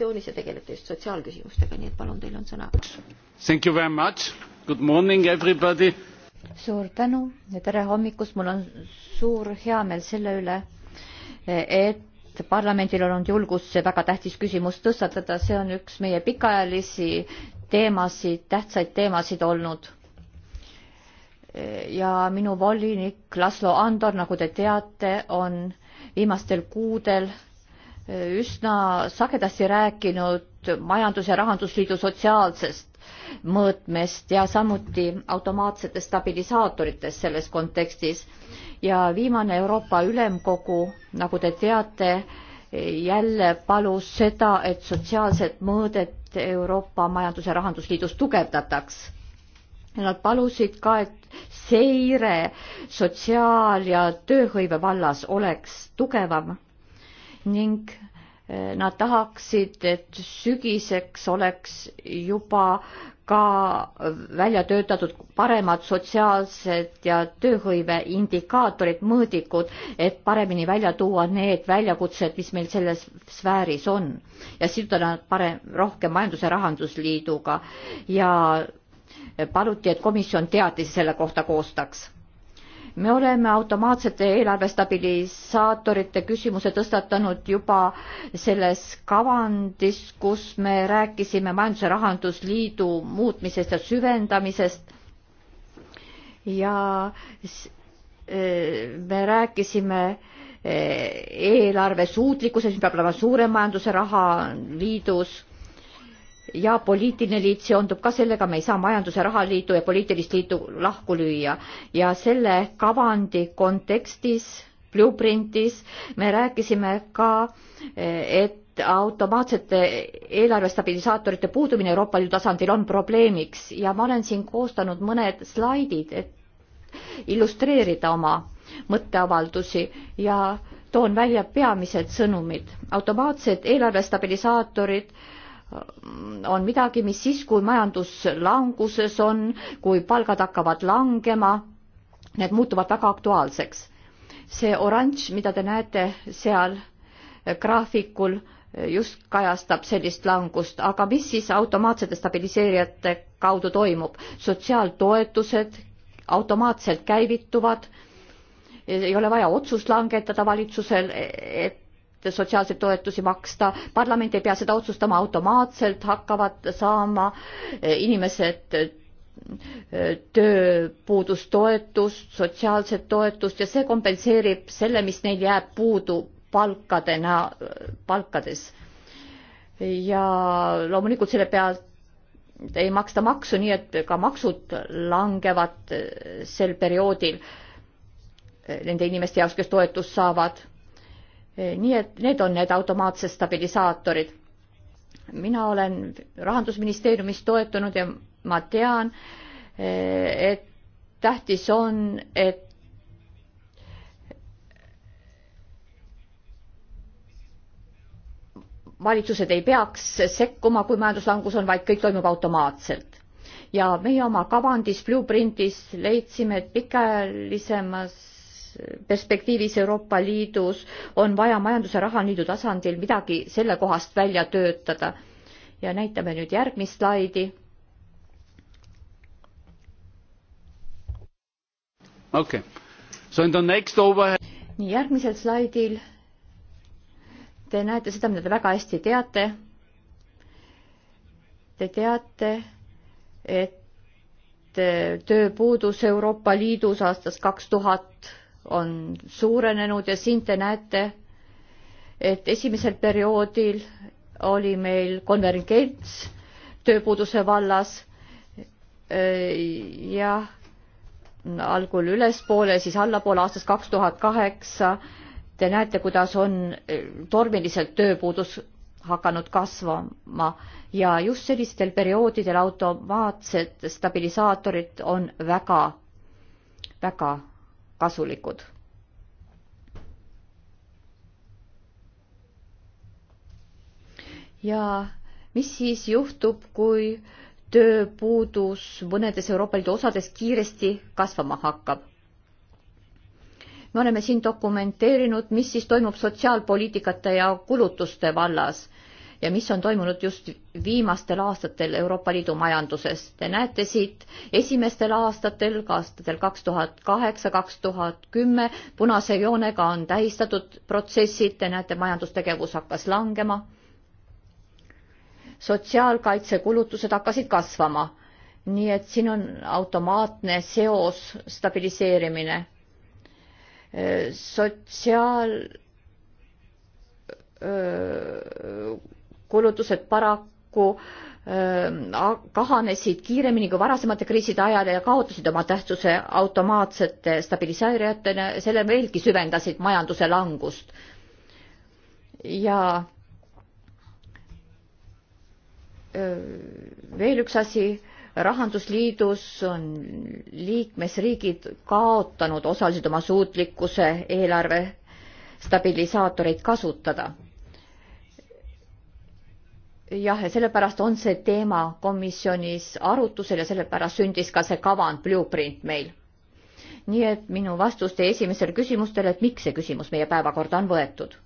fraktsioonis ja tegeleb just sotsiaalküsimustega, nii et palun, teil on sõna. Thank you very much, good morning everybody. suur tänu ja tere hommikust, mul on suur heameel selle üle, et parlamendil on olnud julgus see väga tähtis küsimus tõstatada, see on üks meie pikaajalisi teemasid, tähtsaid teemasid olnud. ja minu volinik Laslo Andor, nagu te teate, on viimastel kuudel üsna sagedasti rääkinud majandus- ja rahandusliidu sotsiaalsest mõõtmest ja samuti automaatsetest stabilisaatoritest selles kontekstis. ja viimane Euroopa Ülemkogu, nagu te teate, jälle palus seda, et sotsiaalset mõõdet Euroopa Majandus- ja Rahandusliidus tugevdataks. ja nad palusid ka, et seire sotsiaal- ja tööhõive vallas oleks tugevam ning eh, nad tahaksid, et sügiseks oleks juba ka välja töötatud paremad sotsiaalsed ja tööhõive indikaatorid, mõõdikud, et paremini välja tuua need väljakutsed, mis meil selles sfääris on ja siduda nad parem, rohkem Majandus- ja Rahandusliiduga ja paluti, et komisjon teadise selle kohta koostaks me oleme automaatsete eelarve stabilisaatorite küsimuse tõstatanud juba selles kavandis, kus me rääkisime Majandus- ja Rahandusliidu muutmisest ja süvendamisest. ja e, me rääkisime e, eelarve suutlikkusest, mis peab olema suure majanduse rahaliidus ja poliitiline liit seondub ka sellega, me ei saa majandus- ja rahaliitu ja poliitilist liitu lahku lüüa ja selle kavandi kontekstis, blueprintis me rääkisime ka, et automaatsete eelarvestabilisaatorite puudumine Euroopa Liidu tasandil on probleemiks ja ma olen siin koostanud mõned slaidid, et illustreerida oma mõtteavaldusi ja toon välja peamised sõnumid. automaatsed eelarvestabilisaatorid äh, on midagi, mis siis, kui majandus languses on, kui palgad hakkavad langema, need muutuvad väga aktuaalseks. see oranž, mida te näete seal graafikul, just kajastab sellist langust, aga mis siis automaatsete stabiliseerijate kaudu toimub? sotsiaaltoetused automaatselt käivituvad, ei ole vaja otsust langetada valitsusel, et sotsiaalseid toetusi maksta, parlament ei pea seda otsustama automaatselt, hakkavad saama eh, inimesed eh, tööpuudustoetust, sotsiaalset toetust ja see kompenseerib selle, mis neil jääb puudu palkadena, palkades. ja loomulikult selle pealt ei maksta maksu, nii et ka maksud langevad eh, sel perioodil nende inimeste jaoks, kes toetust saavad Eh, nii et need on need automaatsed stabilisaatorid. mina olen Rahandusministeeriumis toetunud ja ma tean, eh, et tähtis on, et valitsused ei peaks sekkuma, kui majanduslangus on, vaid kõik toimub automaatselt. ja meie oma kavandis, blueprintis leidsime, et pikaajalisemas perspektiivis Euroopa Liidus on vaja majandus- ja rahaliidu tasandil midagi sellekohast välja töötada. ja näitame nüüd järgmist slaidi. okei okay., so in the next over. nii järgmisel slaidil te näete seda, mida te väga hästi teate. Te teate, et eh, tööpuudus Euroopa Liidus aastast kaks tuhat on suurenenud ja siin te näete, et esimesel perioodil oli meil konvergents tööpuuduse vallas äh, ja algul ülespoole, siis allapoole aastast kaks tuhat kaheksa. Te näete, kuidas on äh, tormiliselt tööpuudus hakanud kasvama ja just sellistel perioodidel automaatsed stabilisaatorid on väga, väga kasulikud. ja mis siis juhtub, kui tööpuudus mõnedes Euroopa Liidu osades kiiresti kasvama hakkab? me oleme siin dokumenteerinud, mis siis toimub sotsiaalpoliitikate ja kulutuste vallas ja mis on toimunud just viimastel aastatel Euroopa Liidu majanduses. Te näete siit esimestel aastatel, ka aastatel kaks tuhat kaheksa, kaks tuhat kümme, punase joonega on tähistatud protsessid, te näete, majandustegevus hakkas langema. sotsiaalkaitsekulutused hakkasid kasvama. nii et siin on automaatne seos, stabiliseerimine. sotsiaal öö kulutused paraku ähm, kahanesid kiiremini kui varasemate kriiside ajal ja kaotasid oma tähtsuse automaatsete stabiliseerijatena, selle veelgi süvendasid majanduse langust. ja äh, veel üks asi, rahandusliidus on liikmesriigid kaotanud osaliselt oma suutlikkuse eelarve stabilisaatoreid kasutada jah, ja sellepärast on see teema komisjonis arutusel ja sellepärast sündis ka see kavand, blueprint meil. nii et minu vastus teie esimesele küsimustele, et miks see küsimus meie päevakorda on võetud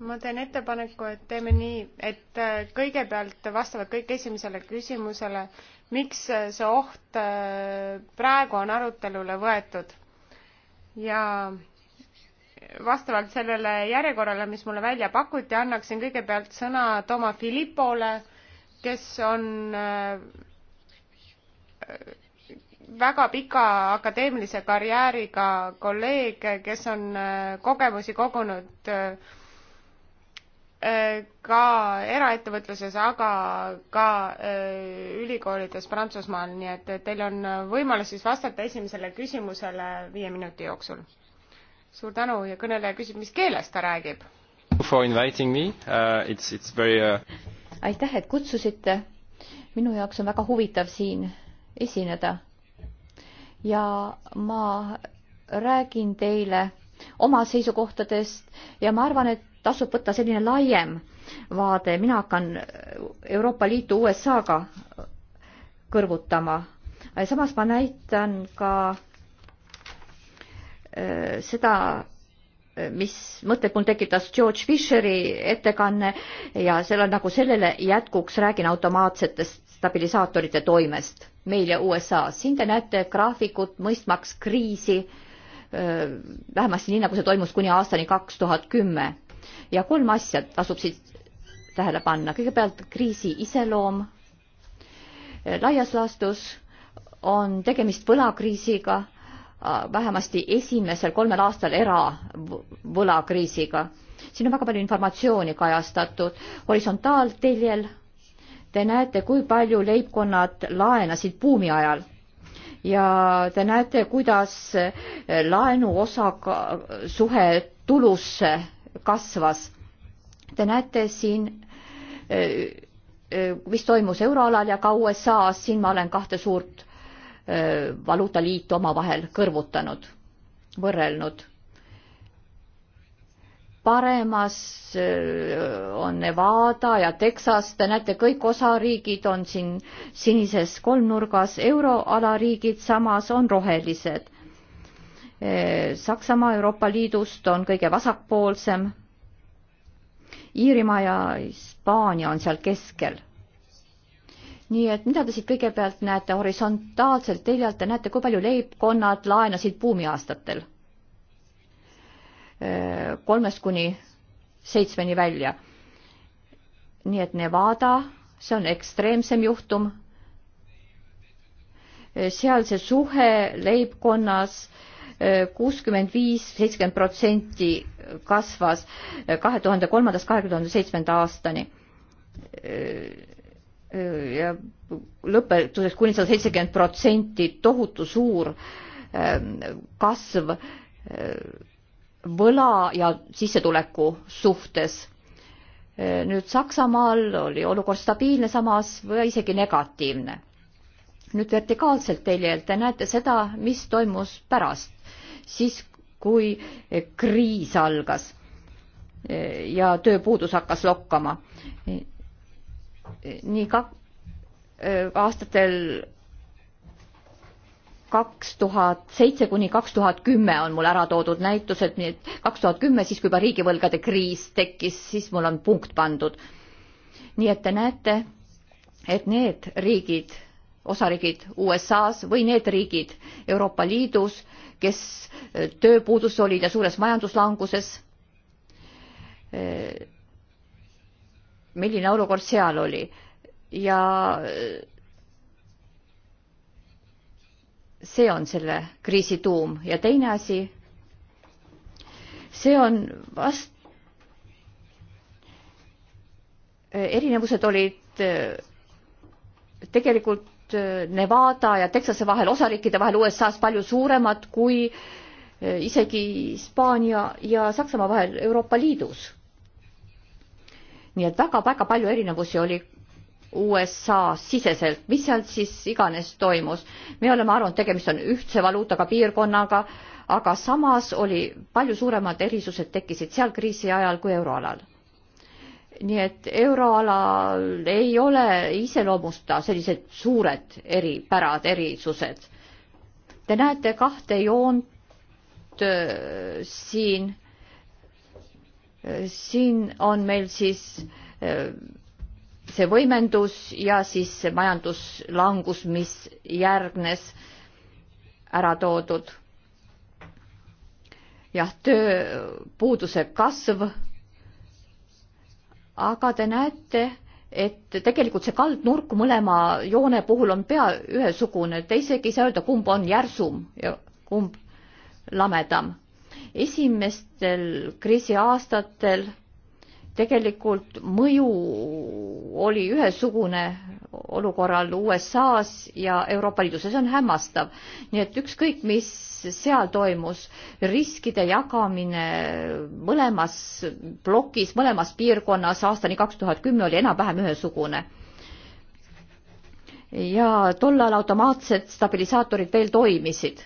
ma teen ettepaneku et teeme nii et kõigepealt vastavad kõik esimesele küsimusele miks see oht äh, praegu on arutelule võetud ja vastavalt sellele järjekorrale, mis mulle välja pakuti, annaksin kõigepealt sõna Toma Filippole, kes on äh, väga pika akadeemilise karjääriga kolleeg, kes on äh, kogemusi kogunud äh, ka eraettevõtluses, aga ka ülikoolides Prantsusmaal, nii et teil on võimalus siis vastata esimesele küsimusele viie minuti jooksul suur tänu ja kõneleja küsib, mis keeles ta räägib. For inviting me uh,, it's, it's very uh... aitäh, et kutsusite. minu jaoks on väga huvitav siin esineda. ja ma räägin teile oma seisukohtadest ja ma arvan, et tasub võtta selline laiem vaade, mina hakkan Euroopa Liitu USA-ga kõrvutama. samas ma näitan ka Äh, seda, äh, mis mõtted mul tekitas George Fisheri ettekanne ja sellel nagu sellele jätkuks räägin automaatsetest stabilisaatorite toimest meil ja USA-s. siin te näete graafikut mõistmaks kriisi, äh, vähemasti nii, nagu see toimus kuni aastani kaks tuhat kümme. ja kolm asja tasub siit tähele panna. kõigepealt kriisi iseloom. laias laastus on tegemist võlakriisiga Äh, vähemasti esimesel kolmel aastal eravõlakriisiga. siin on väga palju informatsiooni kajastatud. horisontaalteljel te näete, kui palju leibkonnad laenasid buumi ajal ja te näete, kuidas laenu osaka, suhe tulusse kasvas. Te näete siin, äh, äh, mis toimus euroalal ja ka USA-s, siin ma olen kahte suurt Äh, valuutaliit omavahel kõrvutanud, võrrelnud. paremas äh, on Nevada ja Texas, te näete, kõik osariigid on siin sinises kolmnurgas, euroala riigid samas on rohelised. Äh, Saksamaa Euroopa Liidust on kõige vasakpoolsem. Iirimaa ja Hispaania on seal keskel nii et mida te siit kõigepealt näete horisontaalselt teljalt, te näete, kui palju leibkonnad laenasid buumiaastatel kolmest kuni seitsmeni välja. nii et Nevada, see on ekstreemsem juhtum. seal see suhe leibkonnas kuuskümmend viis, seitsekümmend protsenti kasvas kahe tuhande kolmandast kahekümne seitsmenda aastani ja lõpetuseks kuni sada seitsekümmend protsenti tohutu suur ähm, kasv äh, võla ja sissetuleku suhtes. Äh, nüüd Saksamaal oli olukord stabiilne samas või isegi negatiivne. nüüd vertikaalselt teljel te näete seda, mis toimus pärast, siis kui äh, kriis algas ja tööpuudus hakkas lokkama nii kak-, äh, aastatel kaks tuhat seitse kuni kaks tuhat kümme on mul ära toodud näitused, nii et kaks tuhat kümme, siis kui juba riigivõlgade kriis tekkis, siis mul on punkt pandud. nii et te näete, et need riigid, osariigid USA-s või need riigid Euroopa Liidus, kes äh, tööpuudus olid ja suures majanduslanguses, äh, milline olukord seal oli ja äh, see on selle kriisi tuum ja teine asi, see on vast, äh, erinevused olid äh, tegelikult Nevada ja Texase vahel, osariikide vahel USA-s palju suuremad kui isegi Hispaania ja Saksamaa vahel Euroopa Liidus nii et väga-väga palju erinevusi oli USA siseselt, mis seal siis iganes toimus. me oleme arvanud, tegemist on ühtse valuutaga piirkonnaga, aga samas oli palju suuremad erisused tekkisid seal kriisi ajal kui euroalal nii et euroalal ei ole iseloomusta sellised suured eripärad, erisused. Te näete kahte joont äh, siin siin on meil siis eh, see võimendus ja siis see majanduslangus, mis järgnes, ära toodud. jah, tööpuuduse kasv. aga te näete, et tegelikult see kaldnurk mõlema joone puhul on pea ühesugune, te isegi ei saa öelda, kumb on järsum ja kumb lamedam esimestel kriisiaastatel tegelikult mõju oli ühesugune olukorral USA-s ja Euroopa Liidus ja see on hämmastav. nii et ükskõik, mis seal toimus, riskide jagamine mõlemas plokis, mõlemas piirkonnas aastani kaks tuhat kümme oli enam-vähem ühesugune. ja tol ajal automaatsed stabilisaatorid veel toimisid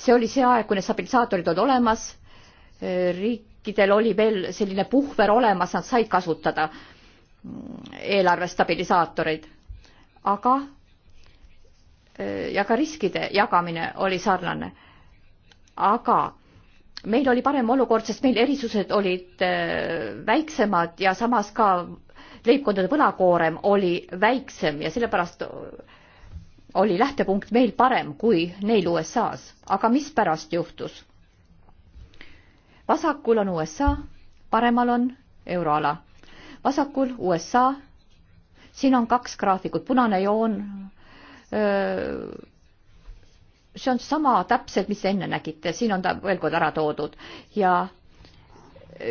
see oli see aeg, kui need stabilisaatorid olid olemas, riikidel oli veel selline puhver olemas, nad said kasutada eelarve stabilisaatoreid, aga ja ka riskide jagamine oli sarnane. aga meil oli parem olukord, sest meil erisused olid äh, väiksemad ja samas ka leibkondade võlakoorem oli väiksem ja sellepärast oli lähtepunkt meil parem kui neil USA-s, aga mispärast juhtus? vasakul on USA, paremal on euroala. vasakul USA, siin on kaks graafikut, punane joon, see on sama täpselt, mis enne nägite, siin on ta veel kord ära toodud ja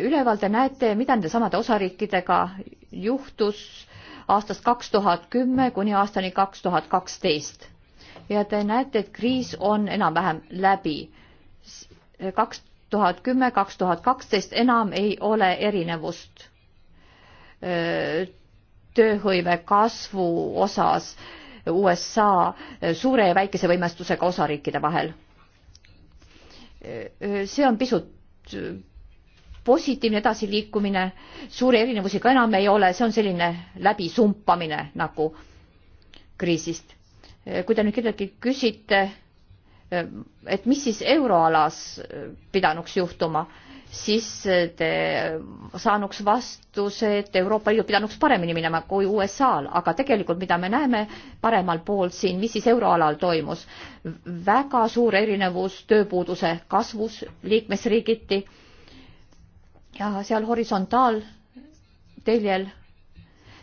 üleval te näete, mida nende samade osariikidega juhtus aastast kaks tuhat kümme kuni aastani kaks tuhat kaksteist ja te näete, et kriis on enam-vähem läbi. kaks tuhat kümme, kaks tuhat kaksteist enam ei ole erinevust tööhõive kasvu osas USA suure ja väikese võimestusega osariikide vahel. see on pisut positiivne edasiliikumine, suuri erinevusi ka enam ei ole, see on selline läbisumpamine nagu kriisist. kui te nüüd kedagi küsite, et mis siis euroalas pidanuks juhtuma, siis te saanuks vastuse, et Euroopa Liidu pidanuks paremini minema kui USA-l, aga tegelikult mida me näeme paremal pool siin, mis siis euroalal toimus, väga suur erinevus tööpuuduse kasvus liikmesriigiti ja seal horisontaalteljel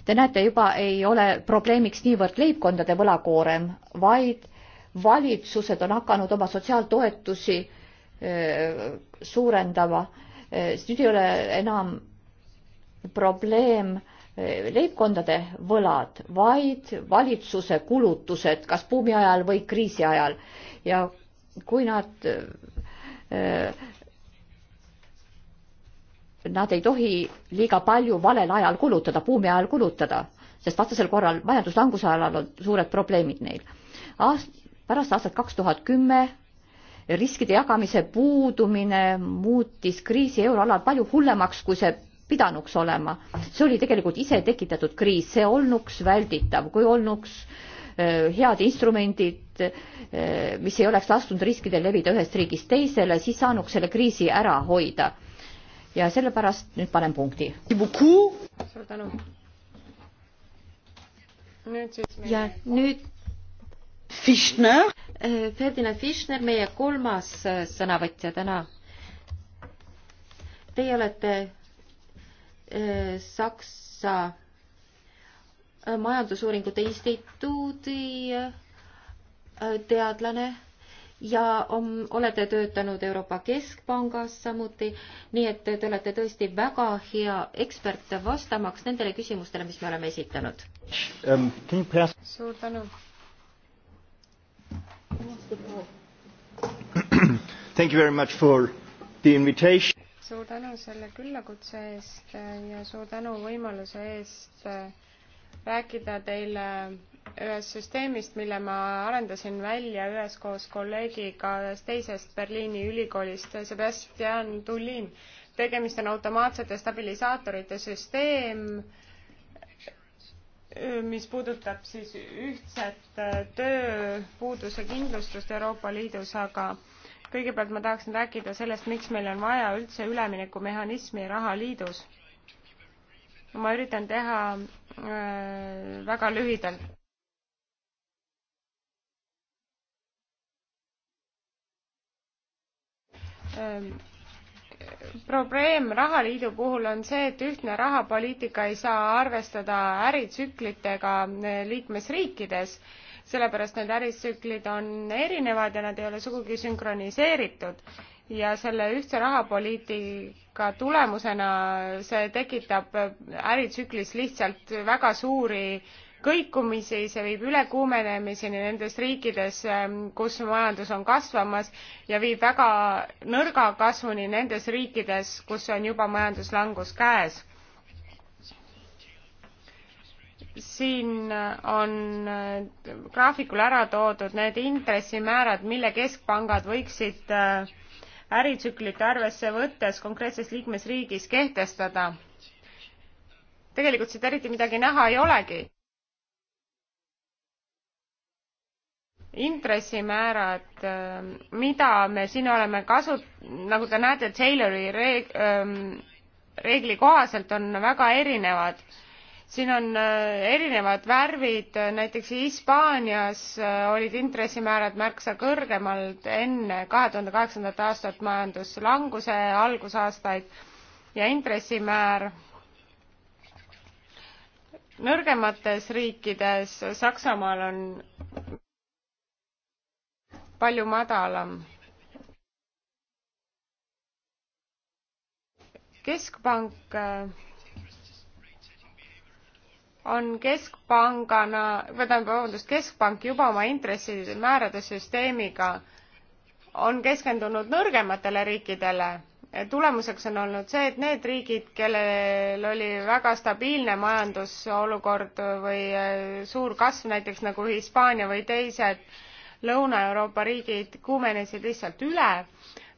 te näete juba ei ole probleemiks niivõrd leibkondade võlakoorem, vaid valitsused on hakanud oma sotsiaaltoetusi suurendama. nüüd ei ole enam probleem leibkondade võlad, vaid valitsuse kulutused, kas buumi ajal või kriisi ajal ja kui nad nad ei tohi liiga palju valel ajal kulutada, buumi ajal kulutada, sest vastasel korral majanduslanguse ajal on suured probleemid neil. Aast-, pärast aastat kaks tuhat kümme riskide jagamise puudumine muutis kriisi euroalal palju hullemaks, kui see pidanuks olema. see oli tegelikult ise tekitatud kriis, see olnuks välditav, kui olnuks head instrumendid, mis ei oleks lasknud riskidel levida ühest riigist teisele, siis saanuks selle kriisi ära hoida ja sellepärast nüüd panen punkti. suur tänu. nüüd siis meie... ja nüüd Fischner. Äh, Ferdinand Fischner, meie kolmas äh, sõnavõtja täna. Teie olete äh, Saksa majandusuuringute instituudi teadlane ja on, olete töötanud Euroopa Keskpangas samuti, nii et te olete tõesti väga hea ekspert vastamaks nendele küsimustele, mis me oleme esitanud um,. suur tänu. Thank you very much for the invitation. suur tänu selle küllakutse eest ja suur tänu võimaluse eest äh, rääkida teile ühest süsteemist, mille ma arendasin välja üheskoos kolleegiga ühest teisest Berliini ülikoolist, Sebastian Tulin. tegemist on automaatsete stabilisaatorite süsteem, mis puudutab siis ühtset äh, tööpuuduse kindlustust Euroopa Liidus, aga kõigepealt ma tahaksin rääkida sellest, miks meil on vaja üldse üleminekumehhanismi rahaliidus. ma üritan teha äh, väga lühidalt Ehm, probleem rahaliidu puhul on see, et ühtne rahapoliitika ei saa arvestada äritsüklitega eh, liikmesriikides, sellepärast need äritsüklid on erinevad ja nad ei ole sugugi sünkroniseeritud. ja selle ühtse rahapoliitika tulemusena see tekitab eh, äritsüklis lihtsalt väga suuri kõikumisi, see viib ülekuumenemiseni nendes riikides, ähm, kus majandus on kasvamas ja viib väga nõrga kasvuni nendes riikides, kus on juba majanduslangus käes. siin on äh, graafikul ära toodud need intressimäärad, mille keskpangad võiksid äh, äritsüklit arvesse võttes konkreetses liikmesriigis kehtestada tegelikult siit eriti midagi näha ei olegi. intressimäärad, äh, mida me siin oleme kasu-, nagu te näete, Taylori reeg-, ähm, reegli kohaselt on väga erinevad. siin on äh, erinevad värvid, äh, näiteks Hispaanias olid intressimäärad märksa kõrgemad enne kahe tuhande kaheksandat aastat majanduslanguse algusaastaid ja intressimäär nõrgemates riikides, Saksamaal on palju madalam. keskpank äh, on keskpangana, või tähendab, vabandust, keskpank juba oma intressimäärade süsteemiga on keskendunud nõrgematele riikidele. tulemuseks on olnud see, et need riigid, kellel oli väga stabiilne majandusolukord või äh, suur kasv, näiteks nagu Hispaania või teised, Lõuna-Euroopa riigid kuumenesid lihtsalt üle,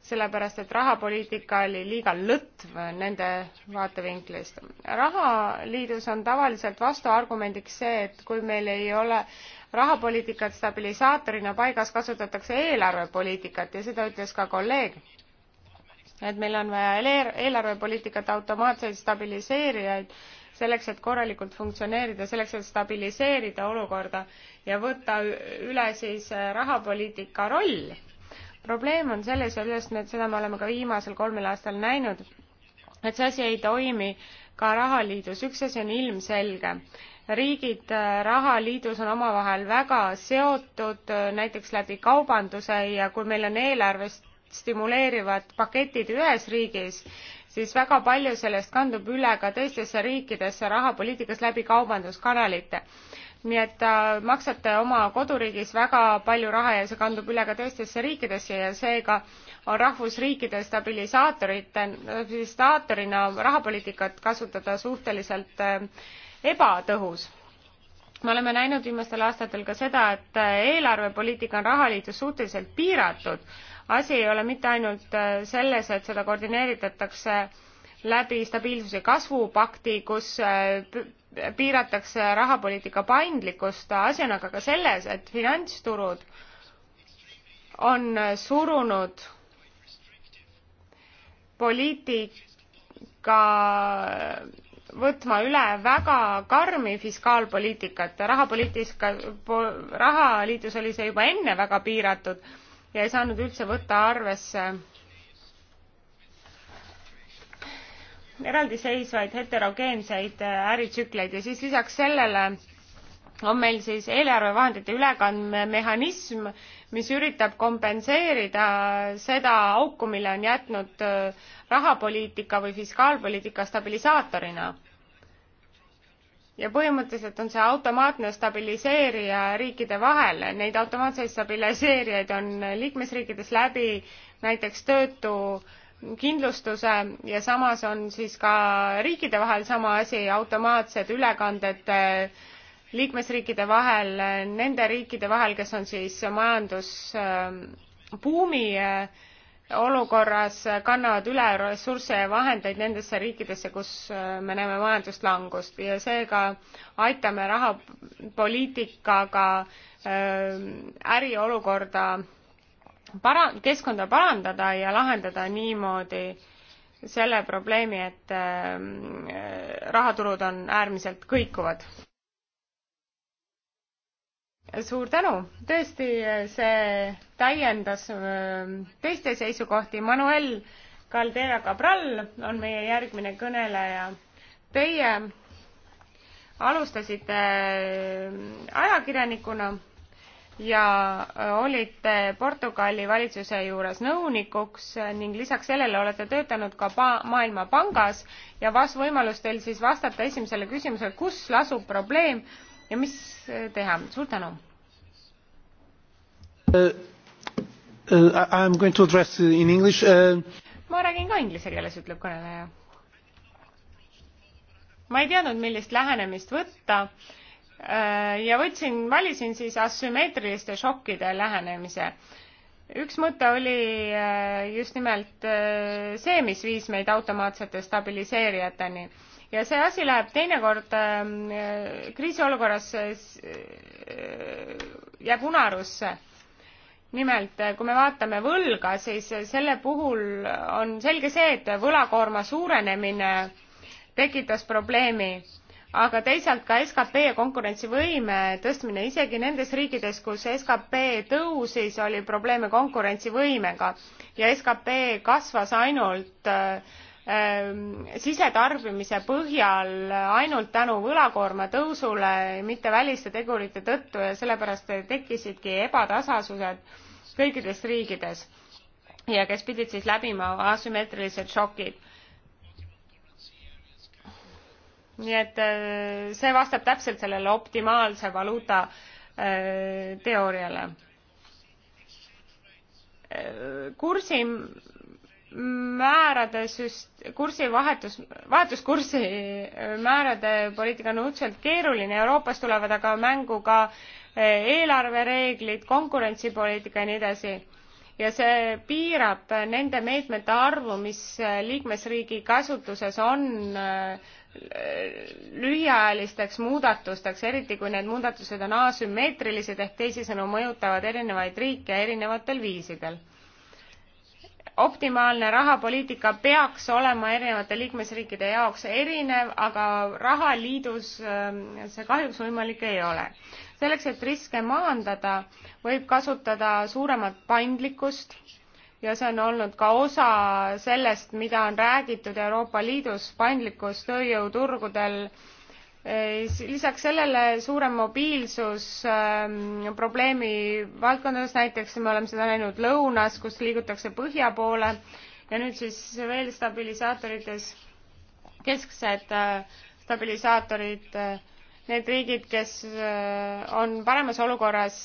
sellepärast et rahapoliitika oli liiga lõtv nende vaatevinklist. rahaliidus on tavaliselt vastuargumendiks see, et kui meil ei ole rahapoliitikat stabilisaatorina paigas, kasutatakse eelarvepoliitikat ja seda ütles ka kolleeg et meil on vaja eelarvepoliitikat automaatseid stabiliseerijaid selleks et korralikult funktsioneerida selleks et stabiliseerida olukorda ja võtta üle siis äh, rahapoliitika roll. probleem on selles ja sellest me, seda me oleme ka viimasel kolmel aastal näinud, et see asi ei toimi ka rahaliidus, üks asi on ilmselge riigid äh, rahaliidus on omavahel väga seotud äh, näiteks läbi kaubanduse ja kui meil on eelarvest stimuleerivad paketid ühes riigis siis väga palju sellest kandub üle ka teistesse riikidesse rahapoliitikas läbi kaubanduskanalite nii et äh, maksate oma koduriigis väga palju raha ja see kandub üle ka teistesse riikidesse ja seega on rahvusriikide stabilisaatorite, stabilisaatorina rahapoliitikat kasutada suhteliselt äh, ebatõhus. me oleme näinud viimastel aastatel ka seda, et äh, eelarvepoliitika on rahaliidus suhteliselt piiratud. asi ei ole mitte ainult selles, et seda koordineeritakse läbi stabiilsuse kasvupakti, kus piiratakse rahapoliitika paindlikkust, asi on aga ka selles, et finantsturud on surunud poliitika võtma üle väga karmi fiskaalpoliitikat, rahapoliitika, rahaliidus oli see juba enne väga piiratud ja ei saanud üldse võtta arvesse eraldiseisvaid heterogeenseid äh, äritsükleid ja siis lisaks sellele on meil siis eelarvevahendite ülekandmehhanism, mis üritab kompenseerida seda auku, mille on jätnud äh, rahapoliitika või fiskaalpoliitika stabilisaatorina ja põhimõtteliselt on see automaatne stabiliseerija riikide vahel neid automaatseid stabiliseerijaid on liikmesriikides läbi näiteks töötu kindlustuse ja samas on siis ka riikide vahel sama asi, automaatsed ülekanded äh, liikmesriikide vahel, nende riikide vahel, kes on siis majandusbuumi äh, äh, olukorras, kannavad üle ressursse ja vahendeid nendesse riikidesse, kus me näeme majanduslangust ja seega aitame rahapoliitikaga äriolukorda para-, keskkonda parandada ja lahendada niimoodi selle probleemi, et äh, rahaturud on äärmiselt kõikuvad. suur tänu, tõesti, see täiendas äh, teiste seisukohti. Manuel Caldera Cabral on meie järgmine kõneleja. Teie alustasite äh, ajakirjanikuna ja äh, olite Portugali valitsuse juures nõunikuks ning lisaks sellele olete töötanud ka pa- Maailmapangas ja vast võimalus teil siis vastata esimesele küsimusele, kus lasub probleem ja mis äh, teha, suur tänu uh,. Uh, I am going to address in english uh.... ma räägin ka inglise keeles, ütleb kõneleja. ma ei teadnud, millist lähenemist võtta Äh, ja võtsin, valisin siis asümmeetriliste šokkide lähenemise. üks mõte oli äh, just nimelt äh, see, mis viis meid automaatsete stabiliseerijateni ja see asi läheb teinekord kriisiolukorras, jääb unarusse nimelt, kui me vaatame võlga, siis selle puhul on selge see, et võlakoorma suurenemine tekitas probleemi aga teisalt ka skp ja konkurentsivõime tõstmine isegi nendes riikides kus skp tõusis oli probleeme konkurentsivõimega ja skp kasvas ainult äh, äh, sisetarbimise põhjal ainult tänu võlakoorma tõusule mitte väliste tegurite tõttu ja sellepärast tekkisidki ebatasasused kõikides riikides ja kes pidid siis läbima asümmeetrilised šokid nii et äh, see vastab täpselt sellele optimaalse valuuta äh, teooriale. Äh, kursi määrade süst-, kursi vahetus, vahetuskursi määrade poliitika on õudselt keeruline, Euroopas tulevad aga mängu ka eelarvereeglid, konkurentsipoliitika ja nii edasi ja see piirab nende meetmete arvu, mis liikmesriigi kasutuses on lühiajalisteks muudatusteks, eriti kui need muudatused on asümmeetrilised ehk teisisõnu mõjutavad erinevaid riike erinevatel viisidel. optimaalne rahapoliitika peaks olema erinevate liikmesriikide jaoks erinev, aga rahaliidus ähm, see kahjuks võimalik ei ole. selleks, et riske maandada, võib kasutada suuremat paindlikkust ja see on olnud ka osa sellest, mida on räägitud Euroopa Liidus, paindlikkus tööjõuturgudel, lisaks sellele suurem mobiilsus ähm, probleemi valdkondades, näiteks me oleme seda näinud lõunas, kus liigutakse põhja poole ja nüüd siis veel stabilisaatorites kesksed äh, stabilisaatorid äh, need riigid kes äh, on paremas olukorras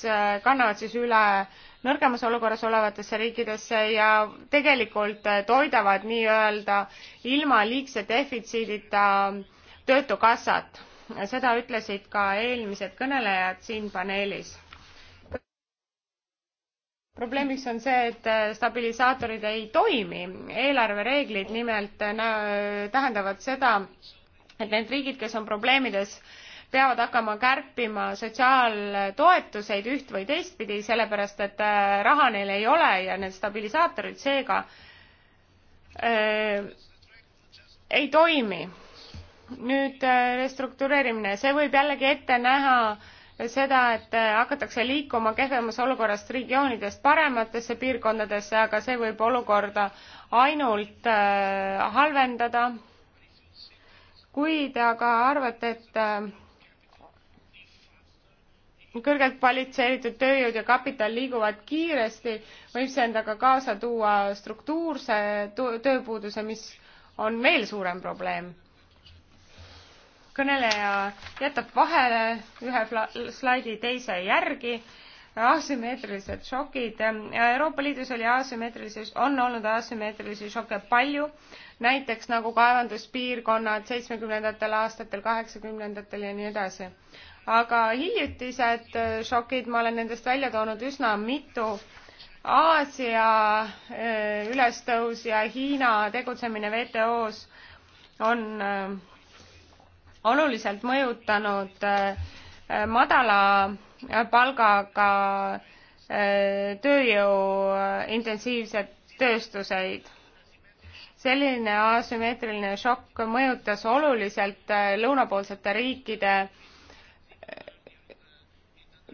kannavad siis üle nõrgemas olukorras olevatesse riikidesse ja tegelikult äh, toidavad nii-öelda ilma liigse defitsiidita töötukassat. seda ütlesid ka eelmised kõnelejad siin paneelis. probleemiks on see, et äh, stabilisaatorid ei toimi, eelarvereeglid nimelt äh, tähendavad seda, et need riigid, kes on probleemides, peavad hakkama kärpima sotsiaaltoetuseid üht või teistpidi, sellepärast et äh, raha neil ei ole ja need stabilisaatorid seega äh, ei toimi. nüüd äh, restruktureerimine, see võib jällegi ette näha seda, et äh, hakatakse liikuma kehvemas olukorrast regioonidest parematesse piirkondadesse, aga see võib olukorda ainult äh, halvendada kui te aga arvate, et kõrgelt kvalifitseeritud tööjõud ja kapital liiguvad kiiresti, võib see endaga kaasa tuua struktuurse tööpuuduse, mis on veel suurem probleem. kõneleja jätab vahele ühe slaidi teise järgi, asümmeetrilised šokid. Euroopa Liidus oli asümmeetrilisi, on olnud asümmeetrilisi šokke palju, näiteks nagu kaevanduspiirkonnad seitsmekümnendatel aastatel, kaheksakümnendatel ja nii edasi aga hiljutised äh, šokid, ma olen nendest välja toonud üsna mitu. Aasia äh, ülestõus ja Hiina tegutsemine WTO-s on äh, oluliselt mõjutanud madala palgaga tööjõu intensiivset tööstuseid. selline asümmeetriline šokk mõjutas oluliselt lõunapoolsete riikide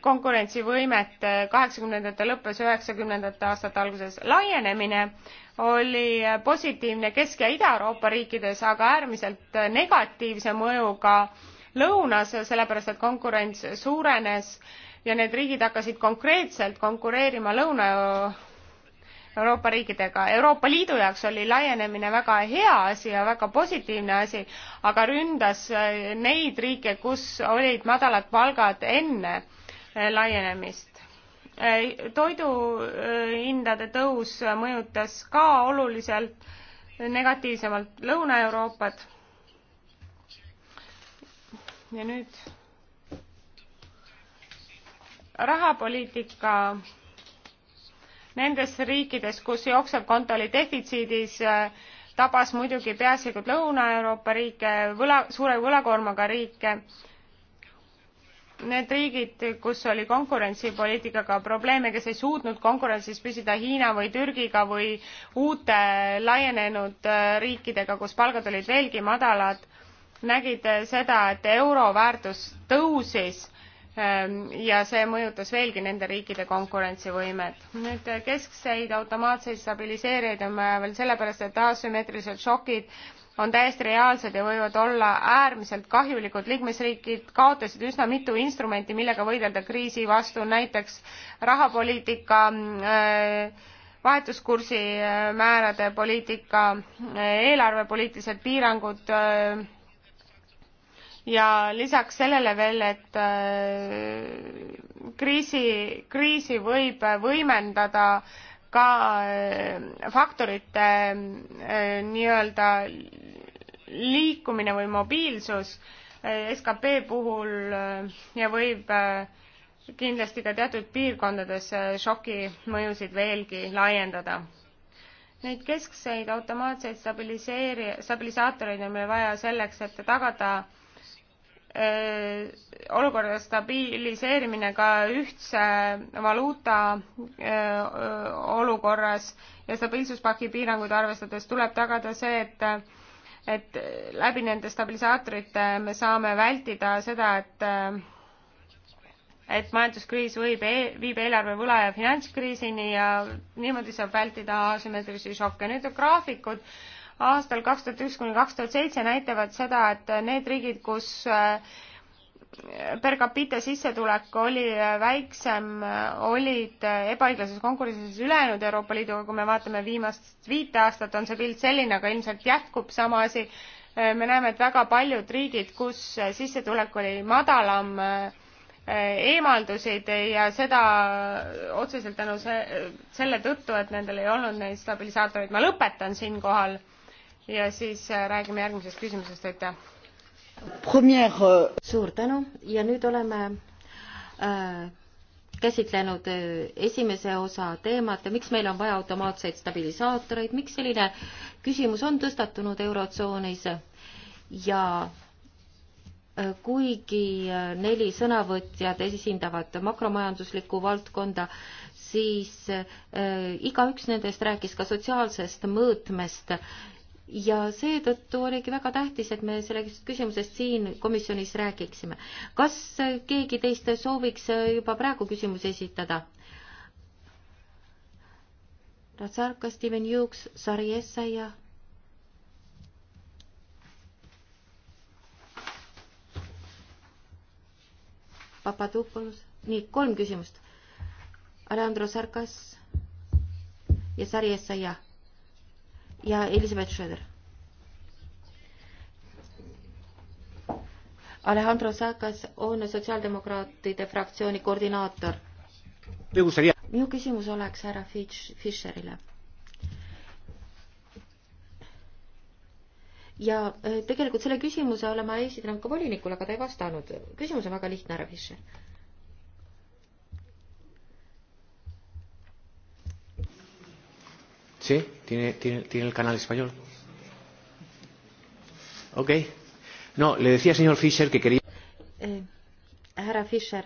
konkurentsivõimet eh, kaheksakümnendate lõpus üheksakümnendate aastate alguses laienemine oli eh, positiivne kesk ja ida euroopa riikides aga äärmiselt eh, negatiivse mõjuga lõunas sellepärast et konkurents suurenes ja need riigid hakkasid konkreetselt konkureerima lõuna euroopa riikidega euroopa liidu jaoks oli laienemine väga hea asi ja väga positiivne asi aga ründas neid riike kus olid madalad palgad enne Äh, laienemist. Äh, toiduhindade äh, tõus mõjutas ka oluliselt negatiivsemalt Lõuna-Euroopat. ja nüüd rahapoliitika nendes riikides, kus jookseb konto oli defitsiidis, tabas muidugi peaasjalikult Lõuna-Euroopa riike, võla, suure võlakoormaga riike need riigid kus oli konkurentsipoliitikaga probleeme kes ei suutnud konkurentsis püsida hiina või türgiga või uute laienenud äh, riikidega kus palgad olid veelgi madalad nägid äh, seda et euro väärtus tõusis ähm, ja see mõjutas veelgi nende riikide konkurentsivõimet. nüüd äh, keskseid automaatseid stabiliseerijaid on vaja veel sellepärast et asümmeetrilised šokid on täiesti reaalsed ja võivad olla äärmiselt kahjulikud. liikmesriigid kaotasid üsna mitu instrumenti, millega võidelda kriisi vastu, näiteks rahapoliitika, äh, vahetuskursi äh, määrade poliitika, äh, eelarvepoliitilised piirangud ja lisaks sellele veel, et kriisi, kriisi võib võimendada äh, ka eh, faktorite eh, nii-öelda liikumine või mobiilsus eh, skp puhul ja võib kindlasti ka teatud piirkondades šoki mõjusid veelgi laiendada. Neid keskseid automaatseid stabiliseeri-, stabilisaatoreid on meil vaja selleks, et tagada Äh, olukorra stabiliseerimine ka ühtse valuuta äh, äh, olukorras ja stabiilsuspaki piiranguid arvestades tuleb tagada see, et et läbi nende stabilisaatorite me saame vältida seda, et et majanduskriis võib e, viib eelarve võla ja finantskriisini ja niimoodi saab vältida asümmeetrilisi šokke. nüüd graafikud aastal kaks tuhat üks kuni kaks tuhat seitse näitavad seda, et need riigid, kus äh, per capita sissetulek oli äh, väiksem, äh, olid ebaõiglases konkurentsis ülejäänud Euroopa Liiduga, kui me vaatame viimast viite aastat, on see pilt selline, aga ilmselt jätkub sama asi. me näeme, et väga paljud riigid, kus sissetulek oli madalam, eemaldusid ja seda otseselt tänu se-, selle tõttu, et nendel ei olnud neid stabilisaatoreid. ma lõpetan siinkohal ja siis äh, räägime järgmisest küsimusest, aitäh. Euh, suur tänu ja nüüd oleme äh, käsitlenud äh, esimese osa teemat ja miks meil on vaja automaatseid stabilisaatoreid, miks selline küsimus on tõstatunud Eurotsoonis ja äh, kuigi neli sõnavõtjad esindavad makromajanduslikku valdkonda, siis igaüks nendest rääkis ka sotsiaalsest mõõtmest ja seetõttu oligi väga tähtis, et me sellest küsimusest siin komisjonis räägiksime. kas keegi teist sooviks juba praegu küsimusi esitada? Ratsarka, Steven Hughes, Sari Essaia. Papadopoulos, nii kolm küsimust. Alejandro Sarkas ja Sari Essaia ja Elizabeth Schröder. Alejandro Sakas on sotsiaaldemokraatide fraktsiooni koordinaator. minu küsimus oleks härra Fischerile. ja äh, tegelikult selle küsimuse olen ma esitanud ka volinikule, aga ta ei vastanud. küsimus on väga lihtne, härra Fischer ¿Sí? ¿Tiene, tiene, tiene el canal español? Ok. No, le decía al señor Fischer que quería. Eh, härra Fischer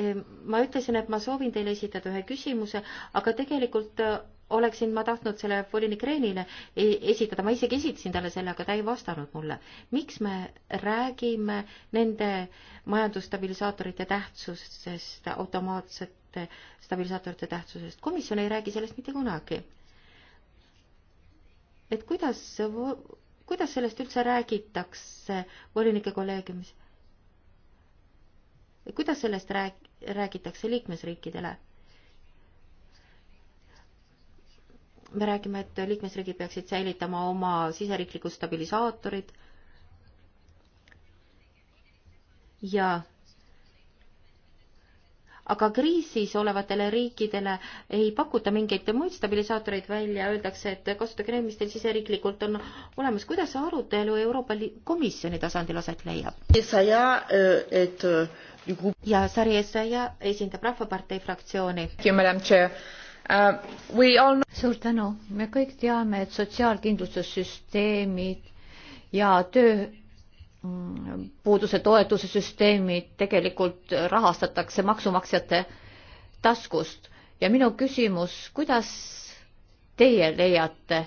eh,, ma ütlesin, et ma soovin teile esitada ühe küsimuse, aga tegelikult äh, oleksin ma tahtnud selle volinik Rehnile e-, esitada, ma isegi esitasin talle selle, aga ta ei vastanud mulle. miks me räägime nende majandusstabilisaatorite tähtsusest, automaatsete stabilisaatorite tähtsusest? komisjon ei räägi sellest mitte kunagi et kuidas, kuidas sellest üldse räägitakse volinike kolleegiumis? kuidas sellest rääg-, räägitakse liikmesriikidele? me räägime, et liikmesriigid peaksid säilitama oma siseriiklikud stabilisaatorid ja aga kriisis olevatele riikidele ei pakuta mingeid muid stabilisaatoreid välja, öeldakse, et kasutage neid, mis teil siseriiklikult on olemas. kuidas see arutelu Euroopa Komisjoni tasandil aset leiab? Eh, eh, ja Sari Essaja esindab Rahvapartei fraktsiooni. Uh, suur tänu, me kõik teame, et sotsiaalkindlustussüsteemid ja töö puuduse toetuse süsteemid tegelikult rahastatakse maksumaksjate taskust ja minu küsimus, kuidas teie leiate,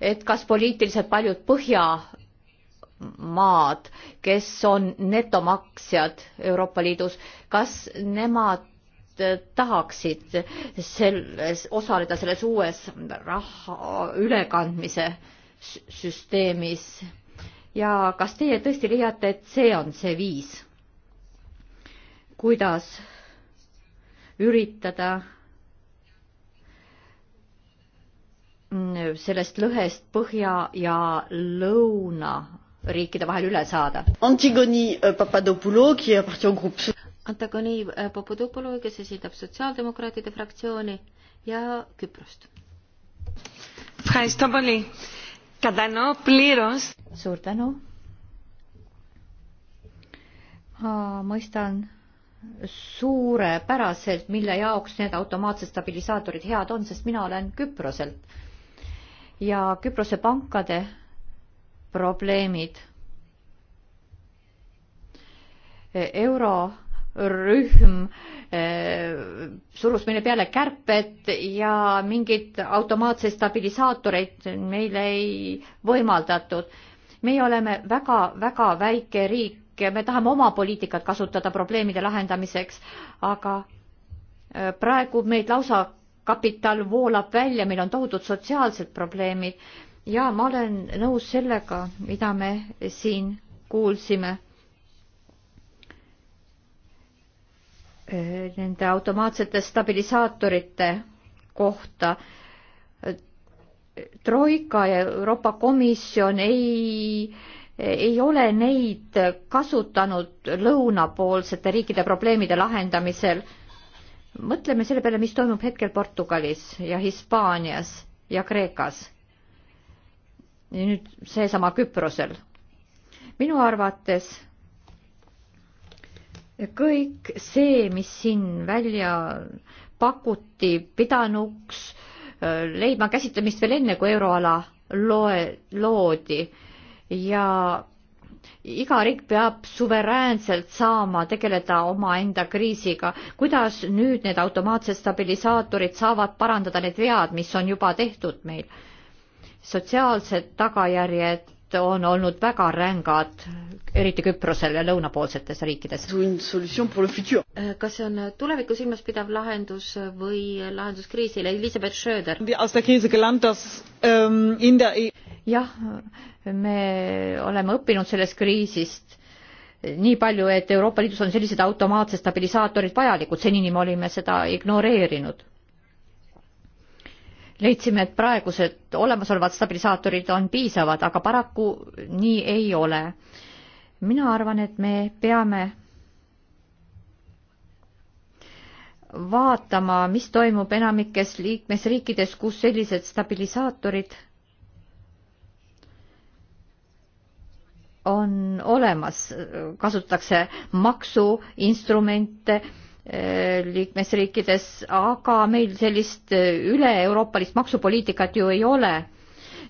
et kas poliitiliselt paljud Põhjamaad, kes on netomaksjad Euroopa Liidus, kas nemad tahaksid selles, osaleda selles uues raha ülekandmise süsteemis? ja kas teie tõesti leiate, et see on see viis, kuidas üritada sellest lõhest põhja ja lõuna riikide vahel üle saada. Antigoni äh, Papadopoulou, qui appartient au groupe. Antagoni äh, Papadopoulou, kes esindab sotsiaaldemokraatide fraktsiooni ja Küprost κατανοώ πλήρως. Suur tänu. Ma mõistan suurepäraselt, mille jaoks need automaatsed stabilisaatorid head on, sest mina olen Küproselt. ja Küprose pankade probleemid euro rühm eh, surus meile peale kärped ja mingeid automaatseid stabilisaatoreid meile ei võimaldatud. meie oleme väga-väga väike riik, me tahame oma poliitikat kasutada probleemide lahendamiseks, aga eh, praegu meid lausa kapital voolab välja, meil on tohutud sotsiaalsed probleemid ja ma olen nõus sellega, mida me siin kuulsime nende automaatsete stabilisaatorite kohta. troika ja Euroopa Komisjon ei, ei ole neid kasutanud lõunapoolsete riikide probleemide lahendamisel. mõtleme selle peale, mis toimub hetkel Portugalis ja Hispaanias ja Kreekas. nüüd seesama Küprosel. minu arvates kõik see, mis siin välja pakuti, pidanuks äh, leidma käsitlemist veel enne, kui euroala loe, loodi ja iga riik peab suveräänselt saama tegeleda omaenda kriisiga. kuidas nüüd need automaatsed stabilisaatorid saavad parandada need vead, mis on juba tehtud meil? sotsiaalsed tagajärjed on olnud väga rängad, eriti Küprosel ja lõunapoolsetes riikides. Äh, kas see on äh, tulevikku silmas pidav lahendus või lahendus kriisile? Elizabeth Schröder. Ähm, e- jah, me oleme õppinud sellest kriisist nii palju, et Euroopa Liidus on sellised automaatsed stabilisaatorid vajalikud, senini me olime seda ignoreerinud leidsime, et praegused olemasolevad stabilisaatorid on piisavad, aga paraku nii ei ole. mina arvan, et me peame vaatama, mis toimub enamikes liikmesriikides, kus sellised stabilisaatorid on olemas, kasutatakse maksuinstrumente Äh, liikmesriikides, aga meil sellist äh, üle-euroopalist maksupoliitikat ju ei ole.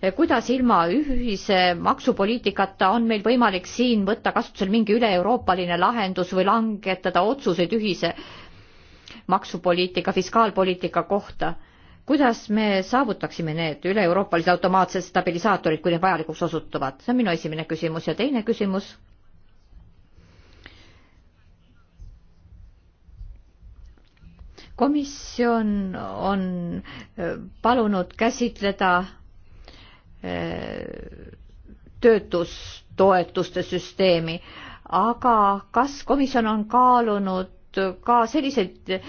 Äh, kuidas ilma ühise maksupoliitikata on meil võimalik siin võtta kasutusele mingi üle-euroopaline lahendus või langetada otsuseid ühise maksupoliitika, fiskaalpoliitika kohta? kuidas me saavutaksime need üle-euroopalised automaatsed stabilisaatorid, kui need vajalikuks osutuvad? see on minu esimene küsimus ja teine küsimus komisjon on äh, palunud käsitleda äh, töötustoetuste süsteemi, aga kas komisjon on kaalunud ka selliseid äh,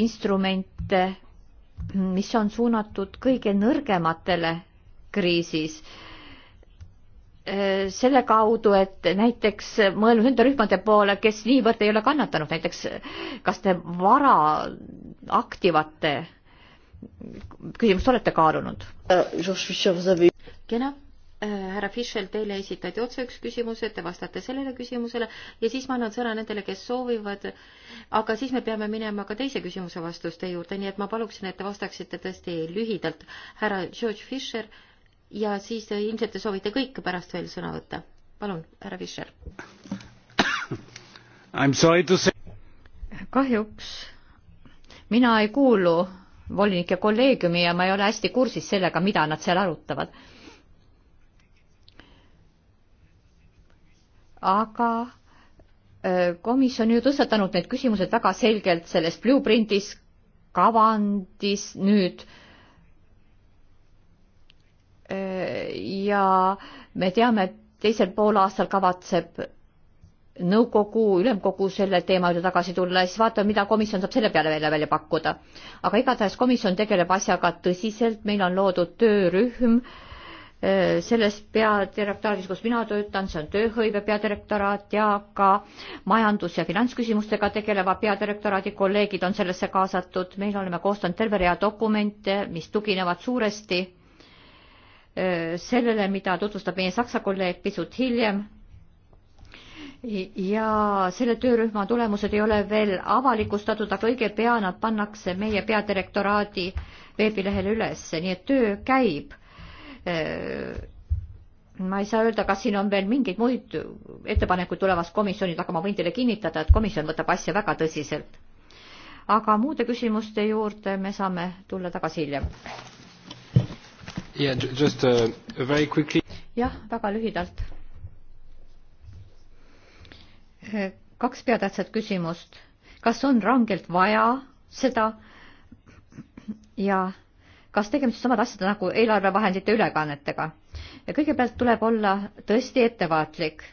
instrumente, mis on suunatud kõige nõrgematele kriisis äh, Äh, selle kaudu, et näiteks mõelnud nende rühmade poole, kes niivõrd ei ole kannatanud, näiteks äh, kas te vara aktivate küsimust olete kaalunud? kena, äh, härra Fischel, teile esitati otse üks küsimus, et te vastate sellele küsimusele ja siis ma annan sõna nendele, kes soovivad. aga siis me peame minema ka teise küsimuse vastuste juurde, nii et ma paluksin, et te vastaksite tõesti lühidalt. härra George Fischer ja siis äh, ilmselt te soovite kõik pärast veel sõna võtta. palun, härra Fischer. kahjuks mina ei kuulu volinike kolleegiumi ja ma ei ole hästi kursis sellega, mida nad seal arutavad. aga äh, komisjon ju tõstatanud need küsimused väga selgelt selles blueprintis, kavandis nüüd äh, ja me teame, et teisel poolaastal kavatseb nõukogu, ülemkogu selle teema juurde tagasi tulla ja siis vaatame, mida komisjon saab selle peale välja, välja pakkuda. aga igatahes komisjon tegeleb asjaga tõsiselt, meil on loodud töörühm äh, selles peadirektoraadis, kus mina töötan, see on tööhõive peadirektoraat ja ka majandus- ja finantsküsimustega tegeleva peadirektoraadi kolleegid on sellesse kaasatud, meil oleme koostanud terve rea dokumente, mis tuginevad suuresti Äh, sellele, mida tutvustab meie saksa kolleeg pisut hiljem. ja selle töörühma tulemused ei ole veel avalikustatud, aga õige pea nad pannakse meie peadirektoraadi veebilehele üles, nii et töö käib. Äh, ma ei saa öelda, kas siin on veel mingeid muid ettepanekuid tulemas komisjonil, aga ma võin teile kinnitada, et komisjon võtab asja väga tõsiselt. aga muude küsimuste juurde me saame tulla tagasi hiljem. Yeah, just uh, very quickly. jah, väga lühidalt. Äh, kaks peatähtsat küsimust. kas on rangelt vaja seda ja kas tegemist on samad asjad nagu eelarvevahendite ülekannetega? ja kõigepealt tuleb olla tõesti ettevaatlik,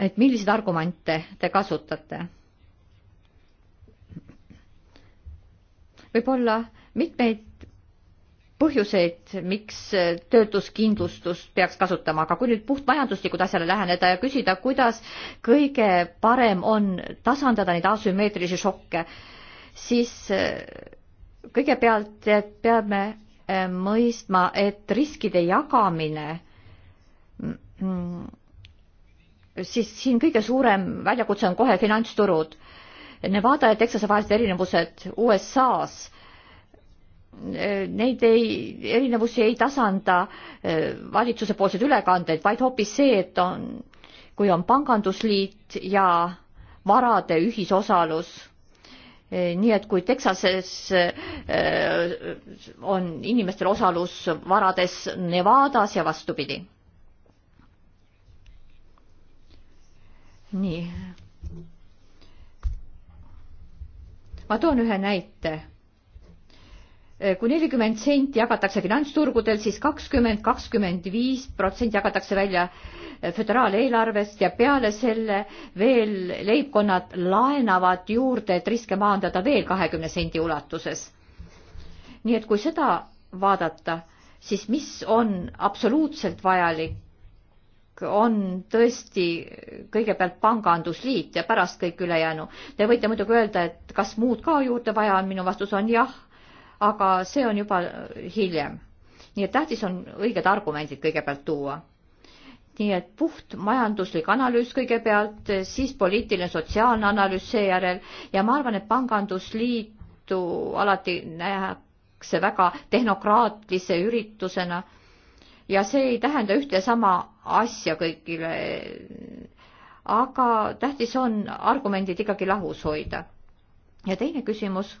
et milliseid argumente te kasutate. võib-olla mitmeid põhjuseid, miks töötuskindlustust peaks kasutama, aga kui nüüd puhtmajanduslikult asjale läheneda ja küsida, kuidas kõige parem on tasandada neid asümmeetrilisi šokke, siis eh, kõigepealt peame eh, mõistma, et riskide jagamine mm, mm, siis siin kõige suurem väljakutse on kohe finantsturud. Nevada ja Texase vahelised erinevused USA-s neid ei, erinevusi ei tasanda eh, valitsusepoolsed ülekanded, vaid hoopis see, et on, kui on pangandusliit ja varade ühisosalus eh, nii et kui Texases eh, on inimestel osalus varades Nevadas ja vastupidi. nii. ma toon ühe näite Eh, kui nelikümmend senti jagatakse finantsturgudel siis, siis kakskümmend, kakskümmend viis protsenti jagatakse välja eh, föderaaleelarvest ja peale selle veel leibkonnad laenavad juurde, et riske maandada veel kahekümne sendi ulatuses. nii et kui seda vaadata, siis mis on absoluutselt vajalik, on tõesti kõigepealt pangandusliit ja pärast kõik ülejäänu. Te võite muidugi öelda, et kas muud ka juurde vaja on, minu vastus on jah aga see on juba äh, hiljem. nii et tähtis on õiged argumendid kõigepealt tuua. nii et puht majanduslik analüüs kõigepealt, siis poliitiline sotsiaalne analüüs seejärel ja ma arvan, et pangandusliitu alati nähakse väga tehnokraatlise üritusena ja see ei tähenda ühte ja sama asja kõigile. aga tähtis on argumendid ikkagi lahus hoida. ja teine küsimus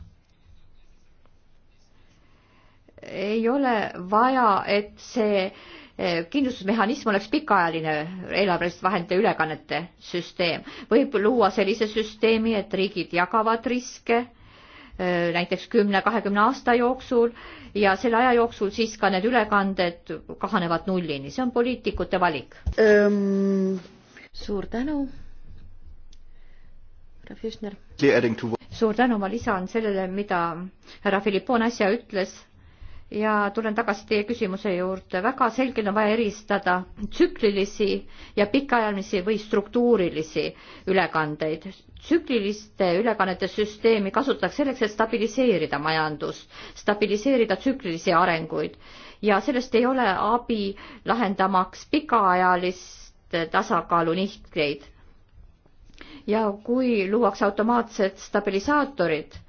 ei ole vaja, et see eh, kindlustusmehhanism oleks pikaajaline eelarveliste vahendite ülekannete süsteem. võib luua sellise süsteemi, et riigid jagavad riske eh, näiteks kümne-kahekümne aasta jooksul ja selle aja jooksul siis ka need ülekanded kahanevad nullini, see on poliitikute valik um,. suur tänu. härra Füsner. suur tänu, ma lisan sellele, mida härra Filippon äsja ütles ja tulen tagasi teie küsimuse juurde. väga selgelt on vaja eristada tsüklilisi ja pikaajalisi või struktuurilisi ülekandeid. tsükliliste ülekannete süsteemi kasutatakse selleks, et stabiliseerida majandust, stabiliseerida tsüklilisi arenguid ja sellest ei ole abi lahendamaks pikaajalist tasakaalu nihkreid. ja kui luuakse automaatsed stabilisaatorid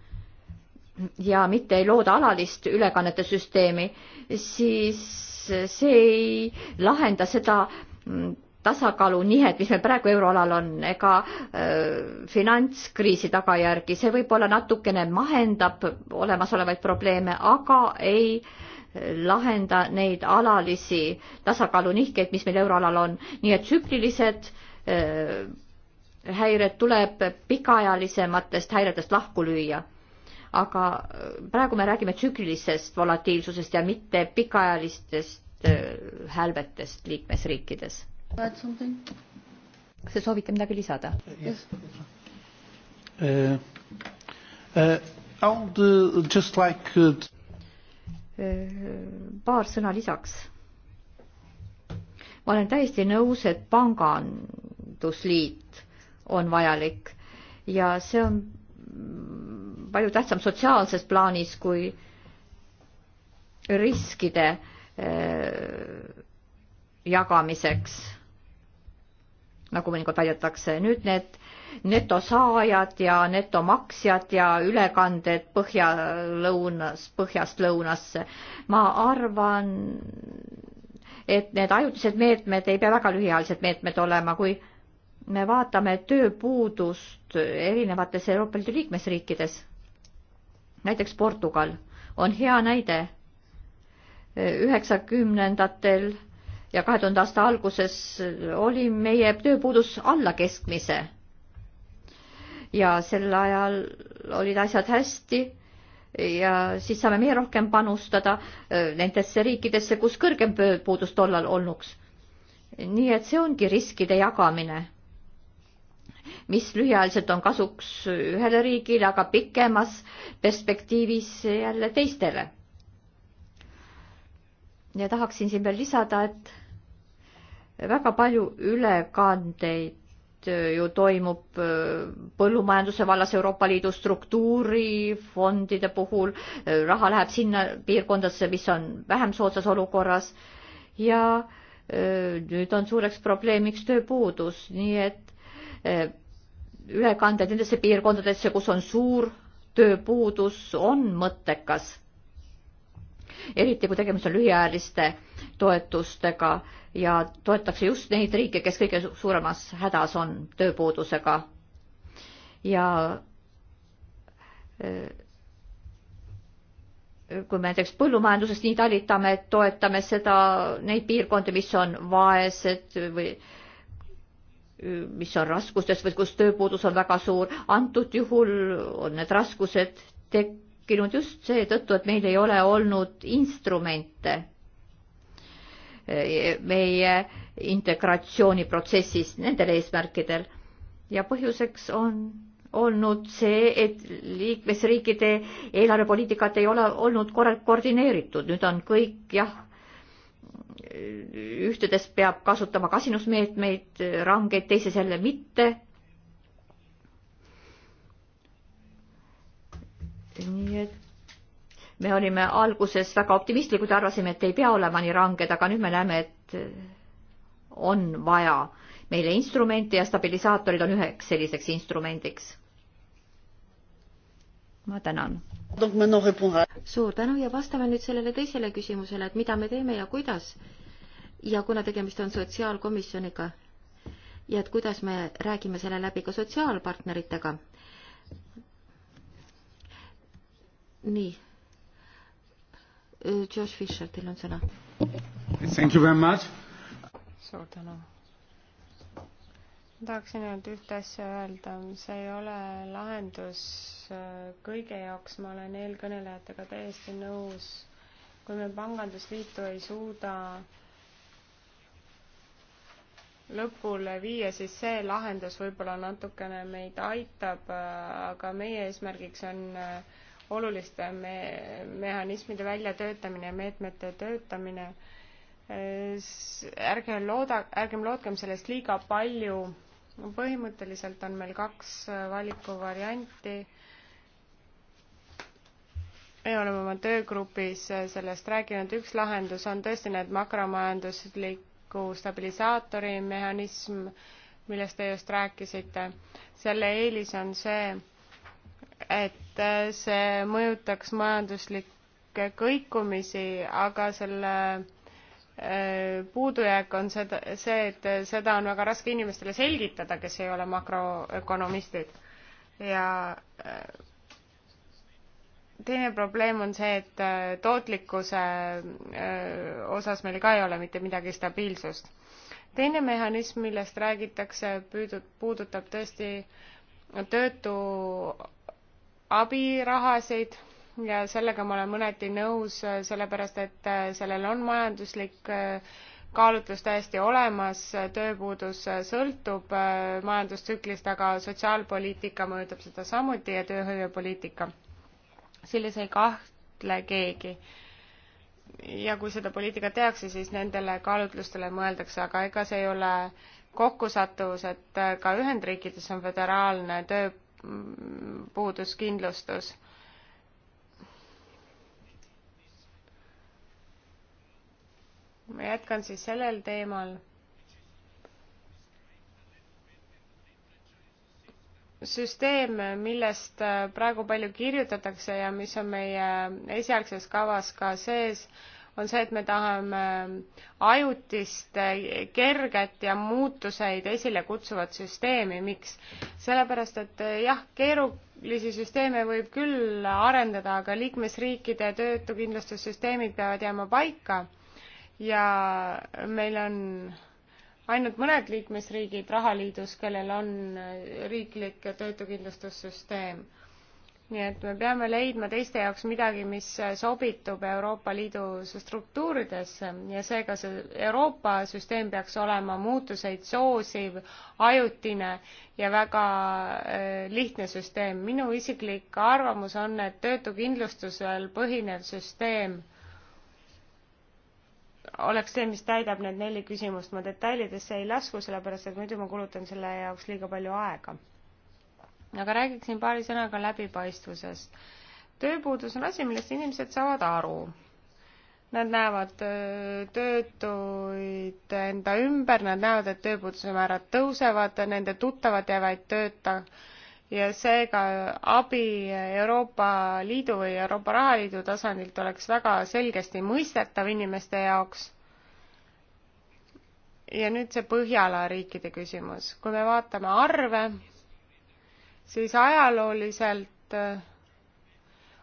ja mitte ei looda alalist ülekannete süsteemi, siis see ei lahenda seda mm, tasakaalunihet, mis meil praegu euroalal on, ega äh, finantskriisi tagajärgi, see võib-olla natukene mahendab olemasolevaid probleeme, aga ei lahenda neid alalisi tasakaalunihkeid, mis meil euroalal on, nii et tsüklilised äh, häired tuleb pikaajalisematest häiretest lahku lüüa aga äh, praegu me räägime tsüklilisest volatiilsusest ja mitte pikaajalistest äh, hälvetest liikmesriikides. kas te soovite midagi lisada yes.? Uh, uh, like, uh... Eh, paar sõna lisaks. ma olen täiesti nõus, et pangandusliit on vajalik ja see on palju tähtsam sotsiaalses plaanis kui riskide eh, jagamiseks, nagu mõnikord väidetakse. nüüd need netosaajad ja netomaksjad ja ülekanded põhja-lõunas, põhjast lõunasse. ma arvan, et need ajutised meetmed ei pea väga lühiajalised meetmed olema, kui me vaatame tööpuudust erinevates Euroopa Liidu liikmesriikides näiteks Portugal on hea näide. üheksakümnendatel ja kahe tuhande aasta alguses oli meie tööpuudus alla keskmise. ja sel ajal olid asjad hästi ja siis saame meie rohkem panustada äh, nendesse riikidesse, kus kõrgem tööpuudus tollal olnuks. nii et see ongi riskide jagamine mis lühiajaliselt on kasuks ühele riigile, aga pikemas perspektiivis jälle teistele. ja tahaksin siin veel lisada, et väga palju ülekandeid ju toimub äh, põllumajanduse vallas Euroopa Liidu struktuurifondide puhul, raha läheb sinna piirkondadesse, mis on vähem soodsas olukorras ja äh, nüüd on suureks probleemiks tööpuudus, nii et Eh, ülekanded nendesse piirkondadesse, kus on suur tööpuudus, on mõttekas. eriti kui tegemist on lühiajaliste toetustega ja toetakse just neid riike, kes kõige suuremas hädas on tööpuudusega. ja eh, kui me näiteks põllumajandusest nii talitame, et toetame seda, neid piirkondi, mis on vaesed või äh, mis on raskustes või kus tööpuudus on väga suur. antud juhul on need raskused tekkinud just seetõttu, et meil ei ole olnud instrumente meie integratsiooniprotsessis nendel eesmärkidel ja põhjuseks on olnud see, et liikmesriikide eelarvepoliitikat ei ole olnud korralikult koordineeritud, nüüd on kõik jah, ühtedes peab kasutama kasinusmeetmeid rangeid, teises jälle mitte. nii et me olime alguses väga optimistlikud ja arvasime, et ei pea olema nii ranged, aga nüüd me näeme, et on vaja meile instrumente ja stabilisaatorid on üheks selliseks instrumendiks ma tänan. suur tänu ja vastame nüüd sellele teisele küsimusele, et mida me teeme ja kuidas. ja kuna tegemist on sotsiaalkomisjoniga ja et kuidas me räägime selle läbi ka sotsiaalpartneritega. nii. Josh Fischer, teil on sõna. suur tänu tahaksin ainult ühte asja öelda, see ei ole lahendus äh, kõige jaoks, ma olen eelkõnelejatega täiesti nõus. kui me pangandusliitu ei suuda lõpule viia, siis see lahendus võib-olla natukene meid aitab, äh, aga meie eesmärgiks on äh, oluliste me-, mehhanismide väljatöötamine ja meetmete töötamine. ärge looda, ärgem lootkem sellest liiga palju põhimõtteliselt on meil kaks valikuvarianti. me oleme oma töögrupis sellest rääkinud, üks lahendus on tõesti need makromajandusliku stabilisaatori mehhanism, millest te just rääkisite. selle eelis on see, et see mõjutaks majanduslikke kõikumisi, aga selle Äh, puudujääk on seda, see, et seda on väga raske inimestele selgitada, kes ei ole makroökonomistid. ja äh, teine probleem on see, et äh, tootlikkuse osas meil ka ei ole mitte midagi stabiilsust. teine mehhanism, millest räägitakse, püüdub, puudutab tõesti töötu abirahasid ja sellega ma olen mõneti nõus, sellepärast et äh, sellel on majanduslik äh, kaalutlus täiesti olemas, tööpuudus äh, sõltub majandustsüklist, aga sotsiaalpoliitika mõjutab seda samuti ja tööhõivepoliitika. selles ei kahtle keegi. ja kui seda poliitikat tehakse, siis nendele kaalutlustele mõeldakse, aga ega see ei ole kokkusattuvus, et ka Ühendriikides on föderaalne tööpuuduskindlustus mm, ma jätkan siis sellel teemal. süsteem, millest äh, praegu palju kirjutatakse ja mis on meie esialgses kavas ka sees, on see, et me tahame äh, ajutist, äh, kerget ja muutuseid esile kutsuvat süsteemi. miks? sellepärast, et jah, keerulisi süsteeme võib küll arendada, aga liikmesriikide töötukindlustussüsteemid peavad jääma paika ja meil on ainult mõned liikmesriigid rahaliidus, kellel on riiklik töötukindlustussüsteem. nii et me peame leidma teiste jaoks midagi, mis sobitub Euroopa Liidu struktuuridesse ja seega see Euroopa süsteem peaks olema muutuseid soosiv, ajutine ja väga äh, lihtne süsteem. minu isiklik arvamus on, et töötukindlustusel põhinev süsteem oleks see, mis täidab need neli küsimust. ma detailidesse ei lasku, sellepärast et muidu ma kulutan selle jaoks liiga palju aega. aga räägiksin paari sõnaga läbipaistvusest. tööpuudus on asi, millest inimesed saavad aru. Nad näevad töötuid enda ümber, nad näevad, et tööpuuduse määrad tõusevad, nende tuttavad jäävad tööta ja seega abi Euroopa Liidu või Euroopa Rahaliidu tasandilt oleks väga selgesti mõistetav inimeste jaoks. ja nüüd see Põhjala riikide küsimus. kui me vaatame arve, siis ajalooliselt äh,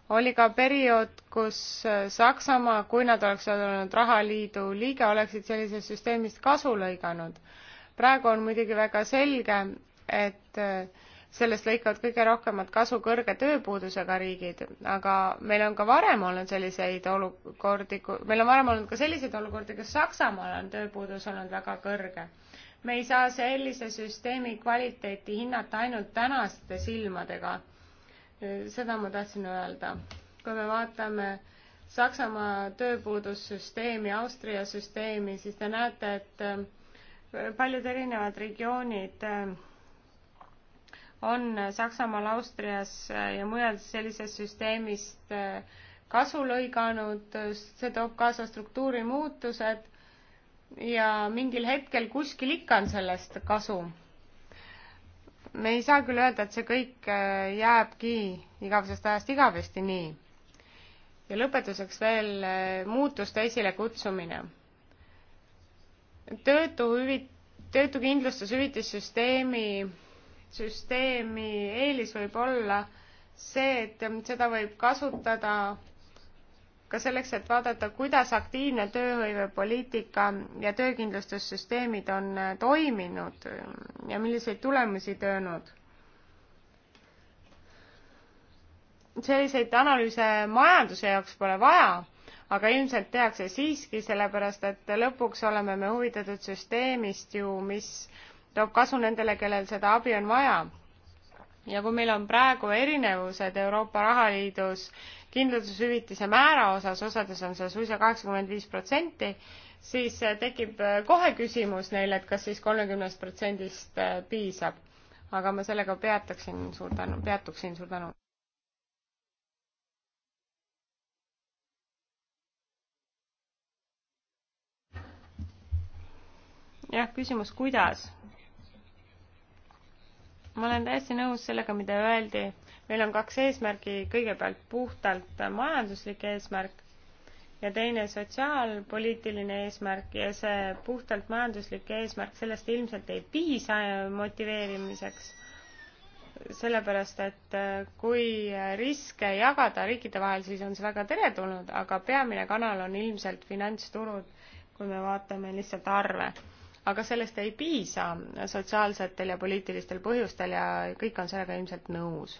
oli ka periood, kus äh, Saksamaa, kui nad oleks olnud Rahaliidu liige, oleksid sellisest süsteemist kasu lõiganud. praegu on muidugi väga selge, et äh, sellest lõikavad kõige rohkemat kasu kõrge tööpuudusega riigid, aga meil on ka varem olnud selliseid olukordi, meil on varem olnud ka selliseid olukordi, kus Saksamaal on tööpuudus olnud väga kõrge. me ei saa sellise süsteemi kvaliteeti hinnata ainult tänaste silmadega. seda ma tahtsin öelda. kui me vaatame Saksamaa tööpuudussüsteemi, Austria süsteemi, siis te näete, et äh, paljud erinevad regioonid äh, on Saksamaal, Austrias ja mujal sellisest süsteemist äh, kasu lõiganud, see toob kaasa struktuurimuutused ja mingil hetkel kuskil ikka on sellest kasu. me ei saa küll öelda, et see kõik äh, jääbki igavesest ajast igavesti nii. ja lõpetuseks veel äh, muutuste esilekutsumine. töötu hüvit-, töötukindlustushüvitissüsteemi süsteemi eelis võib olla see, et seda võib kasutada ka selleks, et vaadata, kuidas aktiivne tööhõivepoliitika ja töökindlustussüsteemid on äh, toiminud ja milliseid tulemusi töönud. selliseid analüüse majanduse jaoks pole vaja, aga ilmselt tehakse siiski, sellepärast et lõpuks oleme me huvitatud süsteemist ju, mis toob kasu nendele, kellel seda abi on vaja. ja kui meil on praegu erinevused Euroopa Rahaliidus kindlustushüvitise määra osas, osades on see suisa kaheksakümmend viis protsenti, siis tekib kohe küsimus neil, et kas siis kolmekümnest protsendist piisab. aga ma sellega peataksin, suur tänu, peatuksin, suur tänu. jah, küsimus, kuidas ma olen täiesti nõus sellega, mida öeldi. meil on kaks eesmärgi, kõigepealt puhtalt majanduslik eesmärk ja teine sotsiaalpoliitiline eesmärk ja see puhtalt majanduslik eesmärk, sellest ilmselt ei piisa motiveerimiseks. sellepärast, et äh, kui riske jagada riikide vahel, siis on see väga teretulnud, aga peamine kanal on ilmselt finantsturud, kui me vaatame lihtsalt arve aga sellest ei piisa sotsiaalsetel ja poliitilistel põhjustel ja kõik on sellega ilmselt nõus.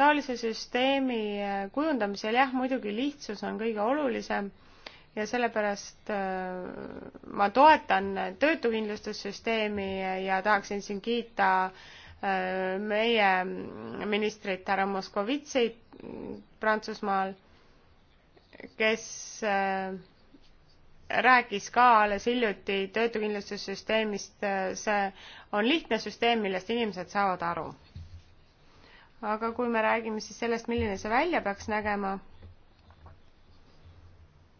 taolise süsteemi eh, kujundamisel jah, muidugi lihtsus on kõige olulisem ja sellepärast eh, ma toetan töötukindlustussüsteemi ja tahaksin siin kiita eh, meie ministrit härra Moskovitsi Prantsusmaal, kes äh, rääkis ka alles hiljuti töötukindlustussüsteemist, see on lihtne süsteem, millest inimesed saavad aru. aga kui me räägime siis sellest, milline see välja peaks nägema,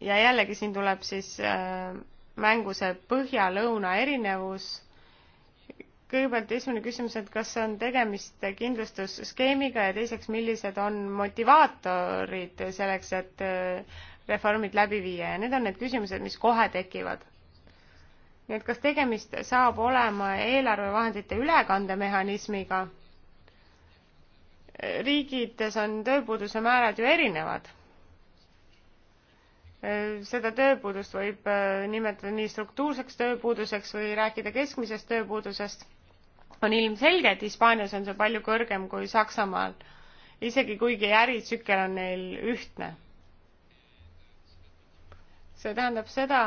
ja jällegi siin tuleb siis äh, mängu see põhja-lõuna erinevus, kõigepealt esimene küsimus, et kas on tegemist kindlustusskeemiga ja teiseks, millised on motivaatorid selleks, et äh, reformid läbi viia ja need on need küsimused, mis kohe tekivad. nii et kas tegemist saab olema eelarvevahendite ülekandemehhanismiga? riigites on tööpuuduse määrad ju erinevad. seda tööpuudust võib äh, nimetada nii struktuurseks tööpuuduseks või rääkida keskmisest tööpuudusest. on ilmselge, et Hispaanias on see palju kõrgem kui Saksamaal, isegi kuigi äritsükkel on neil ühtne see tähendab seda,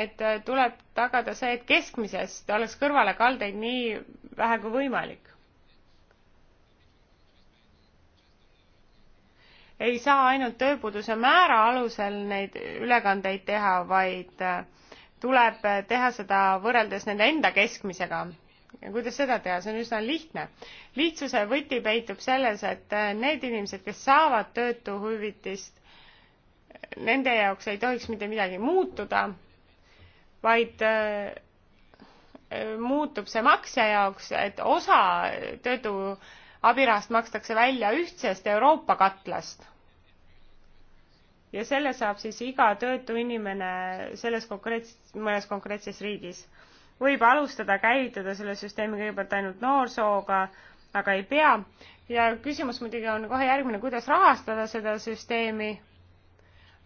et äh, tuleb tagada see, et keskmisest oleks kõrvalekaldeid nii vähe kui võimalik. ei saa ainult tööpuuduse määra alusel neid ülekandeid teha, vaid äh, tuleb äh, teha seda võrreldes nende enda keskmisega. ja kuidas seda teha, see on üsna lihtne. lihtsuse võti peitub selles, et need inimesed, kes saavad töötuhüvitist, nende jaoks ei tohiks mitte midagi muutuda, vaid äh, muutub see maksja jaoks, et osa töötu abirahast makstakse välja ühtsest Euroopa katlast. ja selle saab siis iga töötu inimene selles konkreetses, mõnes konkreetses riigis. võib alustada, käivitada selle süsteemi kõigepealt ainult noorsooga, aga ei pea. ja küsimus muidugi on kohe järgmine, kuidas rahastada seda süsteemi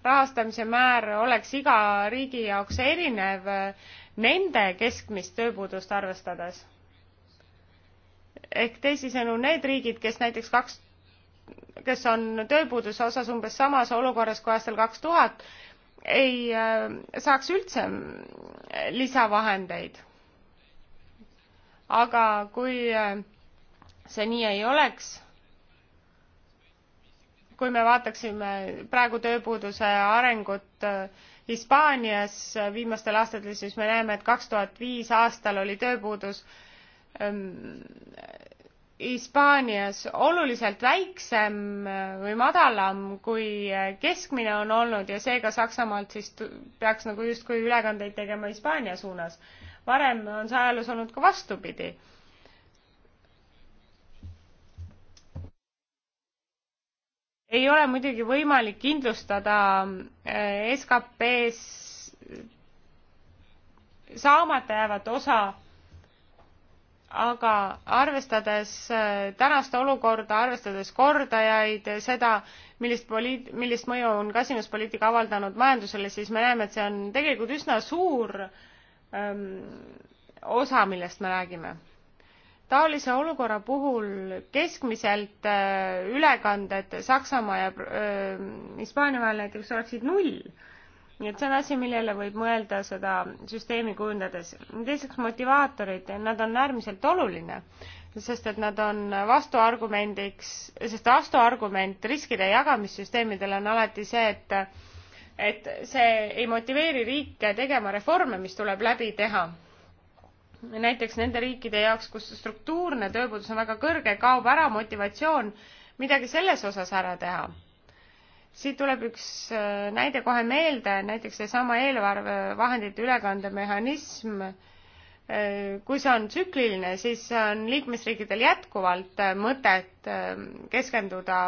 rahastamise määr oleks iga riigi jaoks erinev äh, nende keskmist tööpuudust arvestades. ehk teisisõnu, need riigid, kes näiteks kaks, kes on tööpuuduse osas umbes samas olukorras kui aastal kaks tuhat, ei äh, saaks üldse äh, lisavahendeid. aga kui see nii ei oleks kui me vaataksime praegu tööpuuduse arengut äh, Hispaanias äh, viimastel aastatel, siis me näeme, et kaks tuhat viis aastal oli tööpuudus ähm, Hispaanias oluliselt väiksem äh, või madalam kui keskmine on olnud ja seega Saksamaalt siis peaks nagu justkui ülekandeid tegema Hispaania suunas. varem on see ajaloos olnud ka vastupidi ei ole muidugi võimalik kindlustada äh, SKP-s saamata jäävat osa, aga arvestades äh, tänast olukorda, arvestades kordajaid, äh, seda, millist poliit-, millist mõju on kasinuspoliitika avaldanud majandusele, siis me näeme, et see on tegelikult üsna suur öö, ähm, osa, millest me räägime taolise olukorra puhul keskmiselt äh, ülekanded Saksamaa ja äh, Hispaania vahel näiteks oleksid null. nii et see on asi, millele võib mõelda seda süsteemi kujundades. teiseks motivaatorid, nad on äärmiselt oluline, sest et nad on vastuargumendiks, sest vastuargument riskide jagamissüsteemidel on alati see, et et see ei motiveeri riike tegema reforme, mis tuleb läbi teha näiteks nende riikide jaoks, kus struktuurne tööpuudus on väga kõrge, kaob ära motivatsioon midagi selles osas ära teha. siit tuleb üks äh, näide kohe meelde, näiteks seesama eelarvevahendite ülekandemehhanism. Äh, kui see on tsükliline, siis on liikmesriikidel jätkuvalt äh, mõtet keskenduda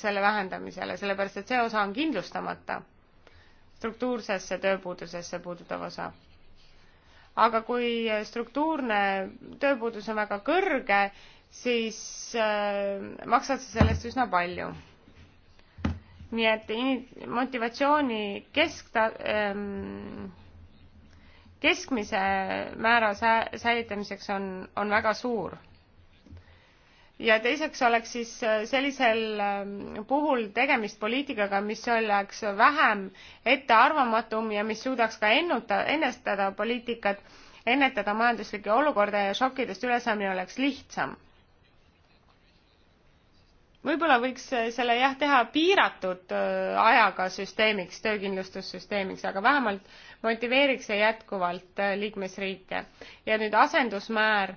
selle vähendamisele, sellepärast et see osa on kindlustamata, struktuursesse tööpuudusesse puutuv osa aga kui struktuurne tööpuudus on väga kõrge, siis äh, maksad sa sellest üsna palju. nii et motivatsiooni keskta- ähm,, keskmise määra sä-, säilitamiseks on, on väga suur ja teiseks oleks siis äh, sellisel ähm, puhul tegemist poliitikaga, mis oleks vähem ettearvamatum ja mis suudaks ka ennuta, ennestada poliitikat, ennetada majanduslikke olukorda ja šokkidest ülesaamine oleks lihtsam. võib-olla võiks äh, selle jah teha piiratud äh, ajaga süsteemiks, töökindlustussüsteemiks, aga vähemalt motiveeriks see jätkuvalt liikmesriike. ja nüüd asendusmäär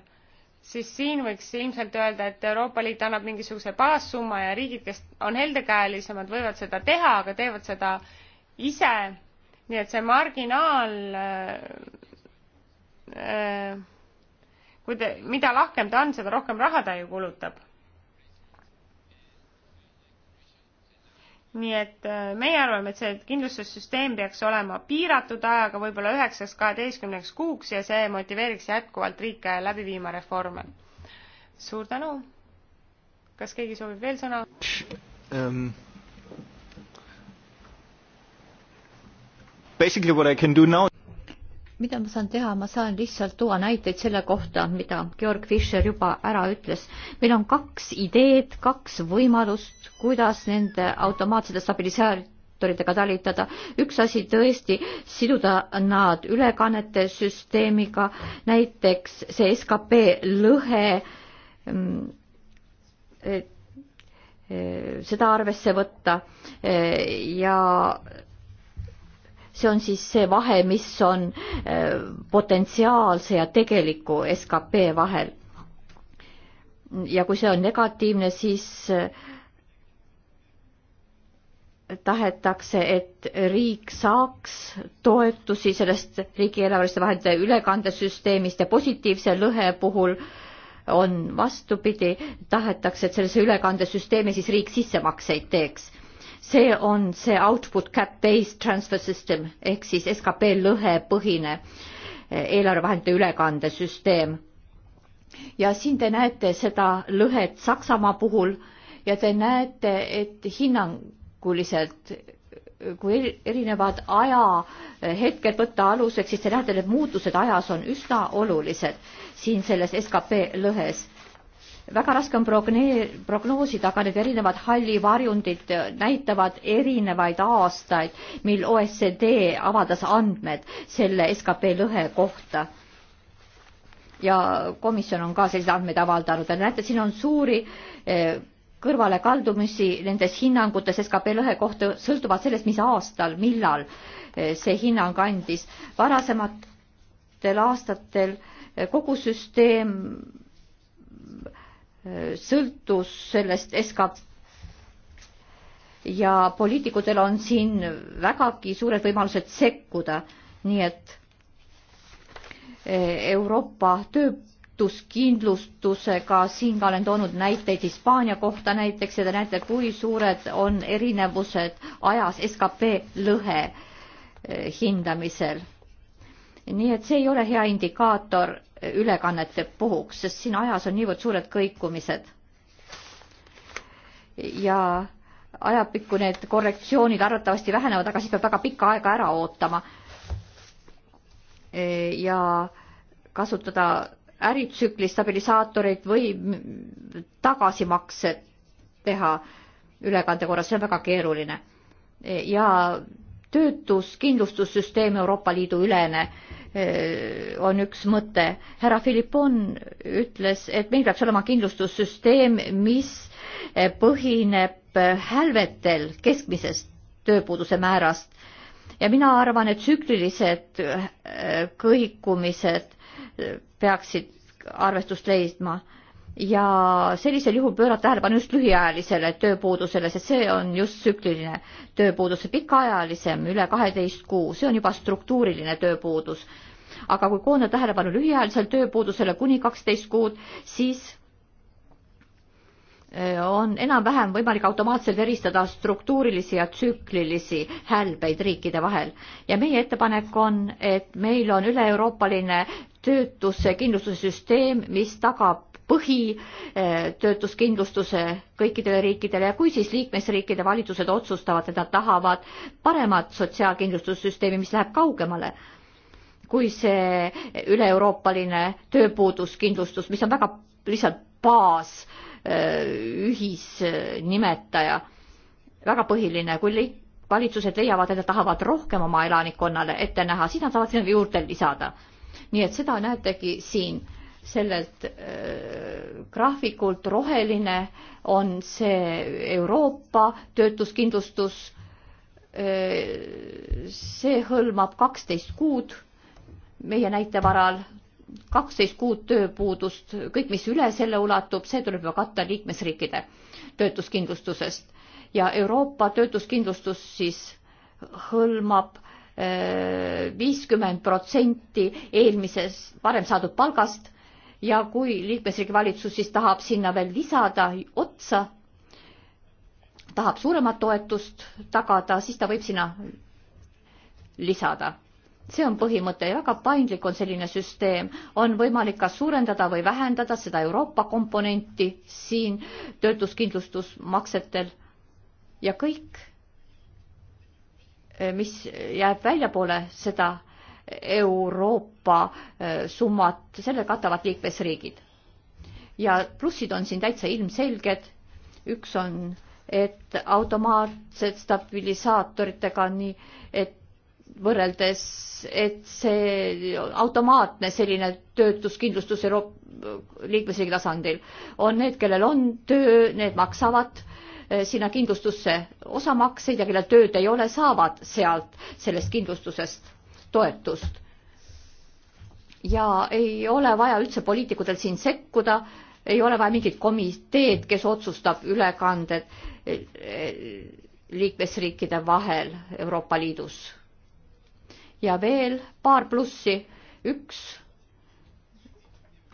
siis siin võiks ilmselt öelda, et Euroopa Liit annab mingisuguse baassumma ja riigid, kes on heldekäelisemad, võivad seda teha, aga teevad seda ise. nii et see marginaal äh, äh kui te, mida lahkem ta on, seda rohkem raha ta ju kulutab nii et äh, meie arvame, et see kindlustussüsteem peaks olema piiratud ajaga, võib-olla üheksast kaheteistkümneks kuuks ja see motiveeriks jätkuvalt riike läbi viima reforme. suur tänu. kas keegi soovib veel sõna? Um, basically what I can do now mida ma saan teha, ma saan lihtsalt tuua näiteid selle kohta, mida Georg Fischer juba ära ütles. meil on kaks ideed, kaks võimalust, kuidas nende automaatsete stabilisaatoritega talitada. üks asi tõesti, siduda nad ülekannete süsteemiga, näiteks see skp lõhe, mm, eh, seda arvesse võtta eh, ja see on siis see vahe, mis on äh, potentsiaalse ja tegeliku skp vahel. ja kui see on negatiivne, siis äh, tahetakse, et riik saaks toetusi sellest riigieelarveliste vahendite ülekandesüsteemist ja positiivse lõhe puhul on vastupidi, tahetakse, et sellesse ülekandesüsteemi siis riik sissemakseid teeks see on see output cap based transfer system ehk siis skp lõhepõhine eh, eelarvevahendite ülekandesüsteem. ja siin te näete seda lõhet Saksamaa puhul ja te näete, et hinnanguliselt eh, kui erinevad ajahetked võtta aluseks, siis te näete, need muutused ajas on üsna olulised siin selles skp lõhes väga raske on progne-, prognoosida, aga need erinevad halli varjundid äh, näitavad erinevaid aastaid, mil OECD avaldas andmed selle skp lõhe kohta. ja komisjon on ka selliseid andmeid avaldanud ja näete, siin on suuri äh, kõrvalekaldumisi nendes hinnangutes skp lõhe kohta, sõltuvalt sellest, mis aastal, millal äh, see hinnang andis. varasematel aastatel kogu süsteem sõltus sellest SKP ja poliitikutel on siin vägagi suured võimalused sekkuda, nii et e, Euroopa töötuskindlustusega, siin ka olen toonud näiteid Hispaania kohta näiteks ja te näete, kui suured on erinevused ajas skp lõhe e, hindamisel. nii et see ei ole hea indikaator ülekannete puhuks, sest siin ajas on niivõrd suured kõikumised. ja ajapikku need korrektsioonid arvatavasti vähenevad, aga siis peab väga pikka aega ära ootama. E, ja kasutada äritsükli stabilisaatoreid või tagasimaksed teha ülekande korras, see on väga keeruline. E, ja töötuskindlustussüsteem Euroopa Liidu ülene Äh, on üks mõte. härra Philippon ütles, et meil peaks olema kindlustussüsteem, mis äh, põhineb äh, hälvetel keskmisest tööpuuduse määrast ja mina arvan, et tsüklilised kõikumised peaksid arvestust leidma ja sellisel juhul pöörab tähelepanu just lühiajalisele tööpuudusele, sest see on just tsükliline tööpuudus, pikaajalisem, üle kaheteist kuu, see on juba struktuuriline tööpuudus. aga kui koondada tähelepanu lühiajalisele tööpuudusele kuni kaksteist kuud, siis eh, on enam-vähem võimalik automaatselt eristada struktuurilisi ja tsüklilisi hälbeid riikide vahel. ja meie ettepanek on, et meil on üle-euroopaline töötuse kindlustussüsteem, mis tagab põhitöötuskindlustuse eh, kõikidele riikidele ja kui siis liikmesriikide valitsused otsustavad, et nad tahavad paremat sotsiaalkindlustussüsteemi, mis läheb kaugemale kui see üle-euroopaline tööpuuduskindlustus, mis on väga lihtsalt baas, eh, ühisnimetaja, väga põhiline, kui valitsused leiavad, et nad tahavad rohkem oma elanikkonnale ette näha, siis nad saavad sinna juurde lisada. nii et seda näetegi siin sellelt äh, graafikult roheline on see Euroopa töötuskindlustus äh,. see hõlmab kaksteist kuud meie näitevaral, kaksteist kuud tööpuudust, kõik, mis üle selle ulatub, see tuleb juba katta liikmesriikide töötuskindlustusest ja Euroopa töötuskindlustus siis hõlmab äh, viiskümmend protsenti eelmises varem saadud palgast ja kui liikmesriigi valitsus siis tahab sinna veel lisada otsa, tahab suuremat toetust tagada, siis ta võib sinna lisada. see on põhimõte ja väga paindlik on selline süsteem, on võimalik kas suurendada või vähendada seda Euroopa komponenti siin töötuskindlustusmaksetel ja kõik, mis jääb väljapoole seda Euroopa eh, summat, selle katavad liikmesriigid. ja plussid on siin täitsa ilmselged. üks on, et automaatsed stabilisaatoritega on nii, et võrreldes, et see automaatne selline töötuskindlustus Euroopa liikmesriigi tasandil on need, kellel on töö, need maksavad eh, sinna kindlustusse osamakseid ja kellel tööd ei ole, saavad sealt sellest kindlustusest toetust. ja ei ole vaja üldse poliitikutel siin sekkuda, ei ole vaja mingit komiteed, kes otsustab ülekanded eh, eh, liikmesriikide vahel Euroopa Liidus. ja veel paar plussi. üks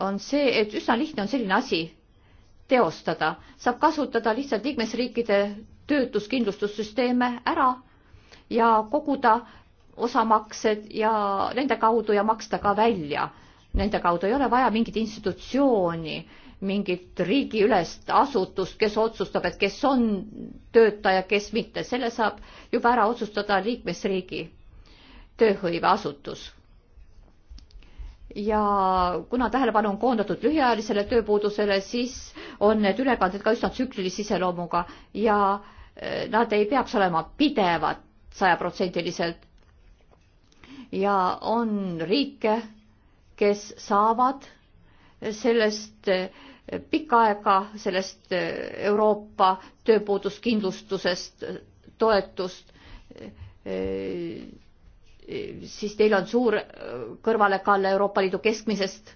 on see, et üsna lihtne on selline asi teostada, saab kasutada lihtsalt liikmesriikide töötuskindlustussüsteeme ära ja koguda osamaksed ja nende kaudu ja maksta ka välja. Nende kaudu ei ole vaja mingit institutsiooni, mingit riigiülest asutust, kes otsustab, et kes on töötaja, kes mitte, selle saab juba ära otsustada liikmesriigi tööhõiveasutus. ja kuna tähelepanu on koondatud lühiajalisele tööpuudusele, siis on need ülekanded ka üsna tsüklilise iseloomuga ja eh, nad ei peaks olema pidevad sajaprotsendiliselt, ja on riike, kes saavad sellest eh, pikka aega, sellest eh, Euroopa tööpuuduskindlustusest eh, toetust, siis teil on suur kõrvalekalle Euroopa Liidu keskmisest,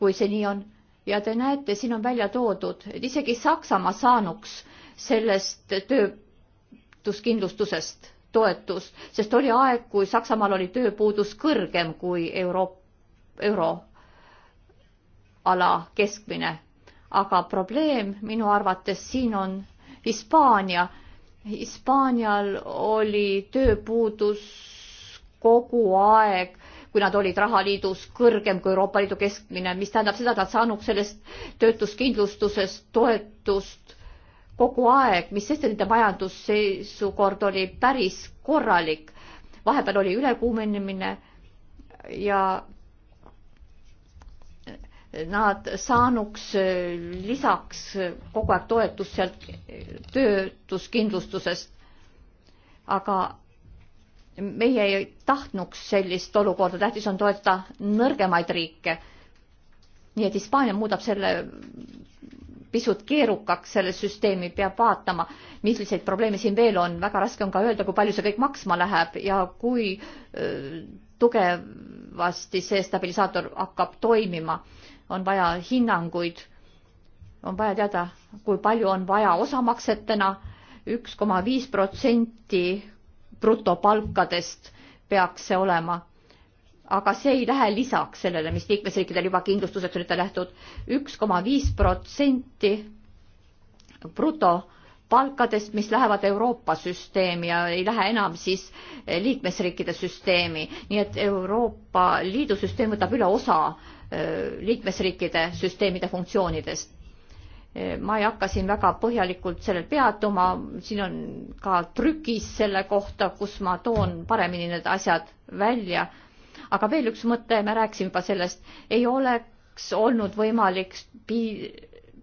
kui see nii on. ja te näete, siin on välja toodud, et isegi Saksamaa saanuks sellest töötuskindlustusest toetus, sest oli aeg, kui Saksamaal oli tööpuudus kõrgem kui Euro, euroala keskmine. aga probleem minu arvates siin on Hispaania. Hispaanial oli tööpuudus kogu aeg kui nad olid rahaliidus kõrgem kui Euroopa Liidu keskmine, mis tähendab seda, et nad saanuks sellest töötuskindlustusest toetust kogu aeg, mis sest, et nende majandusseisukord oli päris korralik. vahepeal oli ülekuumenemine ja nad saanuks äh, lisaks kogu aeg toetust sealt töötuskindlustusest. aga meie ei tahtnuks sellist olukorda, tähtis on toetada nõrgemaid riike. nii et Hispaania muudab selle pisut keerukaks selle süsteemi, peab vaatama, milliseid probleeme siin veel on, väga raske on ka öelda, kui palju see kõik maksma läheb ja kui tugevasti see stabilisaator hakkab toimima. on vaja hinnanguid, on vaja teada, kui palju on vaja osamaksetena, üks koma viis protsenti brutopalkadest peaks see olema aga see ei lähe lisaks sellele, mis liikmesriikidel juba kindlustuseks on ette nähtud, üks koma viis protsenti brutopalkadest, mis lähevad Euroopa süsteemi ja ei lähe enam siis liikmesriikide süsteemi, nii et Euroopa Liidu süsteem võtab üle osa liikmesriikide süsteemide funktsioonidest. ma ei hakka siin väga põhjalikult sellel peatuma, siin on ka trükis selle kohta, kus ma toon paremini need asjad välja aga veel üks mõte, me rääkisime juba sellest, ei oleks olnud võimalik piir,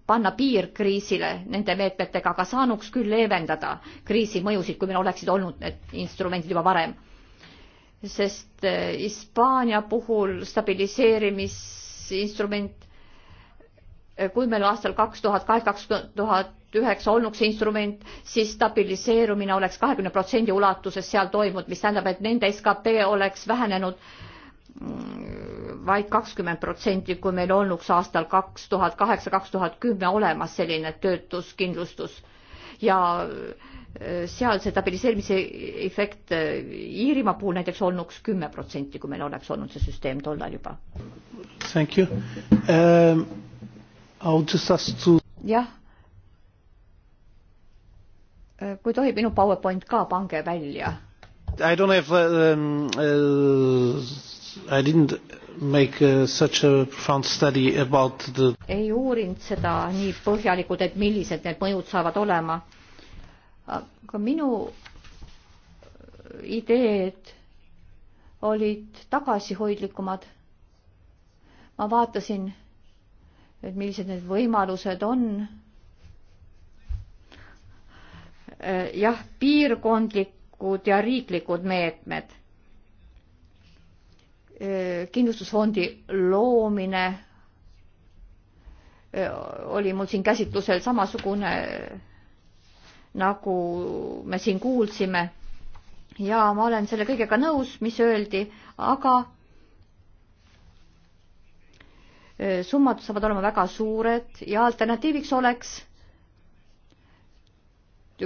panna piir kriisile nende meetmetega, aga saanuks küll leevendada kriisi mõjusid, kui meil oleksid olnud need instrumendid juba varem. sest eh, Hispaania puhul stabiliseerimisinstrument kui meil aastal kaks tuhat kaheksa, kaks tuhat üheksa olnuks instrument, siis stabiliseerumine oleks kahekümne protsendi ulatuses seal toimunud, mis tähendab, et nende skp oleks vähenenud mm, vaid kakskümmend protsenti, kui meil olnuks aastal kaks tuhat kaheksa, kaks tuhat kümme olemas selline töötuskindlustus ja äh, seal see stabiliseerimise efekt äh, Iirimaa puhul näiteks olnuks kümme protsenti, kui meil oleks olnud see süsteem tollal juba. Thank you um, jah. Äh, kui tohib, minu PowerPoint ka pange välja. I don't have uh, um,, uh, I didn't make uh, such a profound study about the. ei uurinud seda nii põhjalikult, et millised need mõjud saavad olema. aga minu äh, ideed olid tagasihoidlikumad. ma vaatasin et millised need võimalused on. jah, piirkondlikud ja riiklikud meetmed. kindlustusfondi loomine oli mul siin käsitlusel samasugune nagu me siin kuulsime ja ma olen selle kõigega nõus, mis öeldi, aga Äh, summad saavad olema väga suured ja alternatiiviks oleks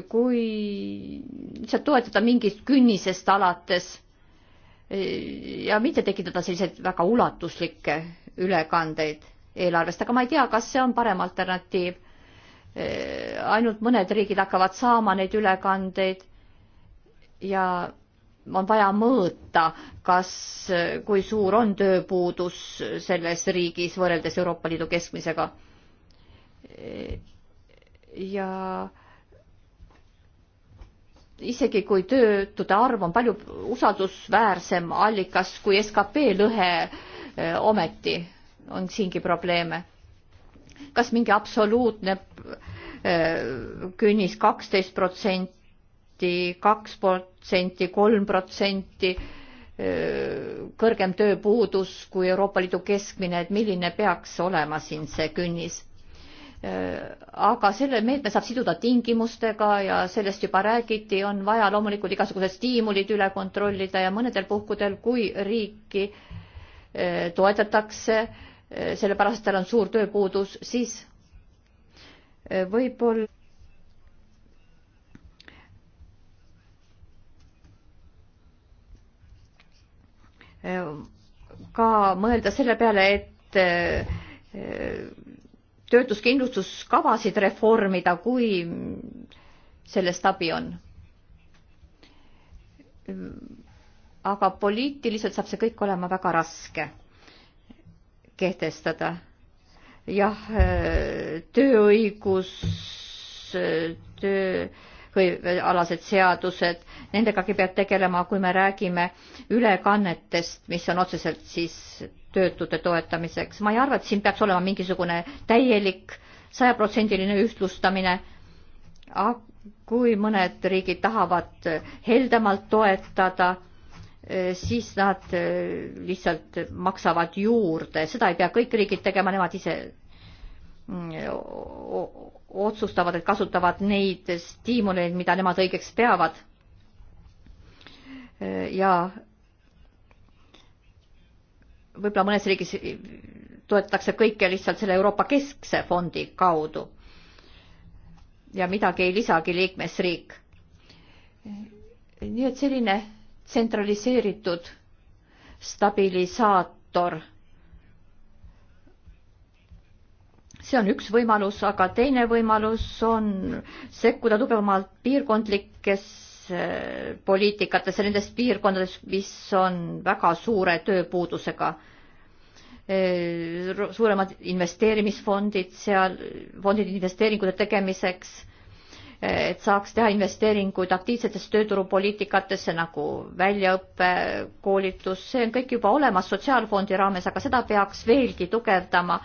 kui lihtsalt toetada mingist künnisest alates äh, ja mitte tekitada selliseid väga ulatuslikke ülekandeid eelarvest, aga ma ei tea, kas see on parem alternatiiv. Äh, ainult mõned riigid hakkavad saama neid ülekandeid ja on vaja mõõta, kas, kui suur on tööpuudus selles riigis võrreldes Euroopa Liidu keskmisega. ja isegi kui töötute arv on palju usaldusväärsem allikas kui skp lõhe, eh, ometi on siingi probleeme. kas mingi absoluutne eh, künnis kaksteist protsenti protsenti, kaks protsenti, kolm protsenti kõrgem tööpuudus kui Euroopa Liidu keskmine, et milline peaks olema siin see künnis. aga selle meetme saab siduda tingimustega ja sellest juba räägiti, on vaja loomulikult igasugused stiimulid üle kontrollida ja mõnedel puhkudel, kui riiki toetatakse, sellepärast tal on suur tööpuudus, siis võib-olla ka mõelda selle peale, et eh, töötuskindlustuskavasid reformida, kui sellest abi on. aga poliitiliselt saab see kõik olema väga raske kehtestada. jah, eh, tööõigus, eh, töö alased seadused, nendegagi peab tegelema, kui me räägime ülekannetest, mis on otseselt siis töötute toetamiseks. ma ei arva, et siin peaks olema mingisugune täielik sajaprotsendiline ühtlustamine. kui mõned riigid tahavad heldemalt toetada, e, siis nad e, lihtsalt maksavad juurde, seda ei pea kõik riigid tegema, nemad ise mm, otsustavad, et kasutavad neid stiimuleid, mida nemad õigeks peavad. ja võib-olla mõnes riigis toetatakse kõike lihtsalt selle Euroopa Keskse fondi kaudu. ja midagi ei lisagi liikmesriik. nii et selline tsentraliseeritud stabilisaator see on üks võimalus, aga teine võimalus on sekkuda tugevamalt piirkondlikesse poliitikatesse nendes piirkondades, mis on väga suure tööpuudusega. suuremad investeerimisfondid seal, fondid investeeringute tegemiseks, et saaks teha investeeringuid aktiivsetesse tööturupoliitikatesse nagu väljaõpe, koolitus, see on kõik juba olemas sotsiaalfondi raames, aga seda peaks veelgi tugevdama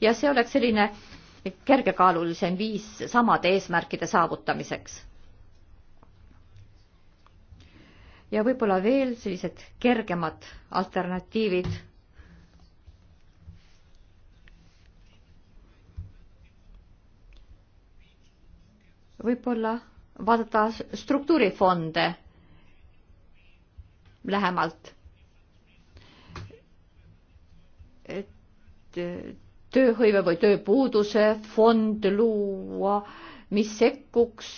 ja see oleks selline kergekaalulisem viis samade eesmärkide saavutamiseks. ja võib-olla veel sellised kergemad alternatiivid võib-olla vaadata struktuurifonde lähemalt. et tööhõive või tööpuuduse fond luua, mis sekkuks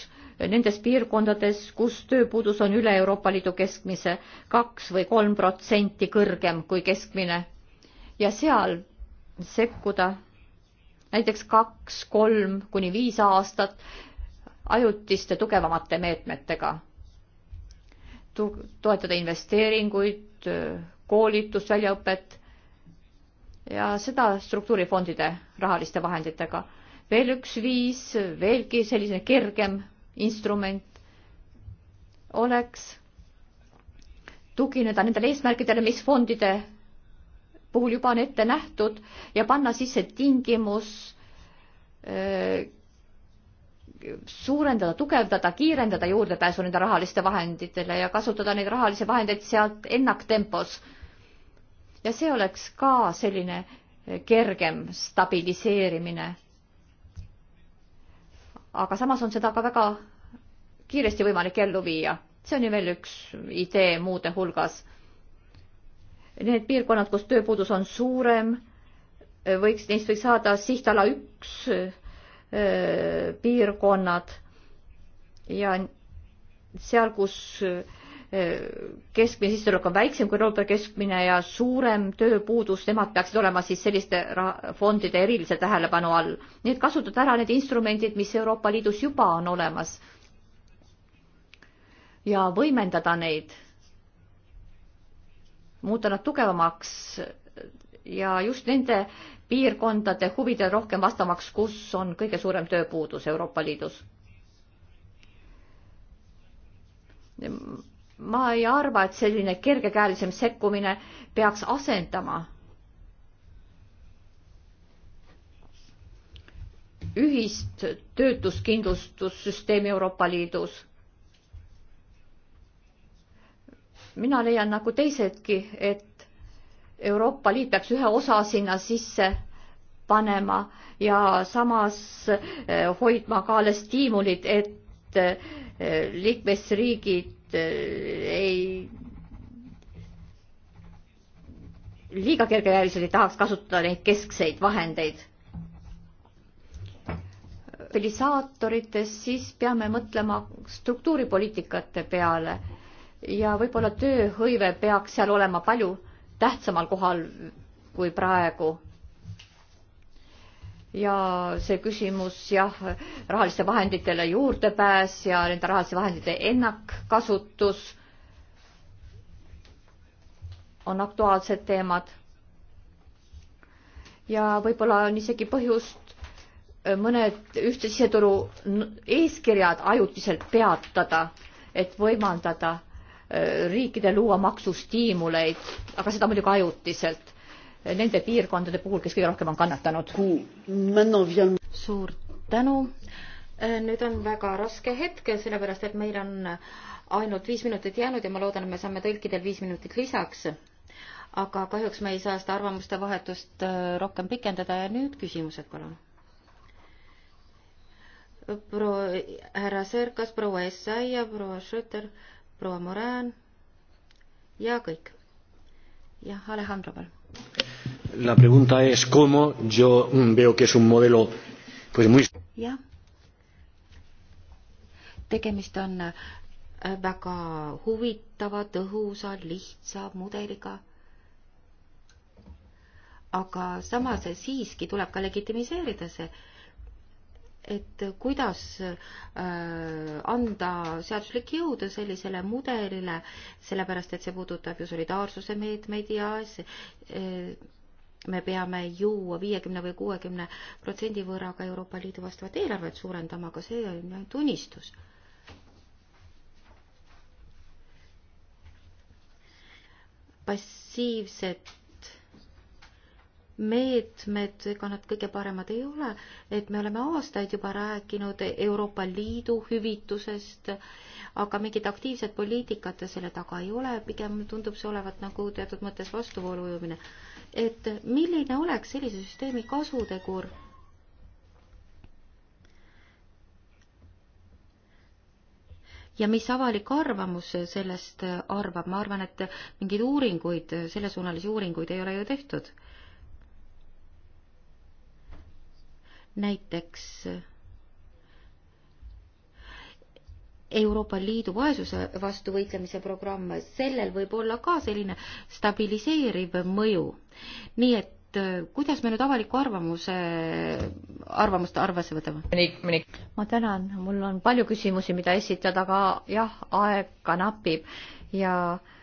nendes piirkondades, kus tööpuudus on üle Euroopa Liidu keskmise kaks või kolm protsenti kõrgem kui keskmine ja seal sekkuda näiteks kaks, kolm kuni viis aastat ajutiste tugevamate meetmetega tu. toetada investeeringuid, koolitust, väljaõpet ja seda struktuurifondide rahaliste vahenditega. veel üks viis, veelgi selline kergem instrument oleks tugineda nendele eesmärkidele, mis fondide puhul juba on ette nähtud ja panna sisse tingimus öö, äh, suurendada, tugevdada, kiirendada juurdepääsu nende rahaliste vahenditele ja kasutada neid rahalisi vahendeid sealt ennaktempos ja see oleks ka selline eh, kergem stabiliseerimine. aga samas on seda ka väga kiiresti võimalik ellu viia, see on ju veel üks idee muude hulgas. Need piirkonnad, kus tööpuudus on suurem, eh, võiks, neist võiks saada sihtala üks eh, piirkonnad ja seal, kus keskmine sissetulek on väiksem kui Euroopa keskmine ja suurem tööpuudus, nemad peaksid olema siis selliste fondide erilise tähelepanu all. nii et kasutada ära need instrumendid, mis Euroopa Liidus juba on olemas ja võimendada neid, muuta nad tugevamaks ja just nende piirkondade huvidele rohkem vastamaks, kus on kõige suurem tööpuudus Euroopa Liidus ma ei arva, et selline kergekäelisem sekkumine peaks asendama ühist töötuskindlustussüsteemi Euroopa Liidus. mina leian nagu teisedki, et Euroopa Liit peaks ühe osa sinna sisse panema ja samas eh, hoidma ka alles stiimulid, et eh, liikmesriigid Äh, ei liiga kergekäeliselt ei tahaks kasutada neid keskseid vahendeid. stabilisaatorites siis peame mõtlema struktuuripoliitikate peale ja võib-olla tööhõive peaks seal olema palju tähtsamal kohal kui praegu ja see küsimus jah, rahaliste vahenditele juurdepääs ja nende rahaliste vahendite ennakkasutus on aktuaalsed teemad. ja võib-olla on isegi põhjust äh, mõned ühtse siseturu eeskirjad ajutiselt peatada, et võimaldada äh, riikidel luua maksustiimuleid, aga seda muidugi ajutiselt nende piirkondade puhul, kes kõige rohkem on kannatanud. suur tänu. Äh, nüüd on väga raske hetk, sellepärast et meil on ainult viis minutit jäänud ja ma loodan, et me saame tõlkidel viis minutit lisaks. aga kahjuks me ei saa seda arvamuste vahetust äh, rohkem pikendada ja nüüd küsimused, palun pro-, härra Sõrkas, proua Essaia, proua Schröter, proua Moran ja kõik. jah, Alejandro, palun. La pregunta es cómo yo veo que es un modelo pues muy... jah, tegemist on äh, väga huvitava, tõhusa, lihtsa mudeliga. aga samas siiski tuleb ka legitimiseerida see et kuidas äh, anda seaduslik jõud sellisele mudelile, sellepärast et see puudutab ju solidaarsuse meetmeid ja see, äh, me peame ju viiekümne või kuuekümne protsendi võrra ka Euroopa Liidu vastavat eelarvet suurendama, aga see on ainult unistus. passiivsed meetmed, ega nad kõige paremad ei ole, et me oleme aastaid juba rääkinud Euroopa Liidu hüvitusest, aga mingit aktiivset poliitikat selle taga ei ole, pigem tundub see olevat nagu teatud mõttes vastuvoolu ujumine. et milline oleks sellise süsteemi kasutegur? ja mis avalik arvamus sellest arvab, ma arvan, et mingeid uuringuid, sellesuunalisi uuringuid ei ole ju tehtud näiteks Euroopa Liidu vaesuse vastu võitlemise programm, sellel võib olla ka selline stabiliseeriv mõju. nii et äh, kuidas me nüüd avaliku arvamuse, arvamust arvesse võtame? ma tänan, mul on palju küsimusi, mida esitada, aga jah, aeg ka napib ja äh,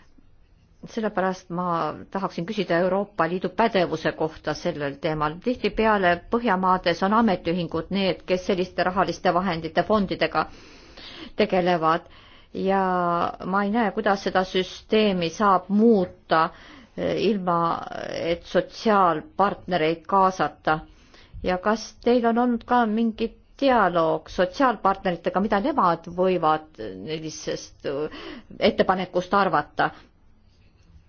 sellepärast ma tahaksin küsida Euroopa Liidu pädevuse kohta sellel teemal. tihtipeale Põhjamaades on ametiühingud need, kes selliste rahaliste vahendite fondidega tegelevad ja ma ei näe, kuidas seda süsteemi saab muuta eh, ilma, et sotsiaalpartnereid kaasata. ja kas teil on olnud ka mingit dialoog sotsiaalpartneritega, mida nemad võivad sellisest eh, eh, ettepanekust arvata,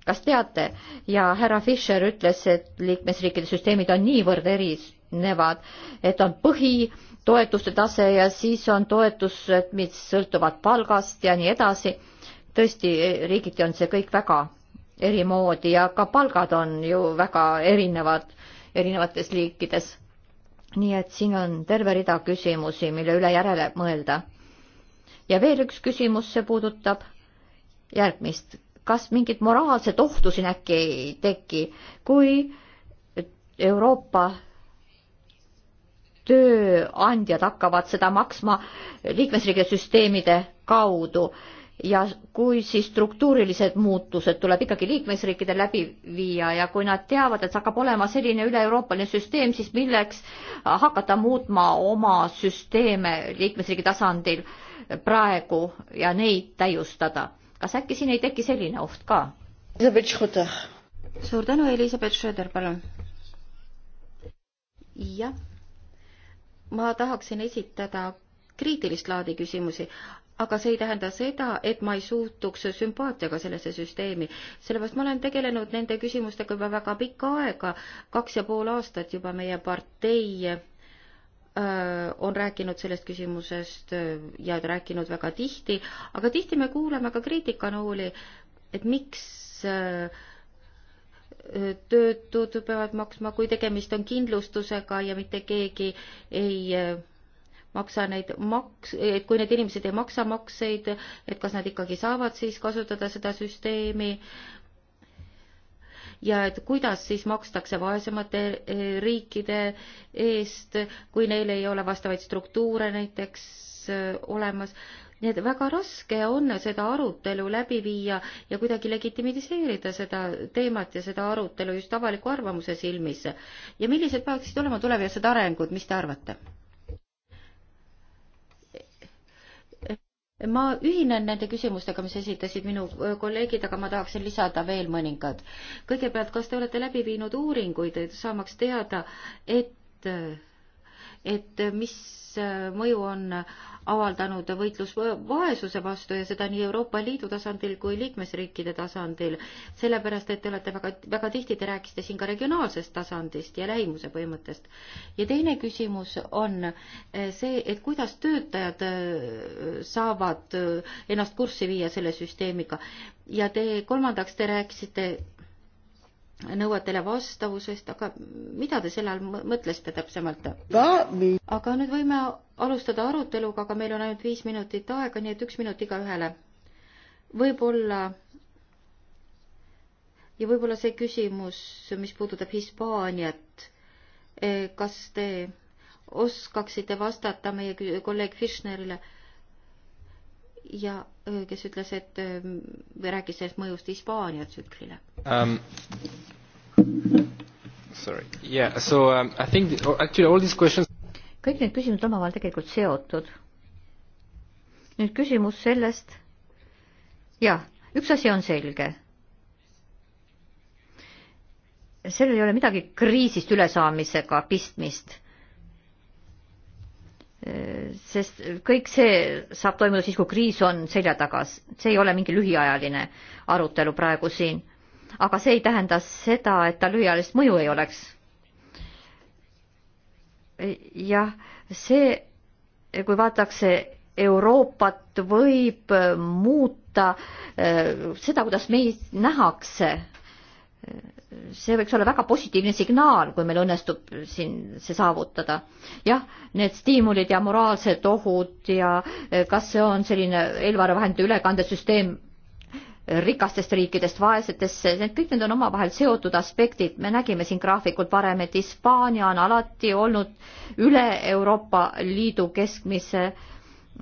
kas teate ja härra Fischer ütles, et liikmesriikide süsteemid on niivõrd erinevad, et on põhitoetuste tase ja siis on toetused, mis sõltuvad palgast ja nii edasi. tõesti, riigiti on see kõik väga eri moodi ja ka palgad on ju väga erinevad erinevates liikides. nii et siin on terve rida küsimusi, mille üle järele mõelda. ja veel üks küsimus, see puudutab järgmist kas mingit moraalset ohtu siin äkki ei teki, kui Euroopa tööandjad hakkavad seda maksma liikmesriikide süsteemide kaudu ja kui siis struktuurilised muutused tuleb ikkagi liikmesriikide läbi viia ja kui nad teavad, et hakkab olema selline üle-euroopaline süsteem, siis milleks hakata muutma oma süsteeme liikmesriigi tasandil praegu ja neid täiustada kas äkki siin ei teki selline oht ka? Elizabeth Schröder. suur tänu, Elizabeth Schröder, palun. jah, ma tahaksin esitada kriitilist laadi küsimusi, aga see ei tähenda seda, et ma ei suhtuks sümpaatiaga sellesse süsteemi, sellepärast ma olen tegelenud nende küsimustega juba väga pikka aega, kaks ja pool aastat juba meie partei Äh, on rääkinud sellest küsimusest äh, ja rääkinud väga tihti, aga tihti me kuuleme ka kriitikanooli, et miks äh, töötud peavad maksma, kui tegemist on kindlustusega ja mitte keegi ei maksa neid maks, et kui need inimesed ei maksa makseid, et kas nad ikkagi saavad siis kasutada seda süsteemi ja et kuidas siis makstakse vaesemate eh, riikide eest, kui neil ei ole vastavaid struktuure näiteks eh, olemas. nii et väga raske on seda arutelu läbi viia ja kuidagi legitimiseerida seda teemat ja seda arutelu just avaliku arvamuse silmis. ja millised peaksid olema tulevased arengud, mis te arvate? ma ühinen nende küsimustega, mis esitasid minu kolleegid, aga ma tahaksin lisada veel mõningad. kõigepealt, kas te olete läbi viinud uuringuid, saamaks teada, et et mis äh, mõju on avaldanud võitlus vaesuse vastu ja seda nii Euroopa Liidu tasandil kui liikmesriikide tasandil, sellepärast et te olete väga, väga tihti, te rääkisite siin ka regionaalsest tasandist ja lähimuse põhimõttest. ja teine küsimus on äh, see, et kuidas töötajad äh, saavad ennast kurssi viia selle süsteemiga ja te, kolmandaks, te rääkisite nõuetele vastavusest, aga mida te selle all mõtlesite täpsemalt? aga nüüd võime alustada aruteluga, aga meil on ainult viis minutit aega, nii et üks minut igaühele. võib-olla ja võib-olla see küsimus, mis puudutab Hispaaniat, eh, kas te oskaksite vastata meie kolleeg Fischnerile äh, ja kes ütles, et või rääkis sellest mõjust Hispaania tsüklile um,. Sorry, yeah, so um, I think oh, actually all these questions kõik need küsimused omavahel tegelikult seotud. nüüd küsimus sellest, jah, üks asi on selge. sellel ei ole midagi kriisist ülesaamisega pistmist sest kõik see saab toimuda siis, kui kriis on selja tagas, see ei ole mingi lühiajaline arutelu praegu siin. aga see ei tähenda seda, et ta lühiajalist mõju ei oleks. jah, see, kui vaadatakse Euroopat, võib muuta eh, seda, kuidas meid nähakse see võiks olla väga positiivne signaal, kui meil õnnestub siin see saavutada. jah, need stiimulid ja moraalsed ohud ja eh, kas see on selline eelarvevahendite ülekandesüsteem rikastest riikidest vaesetesse, need kõik need on omavahel seotud aspektid, me nägime siin graafikul varem, et Hispaania on alati olnud üle Euroopa Liidu keskmise,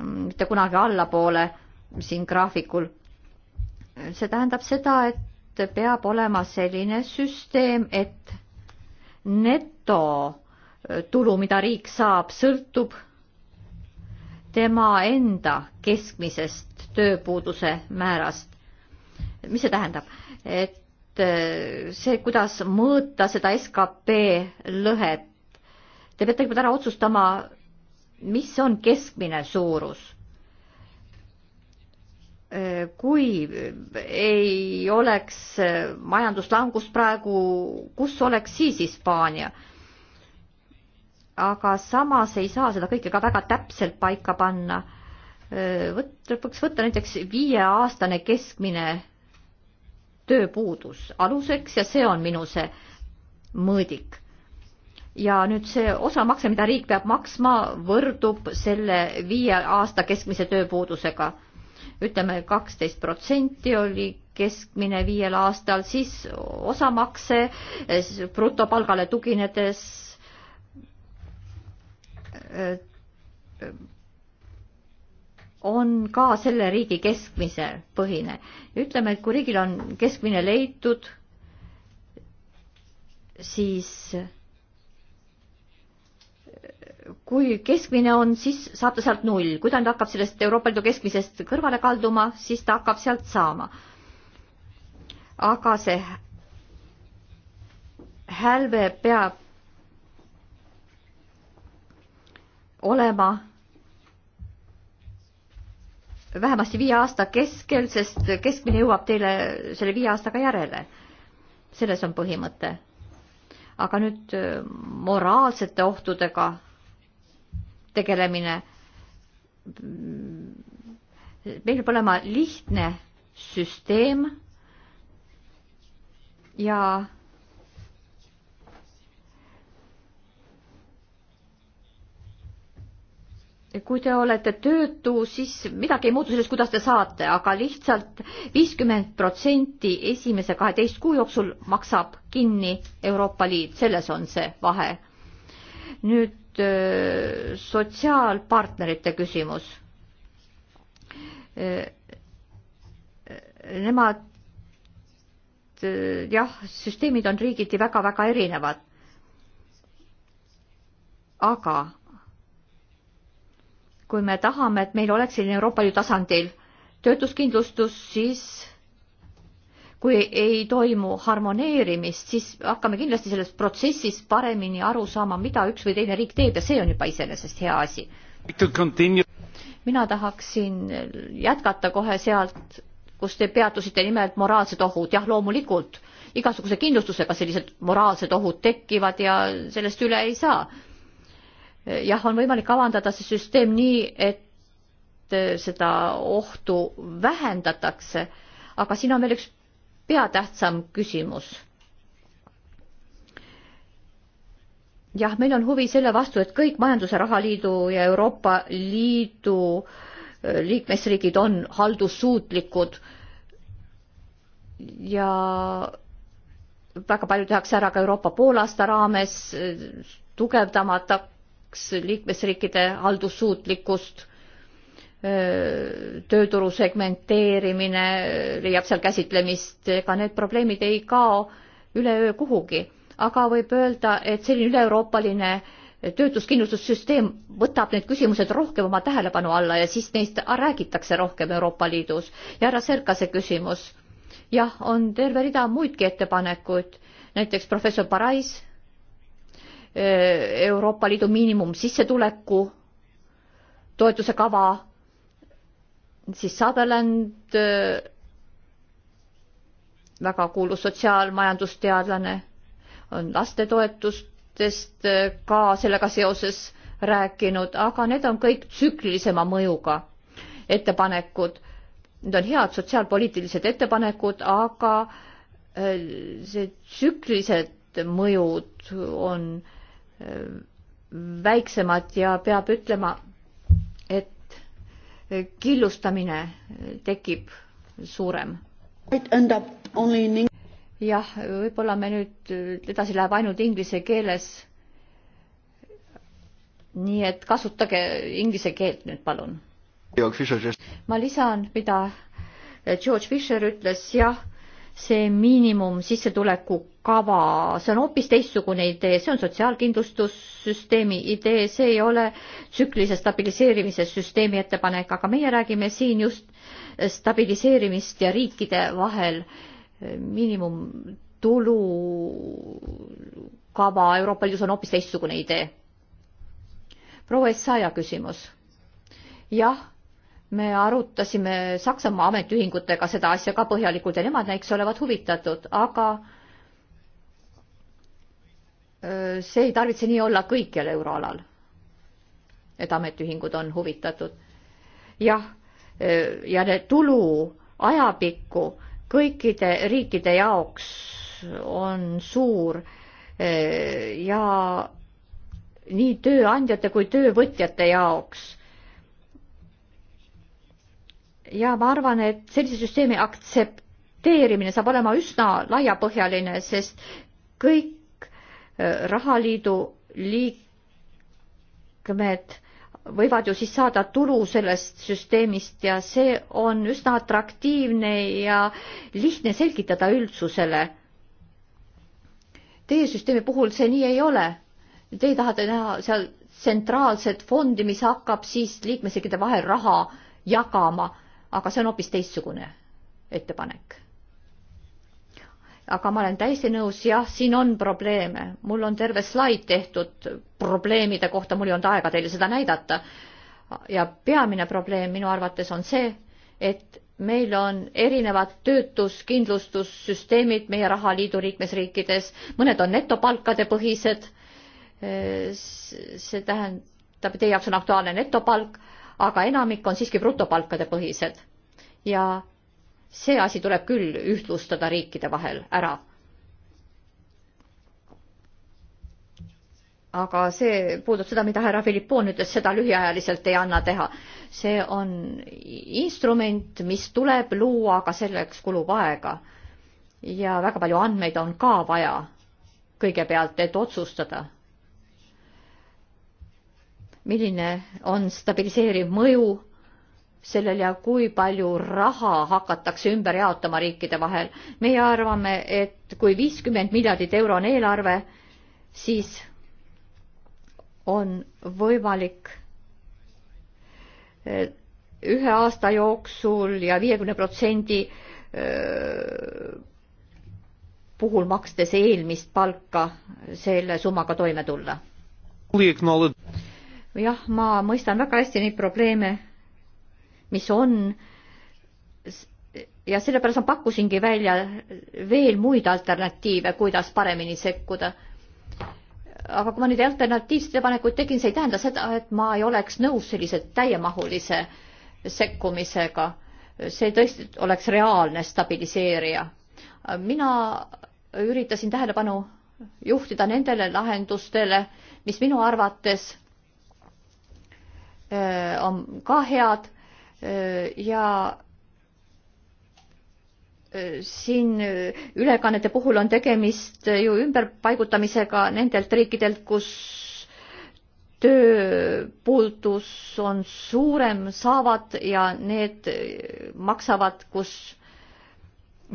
mitte kunagi allapoole siin graafikul. see tähendab seda, et et peab olema selline süsteem, et netotulu, mida riik saab, sõltub tema enda keskmisest tööpuuduse määrast. mis see tähendab? et äh, see, kuidas mõõta seda skp lõhet, te peate kõigepealt ära otsustama, mis on keskmine suurus kui ei oleks majanduslangust praegu, kus oleks siis Hispaania? aga samas ei saa seda kõike ka väga täpselt paika panna. Võt-, võiks võtta näiteks viieaastane keskmine tööpuudus aluseks ja see on minu see mõõdik ja nüüd see osamakse, mida riik peab maksma, võrdub selle viie aasta keskmise tööpuudusega ütleme kaksteist protsenti oli keskmine viiel aastal, siis osamakse brutopalgale tuginedes on ka selle riigi keskmise põhine. ütleme, et kui riigil on keskmine leitud, siis kui keskmine on, siis saab ta sealt null, kui ta nüüd hakkab sellest Euroopa Liidu keskmisest kõrvale kalduma, siis ta hakkab sealt saama. aga see hälve peab olema vähemasti viie aasta keskel, sest keskmine jõuab teile selle viie aastaga järele. selles on põhimõte. aga nüüd äh, moraalsete ohtudega tegelemine. meil peab olema lihtne süsteem ja kui te olete töötu, siis midagi ei muutu sellest, kuidas te saate, aga lihtsalt viiskümmend protsenti esimese kaheteist kuu jooksul maksab kinni Euroopa Liit, selles on see vahe. nüüd sotsiaalpartnerite küsimus. Nemad, jah, süsteemid on riigiti väga-väga erinevad. aga kui me tahame, et meil oleks selline Euroopa Liidu tasandil töötuskindlustus, siis kui ei toimu harmoneerimist, siis hakkame kindlasti selles protsessis paremini aru saama, mida üks või teine riik teeb ja see on juba iseenesest hea asi. mina tahaksin jätkata kohe sealt, kus te peatusite nimelt moraalsed ohud, jah, loomulikult igasuguse kindlustusega sellised moraalsed ohud tekivad ja sellest üle ei saa. jah, on võimalik kavandada see süsteem nii, et seda ohtu vähendatakse, aga siin on veel üks peatähtsam küsimus. jah, meil on huvi selle vastu, et kõik Majandus- ja Rahaliidu ja Euroopa Liidu äh, liikmesriigid on haldussuutlikud ja väga palju tehakse ära ka Euroopa poolaasta raames, äh, tugevdamatakse liikmesriikide haldussuutlikkust tööturu segmenteerimine leiab seal käsitlemist, ega need probleemid ei kao üleöö kuhugi. aga võib öelda, et selline üle-euroopaline töötuskindlustussüsteem võtab need küsimused rohkem oma tähelepanu alla ja siis neist räägitakse rohkem Euroopa Liidus. ja härra Serkase küsimus. jah, on terve rida muidki ettepanekuid, näiteks professor Parais Euroopa Liidu miinimumsissetuleku toetuse kava siis Sutherland, äh, väga kuulus sotsiaalmajandusteadlane, on lastetoetustest äh, ka sellega seoses rääkinud, aga need on kõik tsüklilisema mõjuga ettepanekud. Need on head sotsiaalpoliitilised ettepanekud, aga äh, see tsüklilised mõjud on väiksemad ja peab ütlema, killustamine tekib suurem. jah, võib-olla me nüüd, edasi läheb ainult inglise keeles. nii et kasutage inglise keelt nüüd, palun. ma lisan, mida George Fisher ütles, jah see miinimumsissetuleku kava, see on hoopis teistsugune idee, see on sotsiaalkindlustussüsteemi idee, see ei ole tsüklilise stabiliseerimise süsteemi ettepanek, aga meie räägime siin just stabiliseerimist ja riikide vahel miinimumtulu kava Euroopa Liidus on hoopis teistsugune idee. proua Essaja küsimus. jah me arutasime Saksamaa ametiühingutega seda asja ka põhjalikult ja nemad näiks olevat huvitatud, aga see ei tarvitse nii olla kõikjal euroalal, et ametiühingud on huvitatud. jah, ja need tulu ajapikku kõikide riikide jaoks on suur ja nii tööandjate kui töövõtjate jaoks ja ma arvan, et sellise süsteemi aktsepteerimine saab olema üsna laiapõhjaline, sest kõik äh, rahaliidu liikmed võivad ju siis saada tulu sellest süsteemist ja see on üsna atraktiivne ja lihtne selgitada üldsusele. Teie süsteemi puhul see nii ei ole. Teie tahate näha seal tsentraalset fondi, mis hakkab siis liikmesriikide vahel raha jagama aga see on hoopis teistsugune ettepanek. aga ma olen täiesti nõus, jah, siin on probleeme, mul on terve slaid tehtud probleemide kohta, mul ei olnud aega teile seda näidata. ja peamine probleem minu arvates on see, et meil on erinevad töötuskindlustussüsteemid meie rahaliidu liikmesriikides, mõned on netopalkade põhised, see tähendab, teie jaoks on aktuaalne netopalk aga enamik on siiski brutopalkade põhised. ja see asi tuleb küll ühtlustada riikide vahel ära. aga see puudub seda, mida härra Filippon ütles, seda lühiajaliselt ei anna teha. see on instrument, mis tuleb luua, aga selleks kulub aega. ja väga palju andmeid on ka vaja kõigepealt, et otsustada milline on stabiliseeriv mõju sellel ja kui palju raha hakatakse ümber jaotama riikide vahel. meie arvame, et kui viiskümmend miljardit euro on eelarve, siis on võimalik eh, ühe aasta jooksul ja viiekümne protsendi eh, puhul makstes eelmist palka selle summaga toime tulla jah, ma mõistan väga hästi neid probleeme, mis on ja sellepärast ma pakkusingi välja veel muid alternatiive, kuidas paremini sekkuda. aga kui ma neid alternatiivseid ettepanekuid tegin, see ei tähenda seda, et ma ei oleks nõus sellise täiemahulise sekkumisega. see tõesti oleks reaalne stabiliseerija. mina üritasin tähelepanu juhtida nendele lahendustele, mis minu arvates Äh, on ka head äh, ja äh, siin ülekannete puhul on tegemist ju ümberpaigutamisega nendelt riikidelt, kus tööpuudus on suurem, saavad ja need maksavad, kus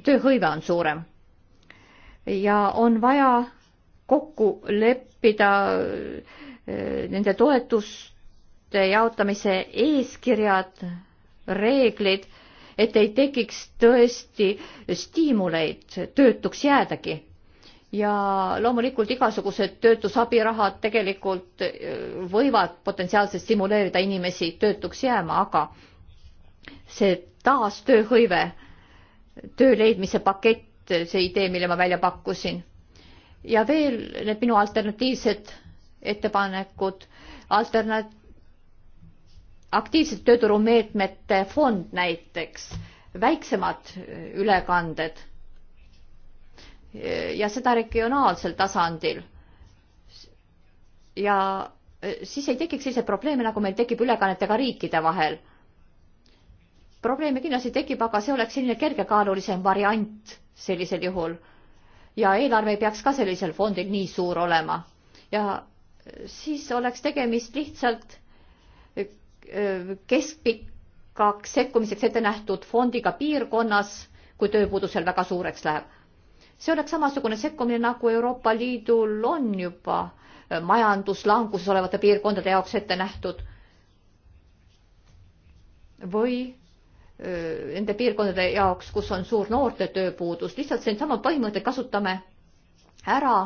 tööhõive on suurem. ja on vaja kokku leppida nende toetust jaotamise eeskirjad, reeglid, et ei tekiks tõesti stiimuleid töötuks jäädagi. ja loomulikult igasugused töötusabirahad tegelikult äh, võivad potentsiaalselt stimuleerida inimesi töötuks jääma, aga see taastööhõive, töö leidmise pakett, see idee, mille ma välja pakkusin. ja veel need minu alternatiivsed ettepanekud alternat-, aktiivsete tööturumeetmete fond näiteks, väiksemad ülekanded eh, ja seda regionaalsel tasandil. ja eh, siis ei tekiks selliseid probleeme, nagu meil tekib ülekannetega riikide vahel. probleeme kindlasti tekib, aga see oleks selline kergekaalulisem variant sellisel juhul. ja eelarve ei peaks ka sellisel fondil nii suur olema. ja eh, siis oleks tegemist lihtsalt Äh, keskpikaks sekkumiseks ette nähtud fondiga piirkonnas, kui tööpuudusel väga suureks läheb. see oleks samasugune sekkumine, nagu Euroopa Liidul on juba äh, majanduslanguses olevate piirkondade jaoks ette nähtud. või öö, äh, nende piirkondade jaoks, kus on suur noorte tööpuudus, lihtsalt seesama põhimõte kasutame ära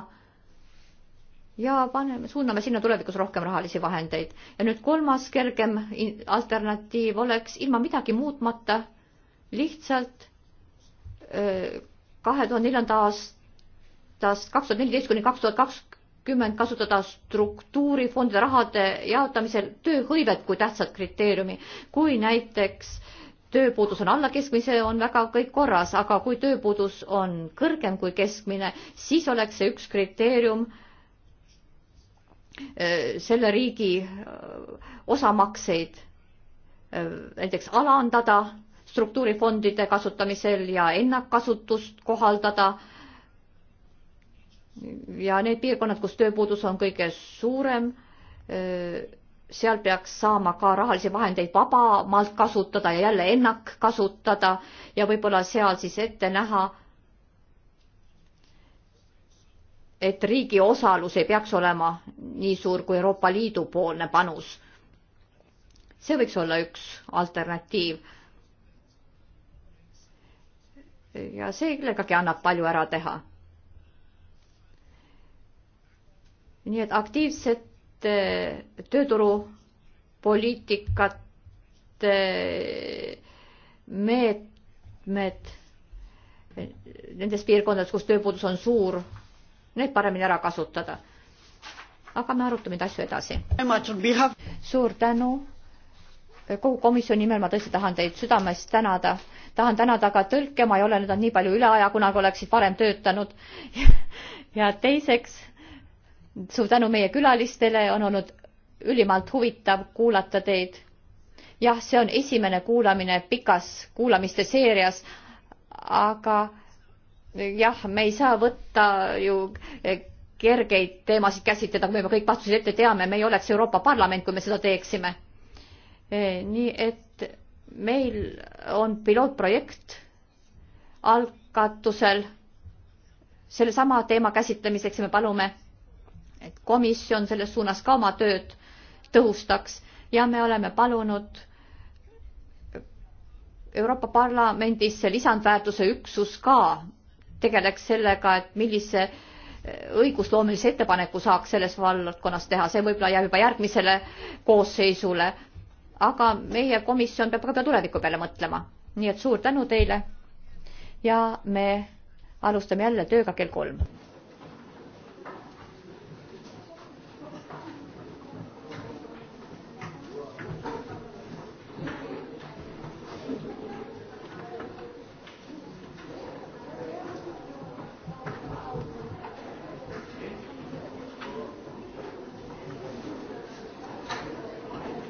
ja paneme, suuname sinna tulevikus rohkem rahalisi vahendeid. ja nüüd kolmas kergem alternatiiv oleks ilma midagi muutmata lihtsalt äh, kahe tuhande neljanda aastast kaks tuhat neliteist kuni kaks tuhat kakskümmend kasutada struktuurifondide rahade jaotamisel tööhõivet kui tähtsat kriteeriumi, kui näiteks tööpuudus on alla keskmise, on väga kõik korras, aga kui tööpuudus on kõrgem kui keskmine, siis oleks see üks kriteerium äh, Äh, selle riigi äh, osamakseid äh, näiteks alandada struktuurifondide kasutamisel ja ennakkasutust kohaldada. ja need piirkonnad, kus tööpuudus on kõige suurem, seal peaks saama ka rahalisi vahendeid vabamalt kasutada ja jälle ennakkasutada ja võib-olla seal siis ette näha et riigi osalus ei peaks olema nii suur kui Euroopa Liidu poolne panus. see võiks olla üks alternatiiv. ja sellegagi annab palju ära teha. nii et aktiivset eh, tööturupoliitikate eh, meetmed nendes piirkondades, kus tööpuudus on suur need paremini ära kasutada. aga me arutame neid asju edasi. suur tänu. kogu komisjoni nimel ma tõesti tahan teid südamest tänada. tahan tänada ka tõlke, ma ei ole nüüd nii palju üle aja, kunagi oleksid varem töötanud. ja teiseks suur tänu meie külalistele, on olnud ülimalt huvitav kuulata teid. jah, see on esimene kuulamine pikas kuulamiste seerias, aga jah, me ei saa võtta ju eh, kergeid teemasid käsitleda, kui me juba kõik vastused ette teame, me ei oleks Euroopa Parlament, kui me seda teeksime. Eh, nii et meil on pilootprojekt algatusel sellesama teema käsitlemiseks ja me palume, et komisjon selles suunas ka oma tööd tõhustaks ja me oleme palunud Euroopa Parlamendis see lisandväärtuse üksus ka tegeleks sellega, et millise eh, õigusloomelise ettepaneku saaks selles valdkonnas teha, see võib-olla jääb juba järgmisele koosseisule. aga meie komisjon peab ka tuleviku peale mõtlema, nii et suur tänu teile. ja me alustame jälle tööga kell kolm.